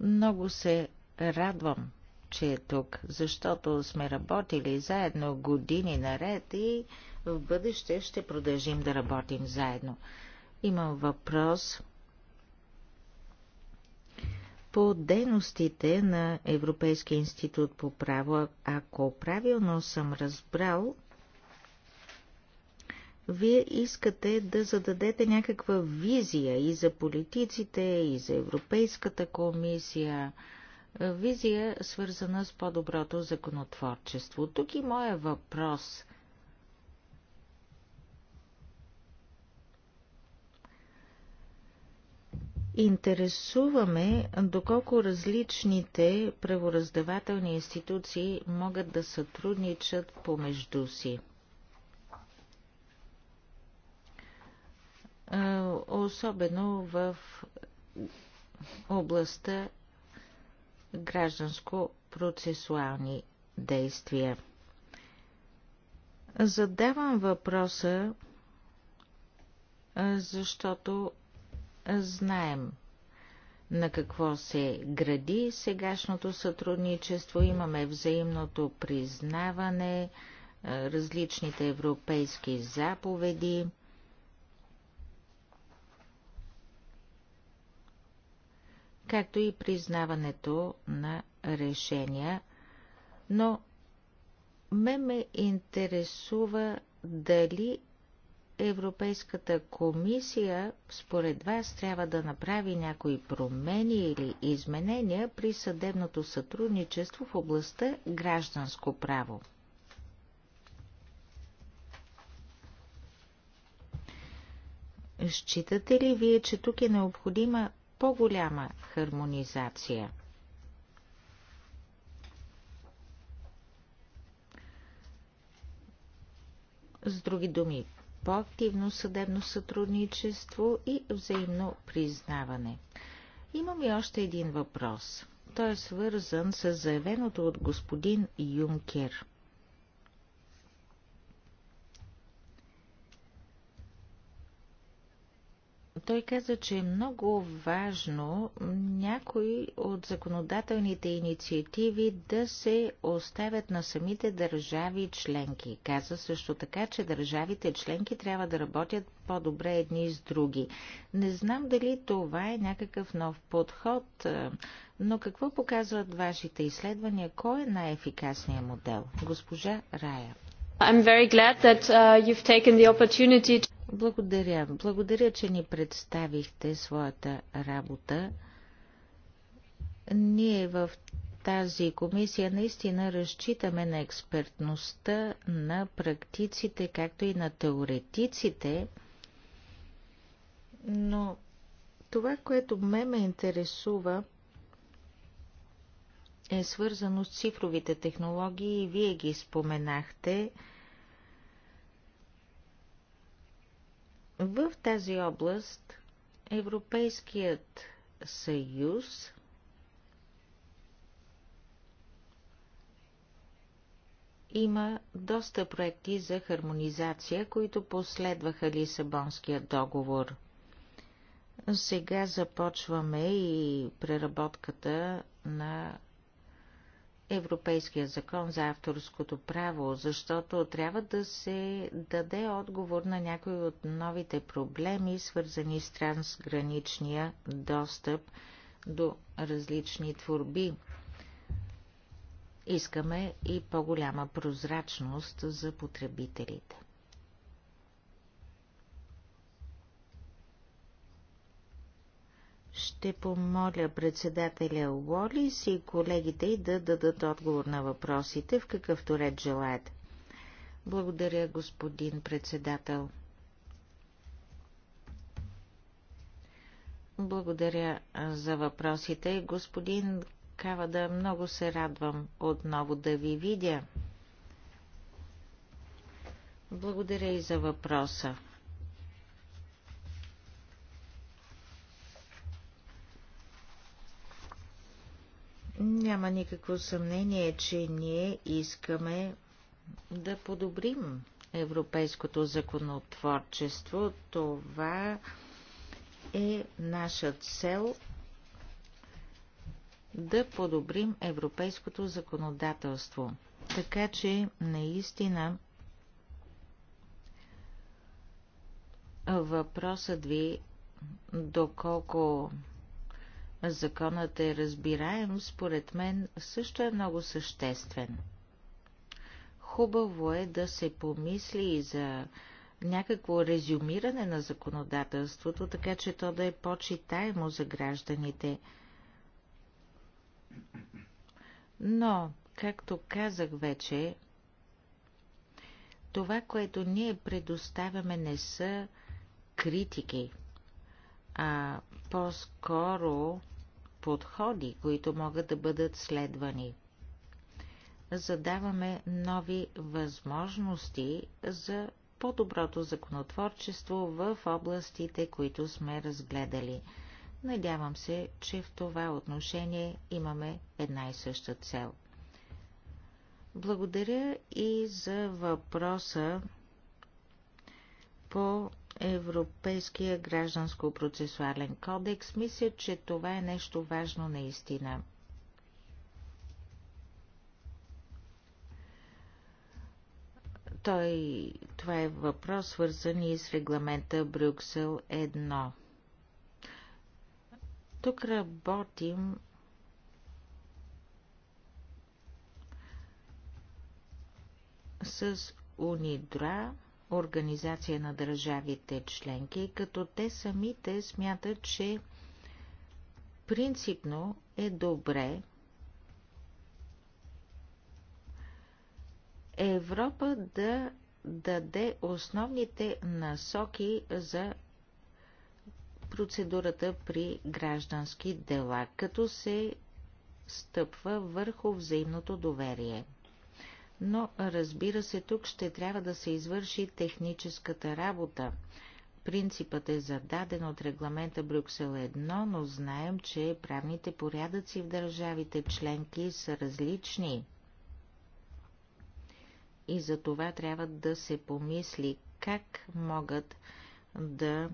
Много се радвам, че е тук, защото сме работили заедно години наред и в бъдеще ще продължим да работим заедно. Имам въпрос по дейностите на Европейския институт по право. Ако правилно съм разбрал, вие искате да зададете някаква визия и за политиците, и за Европейската комисия, визия свързана с по-доброто законотворчество. Тук и моя въпрос. Интересуваме доколко различните правораздавателни институции могат да сътрудничат помежду си. особено в областта гражданско-процесуални действия. Задавам въпроса, защото знаем на какво се гради сегашното сътрудничество. Имаме взаимното признаване, различните европейски заповеди – както и признаването на решения, но ме ме интересува дали Европейската комисия според вас трябва да направи някои промени или изменения при съдебното сътрудничество в областта гражданско право. Считате ли вие, че тук е необходима по-голяма хармонизация. С други думи, по-активно съдебно сътрудничество и взаимно признаване. Имам и още един въпрос. Той е свързан с заявеното от господин Юнкер – Той каза, че е много важно някои от законодателните инициативи да се оставят на самите държави членки. Каза също така, че държавите членки трябва да работят по-добре едни с други. Не знам дали това е някакъв нов подход, но какво показват вашите изследвания? Кой е най-ефикасният модел? Госпожа Рая. I'm very glad that uh, you've taken the opportunity to... Благодаря. Благодаря, че ни представихте своята работа. Ние в тази комисия наистина разчитаме на експертността на практиците, както и на теоретиците, но това, което ме ме интересува, е свързано с цифровите технологии и вие ги споменахте – В тази област Европейският съюз има доста проекти за хармонизация, които последваха Лисабонския договор. Сега започваме и преработката на Европейския закон за авторското право, защото трябва да се даде отговор на някои от новите проблеми, свързани с трансграничния достъп до различни творби. Искаме и по-голяма прозрачност за потребителите. Ще помоля председателя Уолис и колегите й да дадат отговор на въпросите, в какъвто ред желаят. Благодаря, господин председател. Благодаря за въпросите. Господин Кавада, много се радвам отново да ви видя. Благодаря и за въпроса. Няма никакво съмнение, че ние искаме да подобрим европейското законотворчество. Това е наша цел да подобрим европейското законодателство. Така че наистина въпросът ви доколко законът е разбираем, според мен също е много съществен. Хубаво е да се помисли и за някакво резюмиране на законодателството, така че то да е по-читаемо за гражданите. Но, както казах вече, това, което ние предоставяме, не са критики, а по-скоро подходи, които могат да бъдат следвани. Задаваме нови възможности за по-доброто законотворчество в областите, които сме разгледали. Надявам се, че в това отношение имаме една и съща цел. Благодаря и за въпроса по Европейския гражданско-процесуален кодекс. Мисля, че това е нещо важно наистина. Той, това е въпрос, свързан и с регламента Брюксел 1. Тук работим с Унидра, организация на държавите членки, като те самите смятат, че принципно е добре Европа да даде основните насоки за процедурата при граждански дела, като се стъпва върху взаимното доверие но разбира се, тук ще трябва да се извърши техническата работа. Принципът е зададен от регламента Брюксел 1, но знаем, че правните порядъци в държавите членки са различни. И за това трябва да се помисли как могат да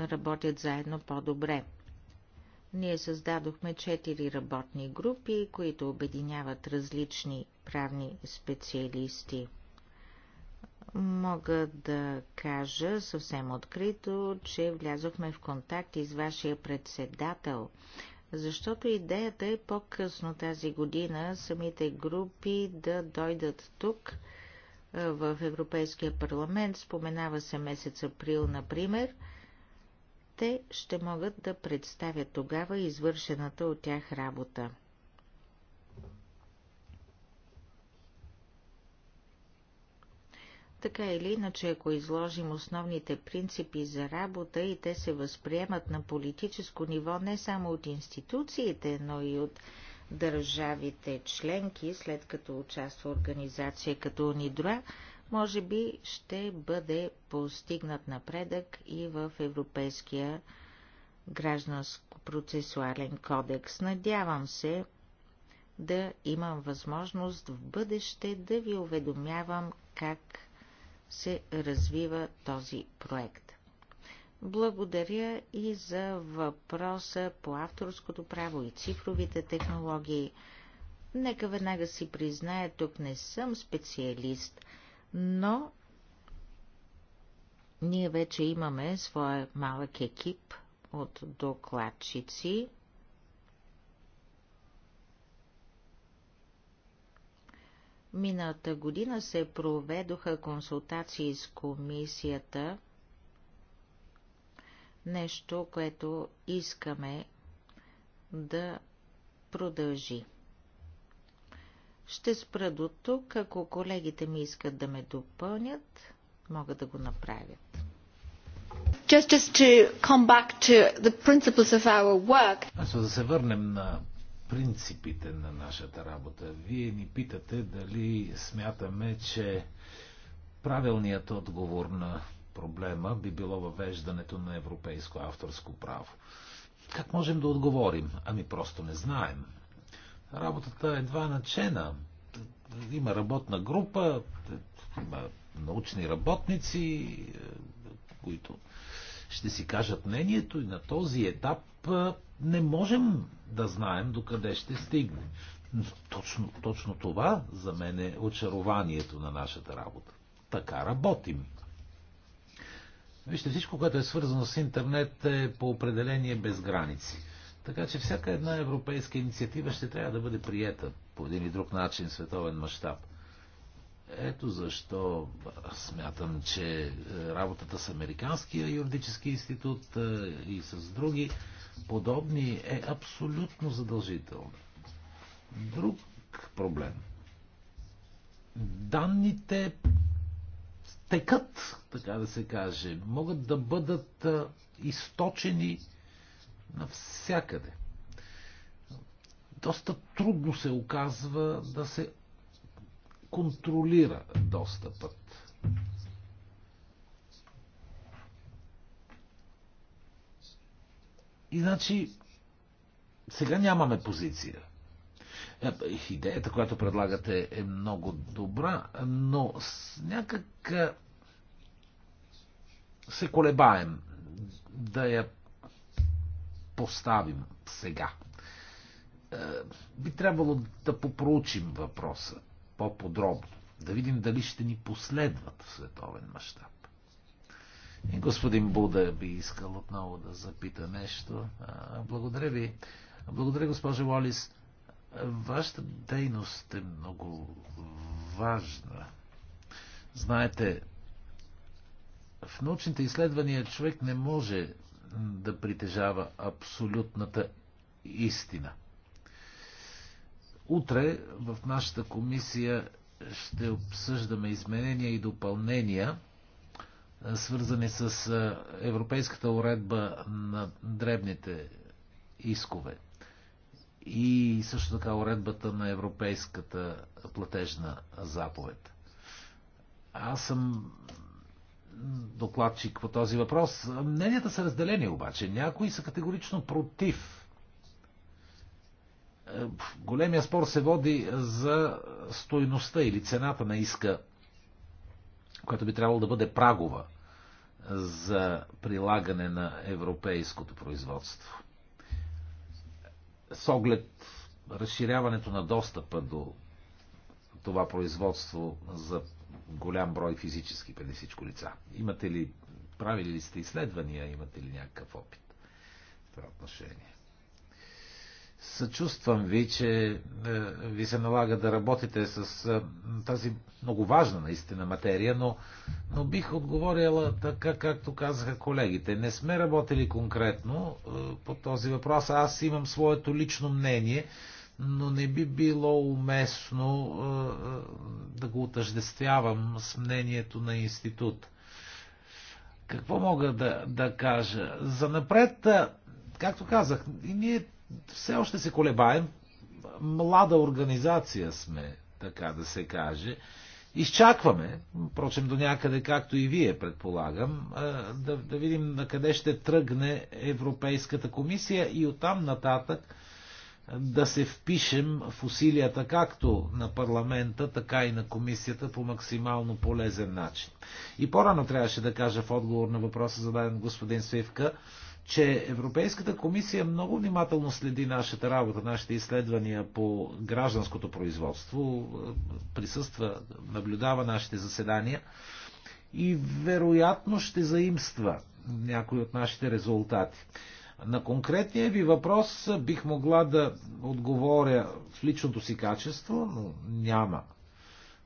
работят заедно по-добре. Ние създадохме четири работни групи, които обединяват различни правни специалисти. Мога да кажа съвсем открито, че влязохме в контакт и с вашия председател, защото идеята е по-късно тази година самите групи да дойдат тук в Европейския парламент, споменава се месец април, например, те ще могат да представят тогава извършената от тях работа. Така или иначе, ако изложим основните принципи за работа и те се възприемат на политическо ниво не само от институциите, но и от държавите членки, след като участва организация като Унидра, може би ще бъде постигнат напредък и в Европейския гражданско-процесуален кодекс. Надявам се да имам възможност в бъдеще да ви уведомявам как се развива този проект. Благодаря и за въпроса по авторското право и цифровите технологии. Нека веднага си призная, тук не съм специалист, но ние вече имаме своя малък екип от докладчици, Миналата година се проведоха консултации с комисията, нещо, което искаме да продължи. Ще спра до тук, ако колегите ми искат да ме допълнят, могат да го направят. Just, just to come back to the principles of our work. Аз да се върнем на принципите на нашата работа. Вие ни питате дали смятаме, че правилният отговор на проблема би било въвеждането на европейско авторско право. Как можем да отговорим? Ами просто не знаем. Работата е едва начена. Има работна група, има научни работници, които ще си кажат мнението и на този етап не можем да знаем докъде ще стигне. Точно, точно това за мен е очарованието на нашата работа. Така работим. Вижте, всичко, което е свързано с интернет е по определение без граници. Така че всяка една европейска инициатива ще трябва да бъде приета по един и друг начин световен мащаб. Ето защо смятам, че е, работата с Американския юридически институт е, и с други подобни е абсолютно задължителна. Друг проблем. Данните текат, така да се каже, могат да бъдат е, източени навсякъде. Доста трудно се оказва да се контролира достъпът. Иначе сега нямаме позиция. Е, идеята, която предлагате, е много добра, но някак е, се колебаем да я поставим сега. Е, би трябвало да попроучим въпроса по-подробно. Да видим дали ще ни последват в световен мащаб. И господин Буда би искал отново да запита нещо. Благодаря ви. Благодаря, госпожа Уолис. Вашата дейност е много важна. Знаете, в научните изследвания човек не може да притежава абсолютната истина – Утре в нашата комисия ще обсъждаме изменения и допълнения, свързани с европейската уредба на дребните искове и също така уредбата на европейската платежна заповед. Аз съм докладчик по този въпрос. Мненията са разделени обаче. Някои са категорично против големия спор се води за стойността или цената на иска, която би трябвало да бъде прагова за прилагане на европейското производство. С оглед разширяването на достъпа до това производство за голям брой физически, преди всичко лица. Имате ли, правили ли сте изследвания, имате ли някакъв опит в това отношение? Съчувствам ви, че е, ви се налага да работите с е, тази много важна наистина материя, но, но бих отговорила така, както казаха колегите. Не сме работили конкретно е, по този въпрос. Аз имам своето лично мнение, но не би било уместно да го отъждествявам с мнението на институт. Какво мога да, да кажа? За напред, както казах, ние все още се колебаем. Млада организация сме, така да се каже. Изчакваме, впрочем до някъде, както и вие предполагам, да, да видим на къде ще тръгне Европейската комисия и оттам нататък да се впишем в усилията както на парламента, така и на комисията по максимално полезен начин. И по-рано трябваше да кажа в отговор на въпроса зададен господин Свивка, че Европейската комисия много внимателно следи нашата работа, нашите изследвания по гражданското производство, присъства, наблюдава нашите заседания и вероятно ще заимства някои от нашите резултати. На конкретния ви въпрос бих могла да отговоря в личното си качество, но няма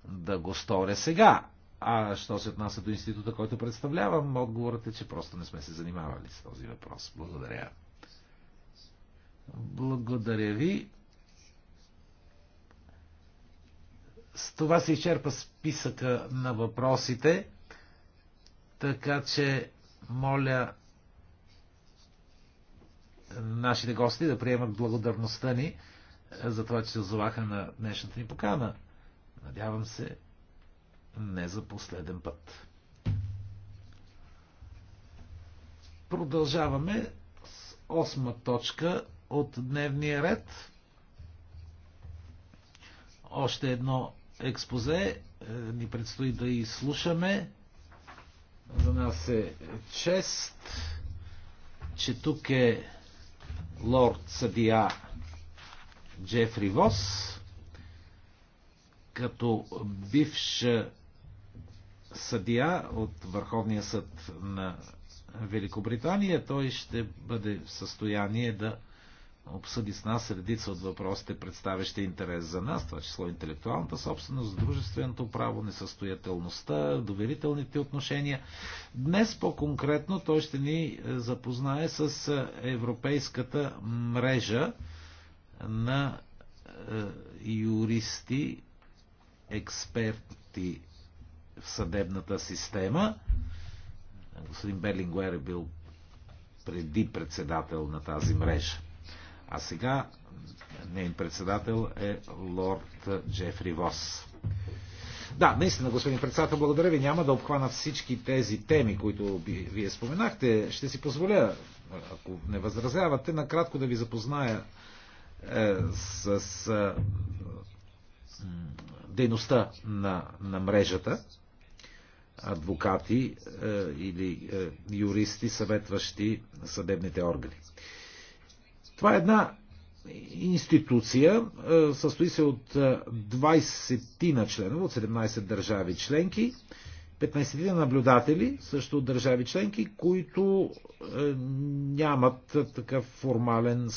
да го сторя сега. А що се отнася до института, който представлявам, отговорът е, че просто не сме се занимавали с този въпрос. Благодаря. Благодаря ви. С това се изчерпа списъка на въпросите, така че моля нашите гости да приемат благодарността ни за това, че се озоваха на днешната ни покана. Надявам се, не за последен път. Продължаваме с осма точка от дневния ред. Още едно експозе е, ни предстои да изслушаме. За нас е чест, че тук е лорд съдия Джефри Вос, като бивша съдия от Върховния съд на Великобритания, той ще бъде в състояние да обсъди с нас редица от въпросите, представящи интерес за нас, това число интелектуалната собственост, дружественото право, несъстоятелността, доверителните отношения. Днес по-конкретно той ще ни е, запознае с е, европейската мрежа на е, юристи, експерти в съдебната система. Господин Берлингуер е бил преди председател на тази мрежа. А сега нейният председател е лорд Джефри Вос. Да, наистина, господин председател, благодаря ви. Няма да обхвана всички тези теми, които вие споменахте. Ще си позволя, ако не възразявате, накратко да ви запозная е, с е, дейността на, на мрежата адвокати е, или е, юристи, съветващи съдебните органи. Това е една институция, е, състои се от 20 на членове, от 17 държави членки, 15 наблюдатели, също от държави членки, които нямат такъв формален,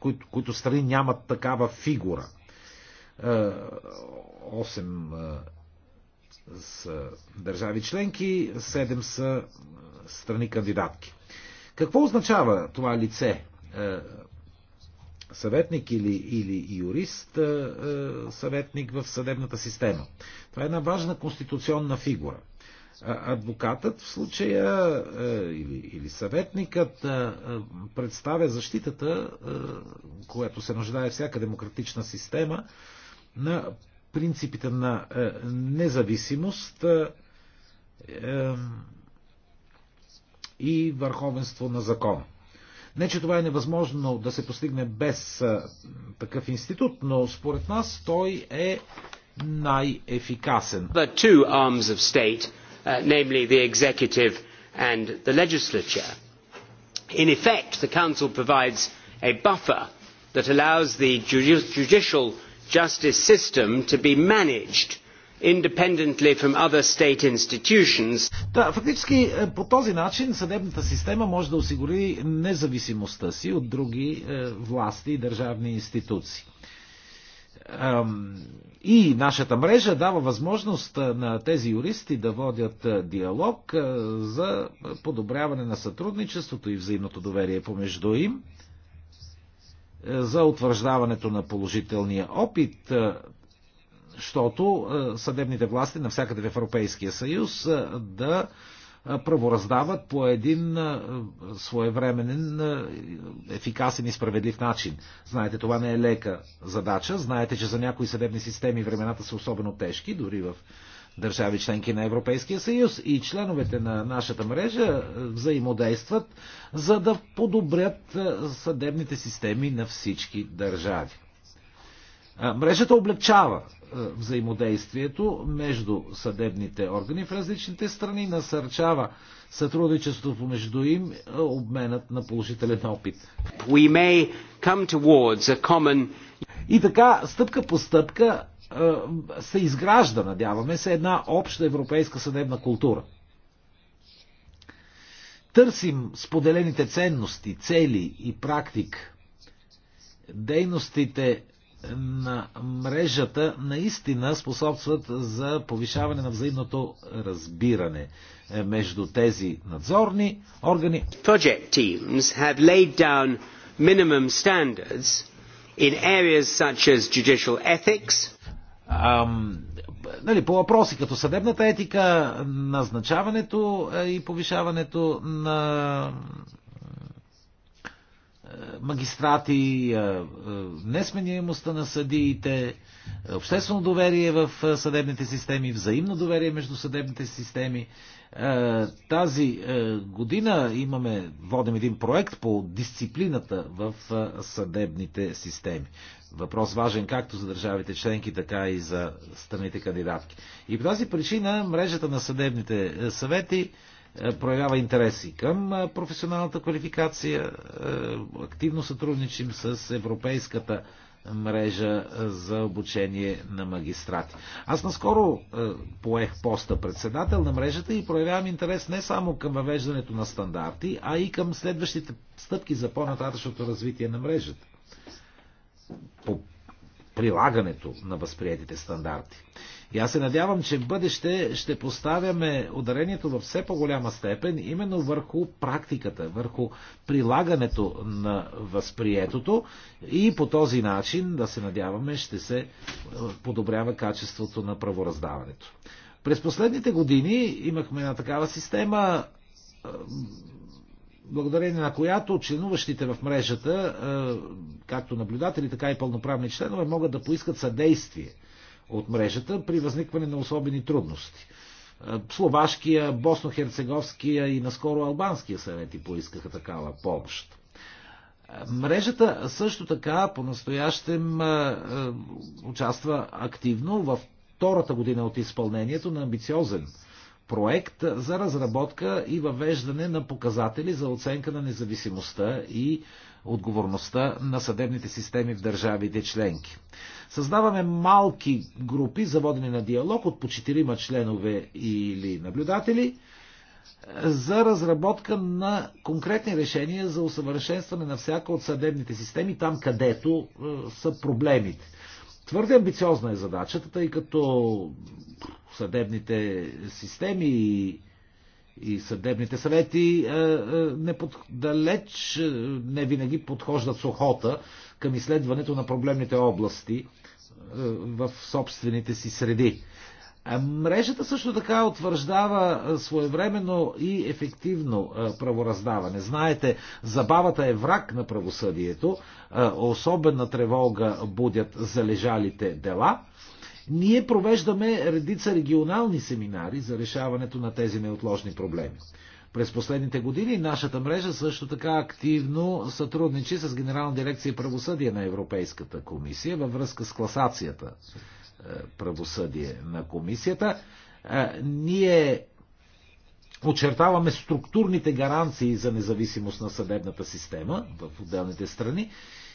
които, които страни нямат такава фигура. 8 са държави членки, 7 са страни кандидатки. Какво означава това лице? Съветник или, или юрист, съветник в съдебната система. Това е една важна конституционна фигура. Адвокатът в случая или, или съветникът представя защитата, която се нуждае всяка демократична система, на принципите на е, независимост е, е, и върховенство на закона. Не, че това е невъзможно да се постигне без е, такъв институт, но според нас той е най-ефикасен. Е, In effect, the Council provides a buffer that allows the judicial justice system to be managed independently from other state institutions. Да, фактически е, по този начин съдебната система може да осигури независимостта си от други е, власти и държавни институции. И нашата мрежа дава възможност е, на тези юристи да водят диалог за подобряване на сътрудничеството и взаимното доверие помежду им е, за утвърждаването на положителния опит, защото е, е, съдебните власти навсякъде в Европейския съюз да правораздават по един своевременен, ефикасен и справедлив начин. Знаете, това не е лека задача. Знаете, че за някои съдебни системи времената са особено тежки, дори в държави членки на Европейския съюз и членовете на нашата мрежа е, взаимодействат, за да подобрят е, съдебните системи на всички държави. Е, мрежата облегчава взаимодействието между съдебните органи в различните страни, насърчава сътрудничеството между им, обменът на положителен опит. We may come towards a common... И така, стъпка по стъпка, е, се изгражда, надяваме се, една обща европейска съдебна култура. Търсим споделените ценности, цели и практик. Дейностите на мрежата наистина способстват за повишаване на взаимното разбиране е, между тези надзорни органи. Project teams have laid down minimum standards in areas such as judicial ethics, Ам, нали, по въпроси като съдебната етика, назначаването е, и повишаването на е, магистрати, е, несменяемостта на съдиите, обществено доверие в съдебните системи, взаимно доверие между съдебните системи. Тази година имаме, водим един проект по дисциплината в съдебните системи. Въпрос важен както за държавите членки, така и за страните кандидатки. И по тази причина мрежата на съдебните е, съвети е, проявява интереси към е, професионалната квалификация. Активно сътрудничим с Европейската мрежа за обучение на магистрати. Аз наскоро поех поста председател на мрежата и проявявам интерес не само към въвеждането на стандарти, а и към следващите стъпки за по-нататъчното развитие на мрежата по прилагането на възприятите стандарти. И аз се надявам, че в бъдеще ще поставяме ударението във все по-голяма степен именно върху практиката, върху прилагането на възприетото и по този начин, да се надяваме, ще се е, подобрява качеството на правораздаването. През последните години имахме една такава система е, благодарение на която членуващите в мрежата, е, както наблюдатели, така и пълноправни членове, могат да поискат съдействие от мрежата при възникване на особени трудности. Е, словашкия, Босно-Херцеговския и наскоро Албанския съвети поискаха такава помощ. Е, мрежата също така по-настоящем участва активно в втората година от изпълнението на амбициозен проект за разработка и въвеждане на показатели за оценка на независимостта и отговорността на съдебните системи в държавите членки. Създаваме малки групи за водене на диалог от по 4 членове или наблюдатели е, за разработка на конкретни решения за усъвършенстване на всяка от съдебните системи там, където е, са проблемите. Твърде амбициозна е задачата, тъй като съдебните системи и, и съдебните съвети е, е, не под, далеч е, не винаги подхождат с охота към изследването на проблемните области в собствените си среди. Мрежата също така утвърждава своевременно и ефективно правораздаване. Знаете, забавата е враг на правосъдието, особена тревога будят залежалите дела – ние провеждаме редица регионални семинари за решаването на тези неотложни проблеми. През последните години нашата мрежа също така активно сътрудничи с Генерална дирекция правосъдие на Европейската комисия във връзка с класацията е, правосъдие на комисията. Е, ние очертаваме структурните гаранции за независимост на съдебната система в отделните страни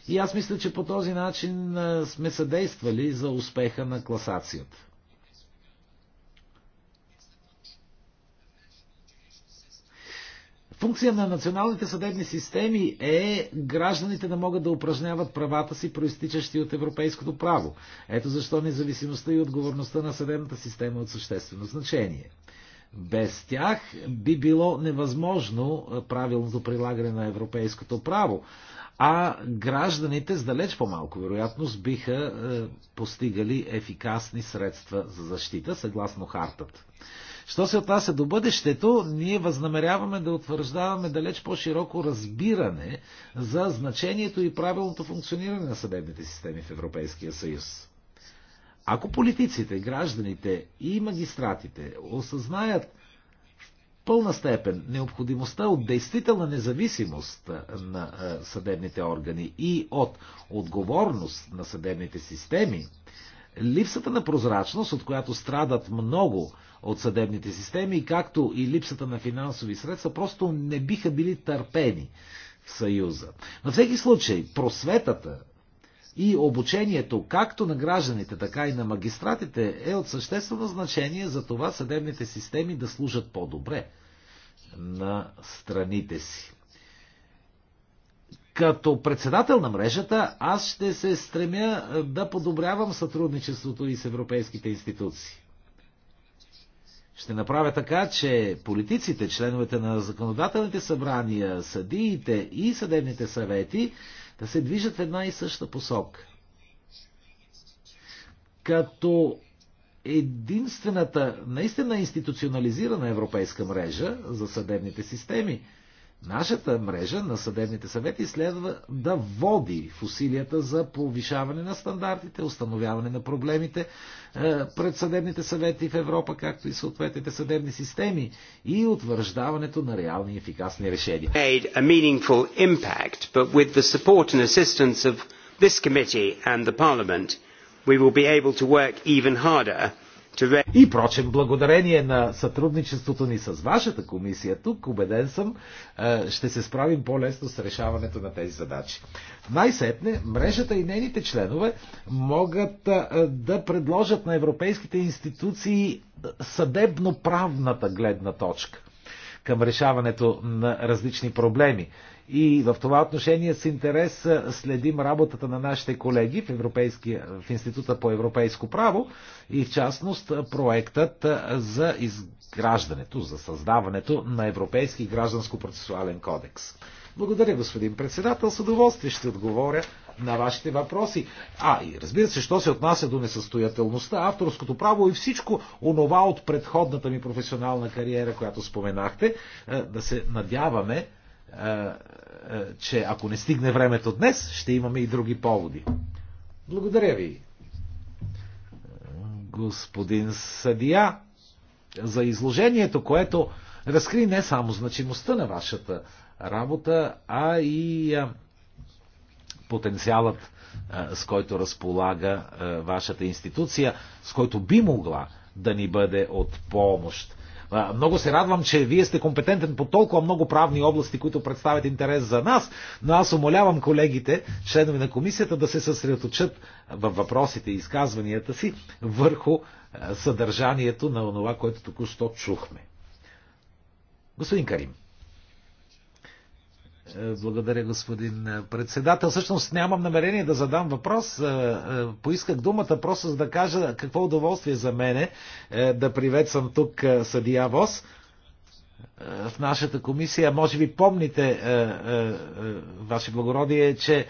и аз мисля, че по този начин сме съдействали за успеха на класацията. Функция на националните съдебни системи е гражданите да могат да упражняват правата си, проистичащи от европейското право. Ето защо независимостта и отговорността на съдебната система е от съществено значение. Без тях би било невъзможно правилното прилагане на европейското право, а гражданите с далеч по-малко вероятност биха е, постигали ефикасни средства за защита, съгласно хартата. Що се отнася до бъдещето, ние възнамеряваме да утвърждаваме далеч по-широко разбиране за значението и правилното функциониране на съдебните системи в Европейския съюз. Ако политиците, гражданите и магистратите осъзнаят пълна степен необходимостта от действителна независимост на съдебните органи и от отговорност на съдебните системи, липсата на прозрачност, от която страдат много от съдебните системи, както и липсата на финансови средства, просто не биха били търпени в Съюза. На всеки случай, просветата и обучението както на гражданите, така и на магистратите е от съществено значение за това съдебните системи да служат по-добре на страните си. Като председател на мрежата, аз ще се стремя да подобрявам сътрудничеството и с европейските институции. Ще направя така, че политиците, членовете на законодателните събрания, съдиите и съдебните съвети да се движат в една и съща посока. Като единствената наистина институционализирана европейска мрежа за съдебните системи. Нашата мрежа на съдебните съвети следва да води в усилията за повишаване на стандартите, установяване на проблемите е, пред съдебните съвети в Европа, както и съответните съдебни системи и утвърждаването на реални и ефикасни решения. this committee and the Parliament, we will be able to work even harder to... И прочим, благодарение на сътрудничеството ни с вашата комисия тук, убеден съм, е, ще се справим по-лесно с решаването на тези задачи. Най-сетне, мрежата и нейните членове могат е, да предложат на европейските институции е, съдебно-правната гледна точка към решаването на различни проблеми и в това отношение с интерес следим работата на нашите колеги в, в Института по европейско право и в частност проектът за изграждането, за създаването на Европейски гражданско-процесуален кодекс. Благодаря, господин председател. С удоволствие ще отговоря на вашите въпроси. А, и разбира се, що се отнася до несъстоятелността, авторското право и всичко онова от предходната ми професионална кариера, която споменахте, да се надяваме че ако не стигне времето днес, ще имаме и други поводи. Благодаря ви, господин Съдия, за изложението, което разкри не само значимостта на вашата работа, а и потенциалът, с който разполага вашата институция, с който би могла да ни бъде от помощ. Много се радвам, че вие сте компетентен по толкова много правни области, които представят интерес за нас, но аз умолявам колегите, членове на комисията, да се съсредоточат във въпросите и изказванията си върху съдържанието на това, което току-що чухме. Господин Карим. Е, благодаря, господин е, председател. Всъщност нямам намерение да задам въпрос. Е, поисках думата просто за да кажа какво удоволствие за мене да приветствам тук съдия Воз. Е, в нашата комисия. Може би помните, е, е, Ваше благородие, че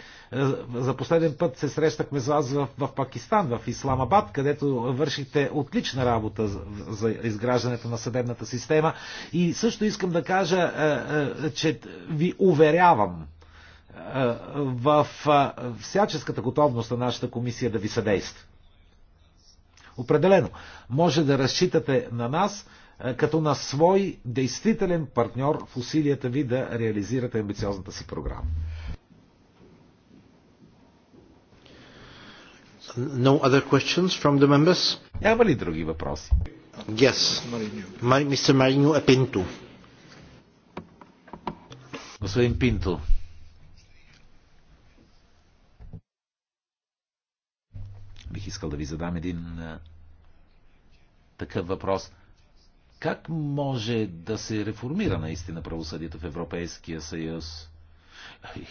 за последен път се срещахме с вас в, в Пакистан, в Исламабад, където вършите отлична работа за изграждането на съдебната система. И също искам да кажа, че ви уверявам в всяческата готовност на нашата комисия да ви съдейства. Определено, може да разчитате на нас е, като на свой действителен партньор в усилията ви да реализирате амбициозната си програма. No other questions from the members? Няма ли други въпроси? Yes. Mr. Marino Pinto. Господин Пинто. Бих искал да ви задам един е, такъв въпрос. Как може да се реформира наистина правосъдието в Европейския съюз?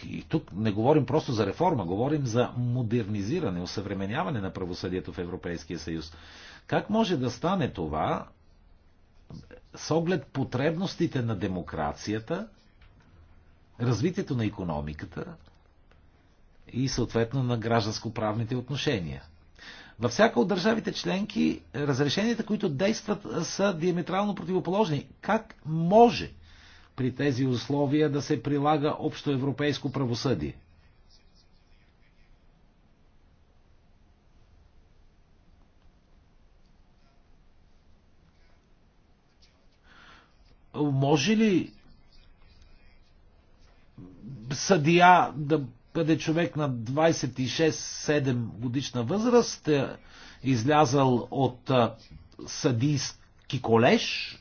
И тук не говорим просто за реформа, говорим за модернизиране, осъвременяване на правосъдието в Европейския съюз. Как може да стане това с оглед потребностите на демокрацията, развитието на економиката и съответно на гражданско-правните отношения? Във всяка от държавите членки разрешенията, които действат, са диаметрално противоположни. Как може при тези условия да се прилага общо европейско правосъдие? Може ли съдия да къде човек на 26-7 годишна възраст, е излязал от съдийски колеж,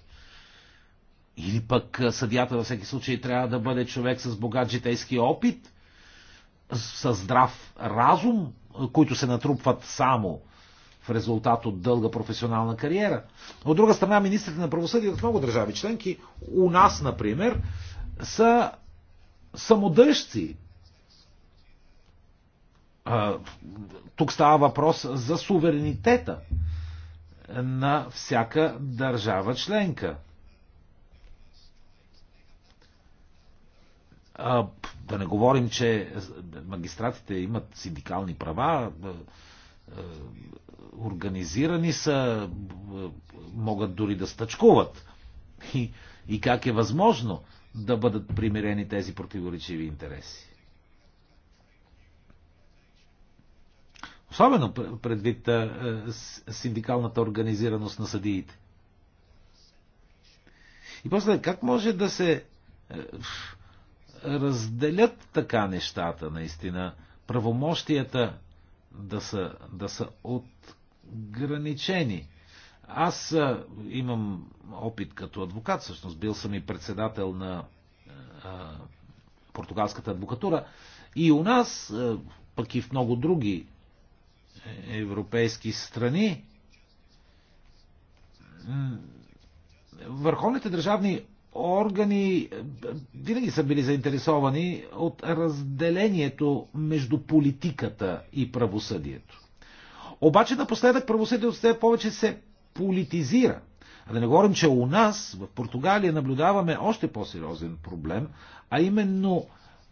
или пък съдията във всеки случай трябва да бъде човек с богат житейски опит, с здрав разум, които се натрупват само в резултат от дълга професионална кариера. От друга страна, министрите на правосъдието в много държави членки, у нас, например, са самодъжци, тук става въпрос за суверенитета на всяка държава членка. Да не говорим, че магистратите имат синдикални права, организирани са, могат дори да стъчкуват. И, и как е възможно да бъдат примирени тези противоречиви интереси? Особено предвид синдикалната организираност на съдиите. И после, как може да се разделят така нещата, наистина, правомощията да са, да са отграничени. Аз имам опит като адвокат, всъщност бил съм и председател на португалската адвокатура. И у нас, пък и в много други европейски страни, върховните държавни органи винаги са били заинтересовани от разделението между политиката и правосъдието. Обаче напоследък правосъдието все повече се политизира. А да не говорим, че у нас, в Португалия, наблюдаваме още по-сериозен проблем, а именно,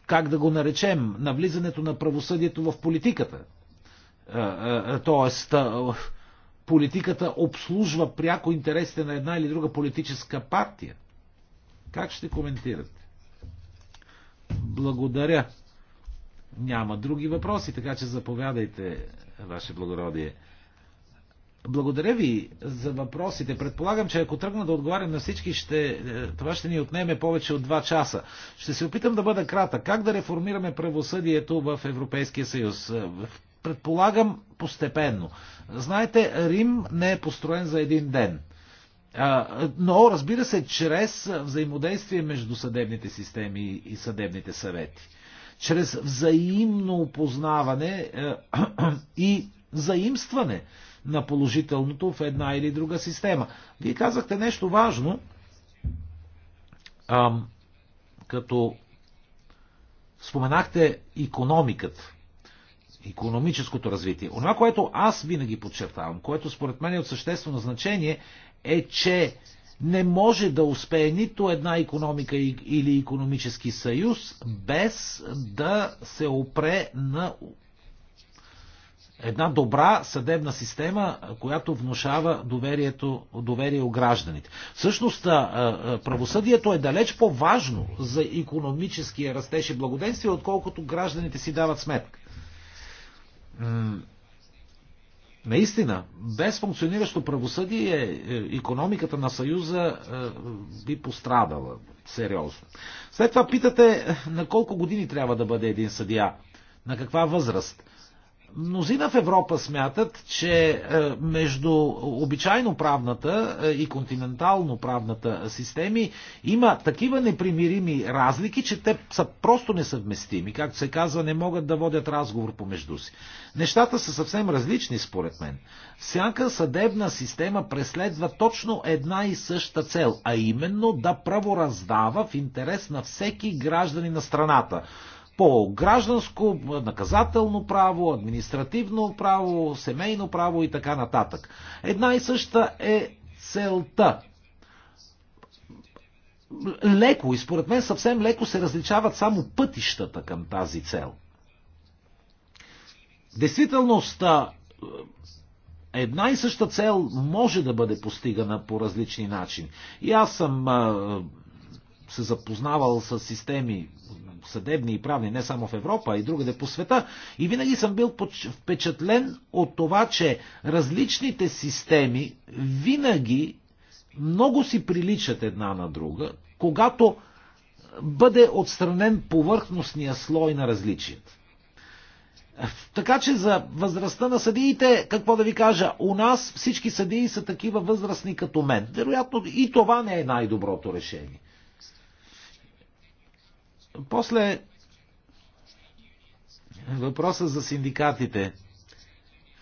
как да го наречем, навлизането на правосъдието в политиката. Т.е. Е, е, е, политиката обслужва пряко интересите на една или друга политическа партия. Как ще коментирате? Благодаря. Няма други въпроси, така че заповядайте, Ваше благородие. Благодаря ви за въпросите. Предполагам, че ако тръгна да отговарям на всички, ще, това ще ни отнеме повече от 2 часа. Ще се опитам да бъда кратък. Как да реформираме правосъдието в Европейския съюз? В предполагам, постепенно. Знаете, Рим не е построен за един ден. Но, разбира се, чрез взаимодействие между съдебните системи и съдебните съвети. Чрез взаимно опознаване е, [clears throat] и заимстване на положителното в една или друга система. Вие казахте нещо важно, като споменахте економиката економическото развитие. Онова, което аз винаги подчертавам, което според мен е от съществено значение, е, че не може да успее нито една економика или економически съюз без да се опре на една добра съдебна система, която внушава доверието, доверие у гражданите. Всъщност, правосъдието е далеч по-важно за економическия растеж и благоденствие, отколкото гражданите си дават сметка. Наистина, без функциониращо правосъдие економиката е, на Съюза е, би пострадала сериозно. След това питате е, на колко години трябва да бъде един съдия, на каква възраст. Мнозина в Европа смятат, че е, между обичайно правната е, и континентално правната системи има такива непримирими разлики, че те са просто несъвместими. Както се казва, не могат да водят разговор помежду си. Нещата са съвсем различни, според мен. Всяка съдебна система преследва точно една и съща цел, а именно да правораздава в интерес на всеки граждани на страната по гражданско, наказателно право, административно право, семейно право и така нататък. Една и съща е целта. Леко и според мен съвсем леко се различават само пътищата към тази цел. Действителността е, една и съща цел може да бъде постигана по различни начини. И аз съм се запознавал с системи съдебни и правни, не само в Европа, а и другаде по света. И винаги съм бил впечатлен от това, че различните системи винаги много си приличат една на друга, когато бъде отстранен повърхностния слой на различията. Така че за възрастта на съдиите, какво да ви кажа, у нас всички съдии са такива възрастни като мен. Вероятно и това не е най-доброто решение. После въпроса за синдикатите.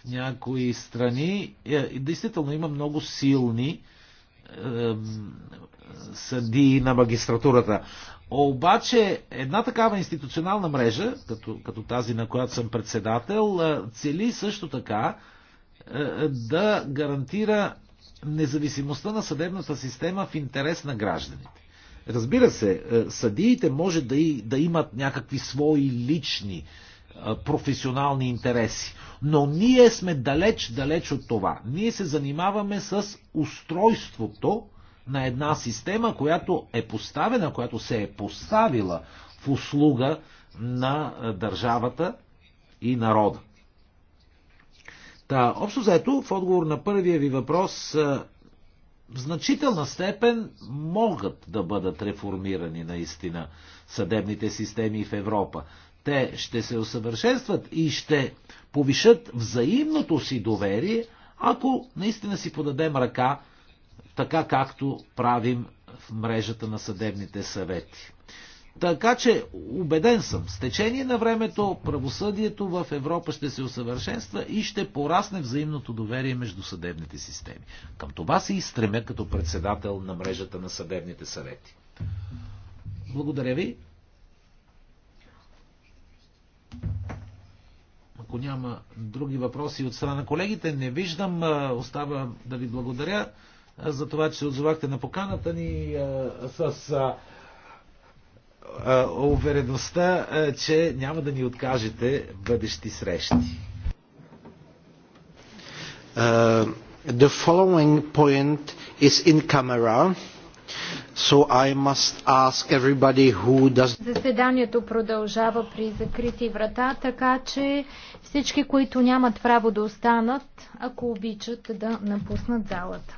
В някои страни е, действително има много силни е, съдии на магистратурата. Обаче една такава институционална мрежа, като, като тази на която съм председател, е, цели също така е, да гарантира независимостта на съдебната система в интерес на гражданите. Разбира се, е, съдиите може да, и, да имат някакви свои лични е, професионални интереси. Но ние сме далеч, далеч от това. Ние се занимаваме с устройството на една система, която е поставена, която се е поставила в услуга на е, държавата и народа. Та, общо заето, в отговор на първия ви въпрос, в значителна степен могат да бъдат реформирани наистина съдебните системи в Европа. Те ще се усъвършенстват и ще повишат взаимното си доверие, ако наистина си подадем ръка, така както правим в мрежата на съдебните съвети. Така че, убеден съм, с течение на времето правосъдието в Европа ще се усъвършенства и ще порасне взаимното доверие между съдебните системи. Към това се и стремя като председател на мрежата на съдебните съвети. Благодаря ви. Ако няма други въпроси от страна на колегите, не виждам. Остава да ви благодаря за това, че се отзовахте на поканата ни с увереността, че няма да ни откажете бъдещи срещи. Uh, the following point is in camera. So I must ask everybody who does... Заседанието продължава при закрити врата, така че всички, които нямат право да останат, ако обичат да напуснат залата.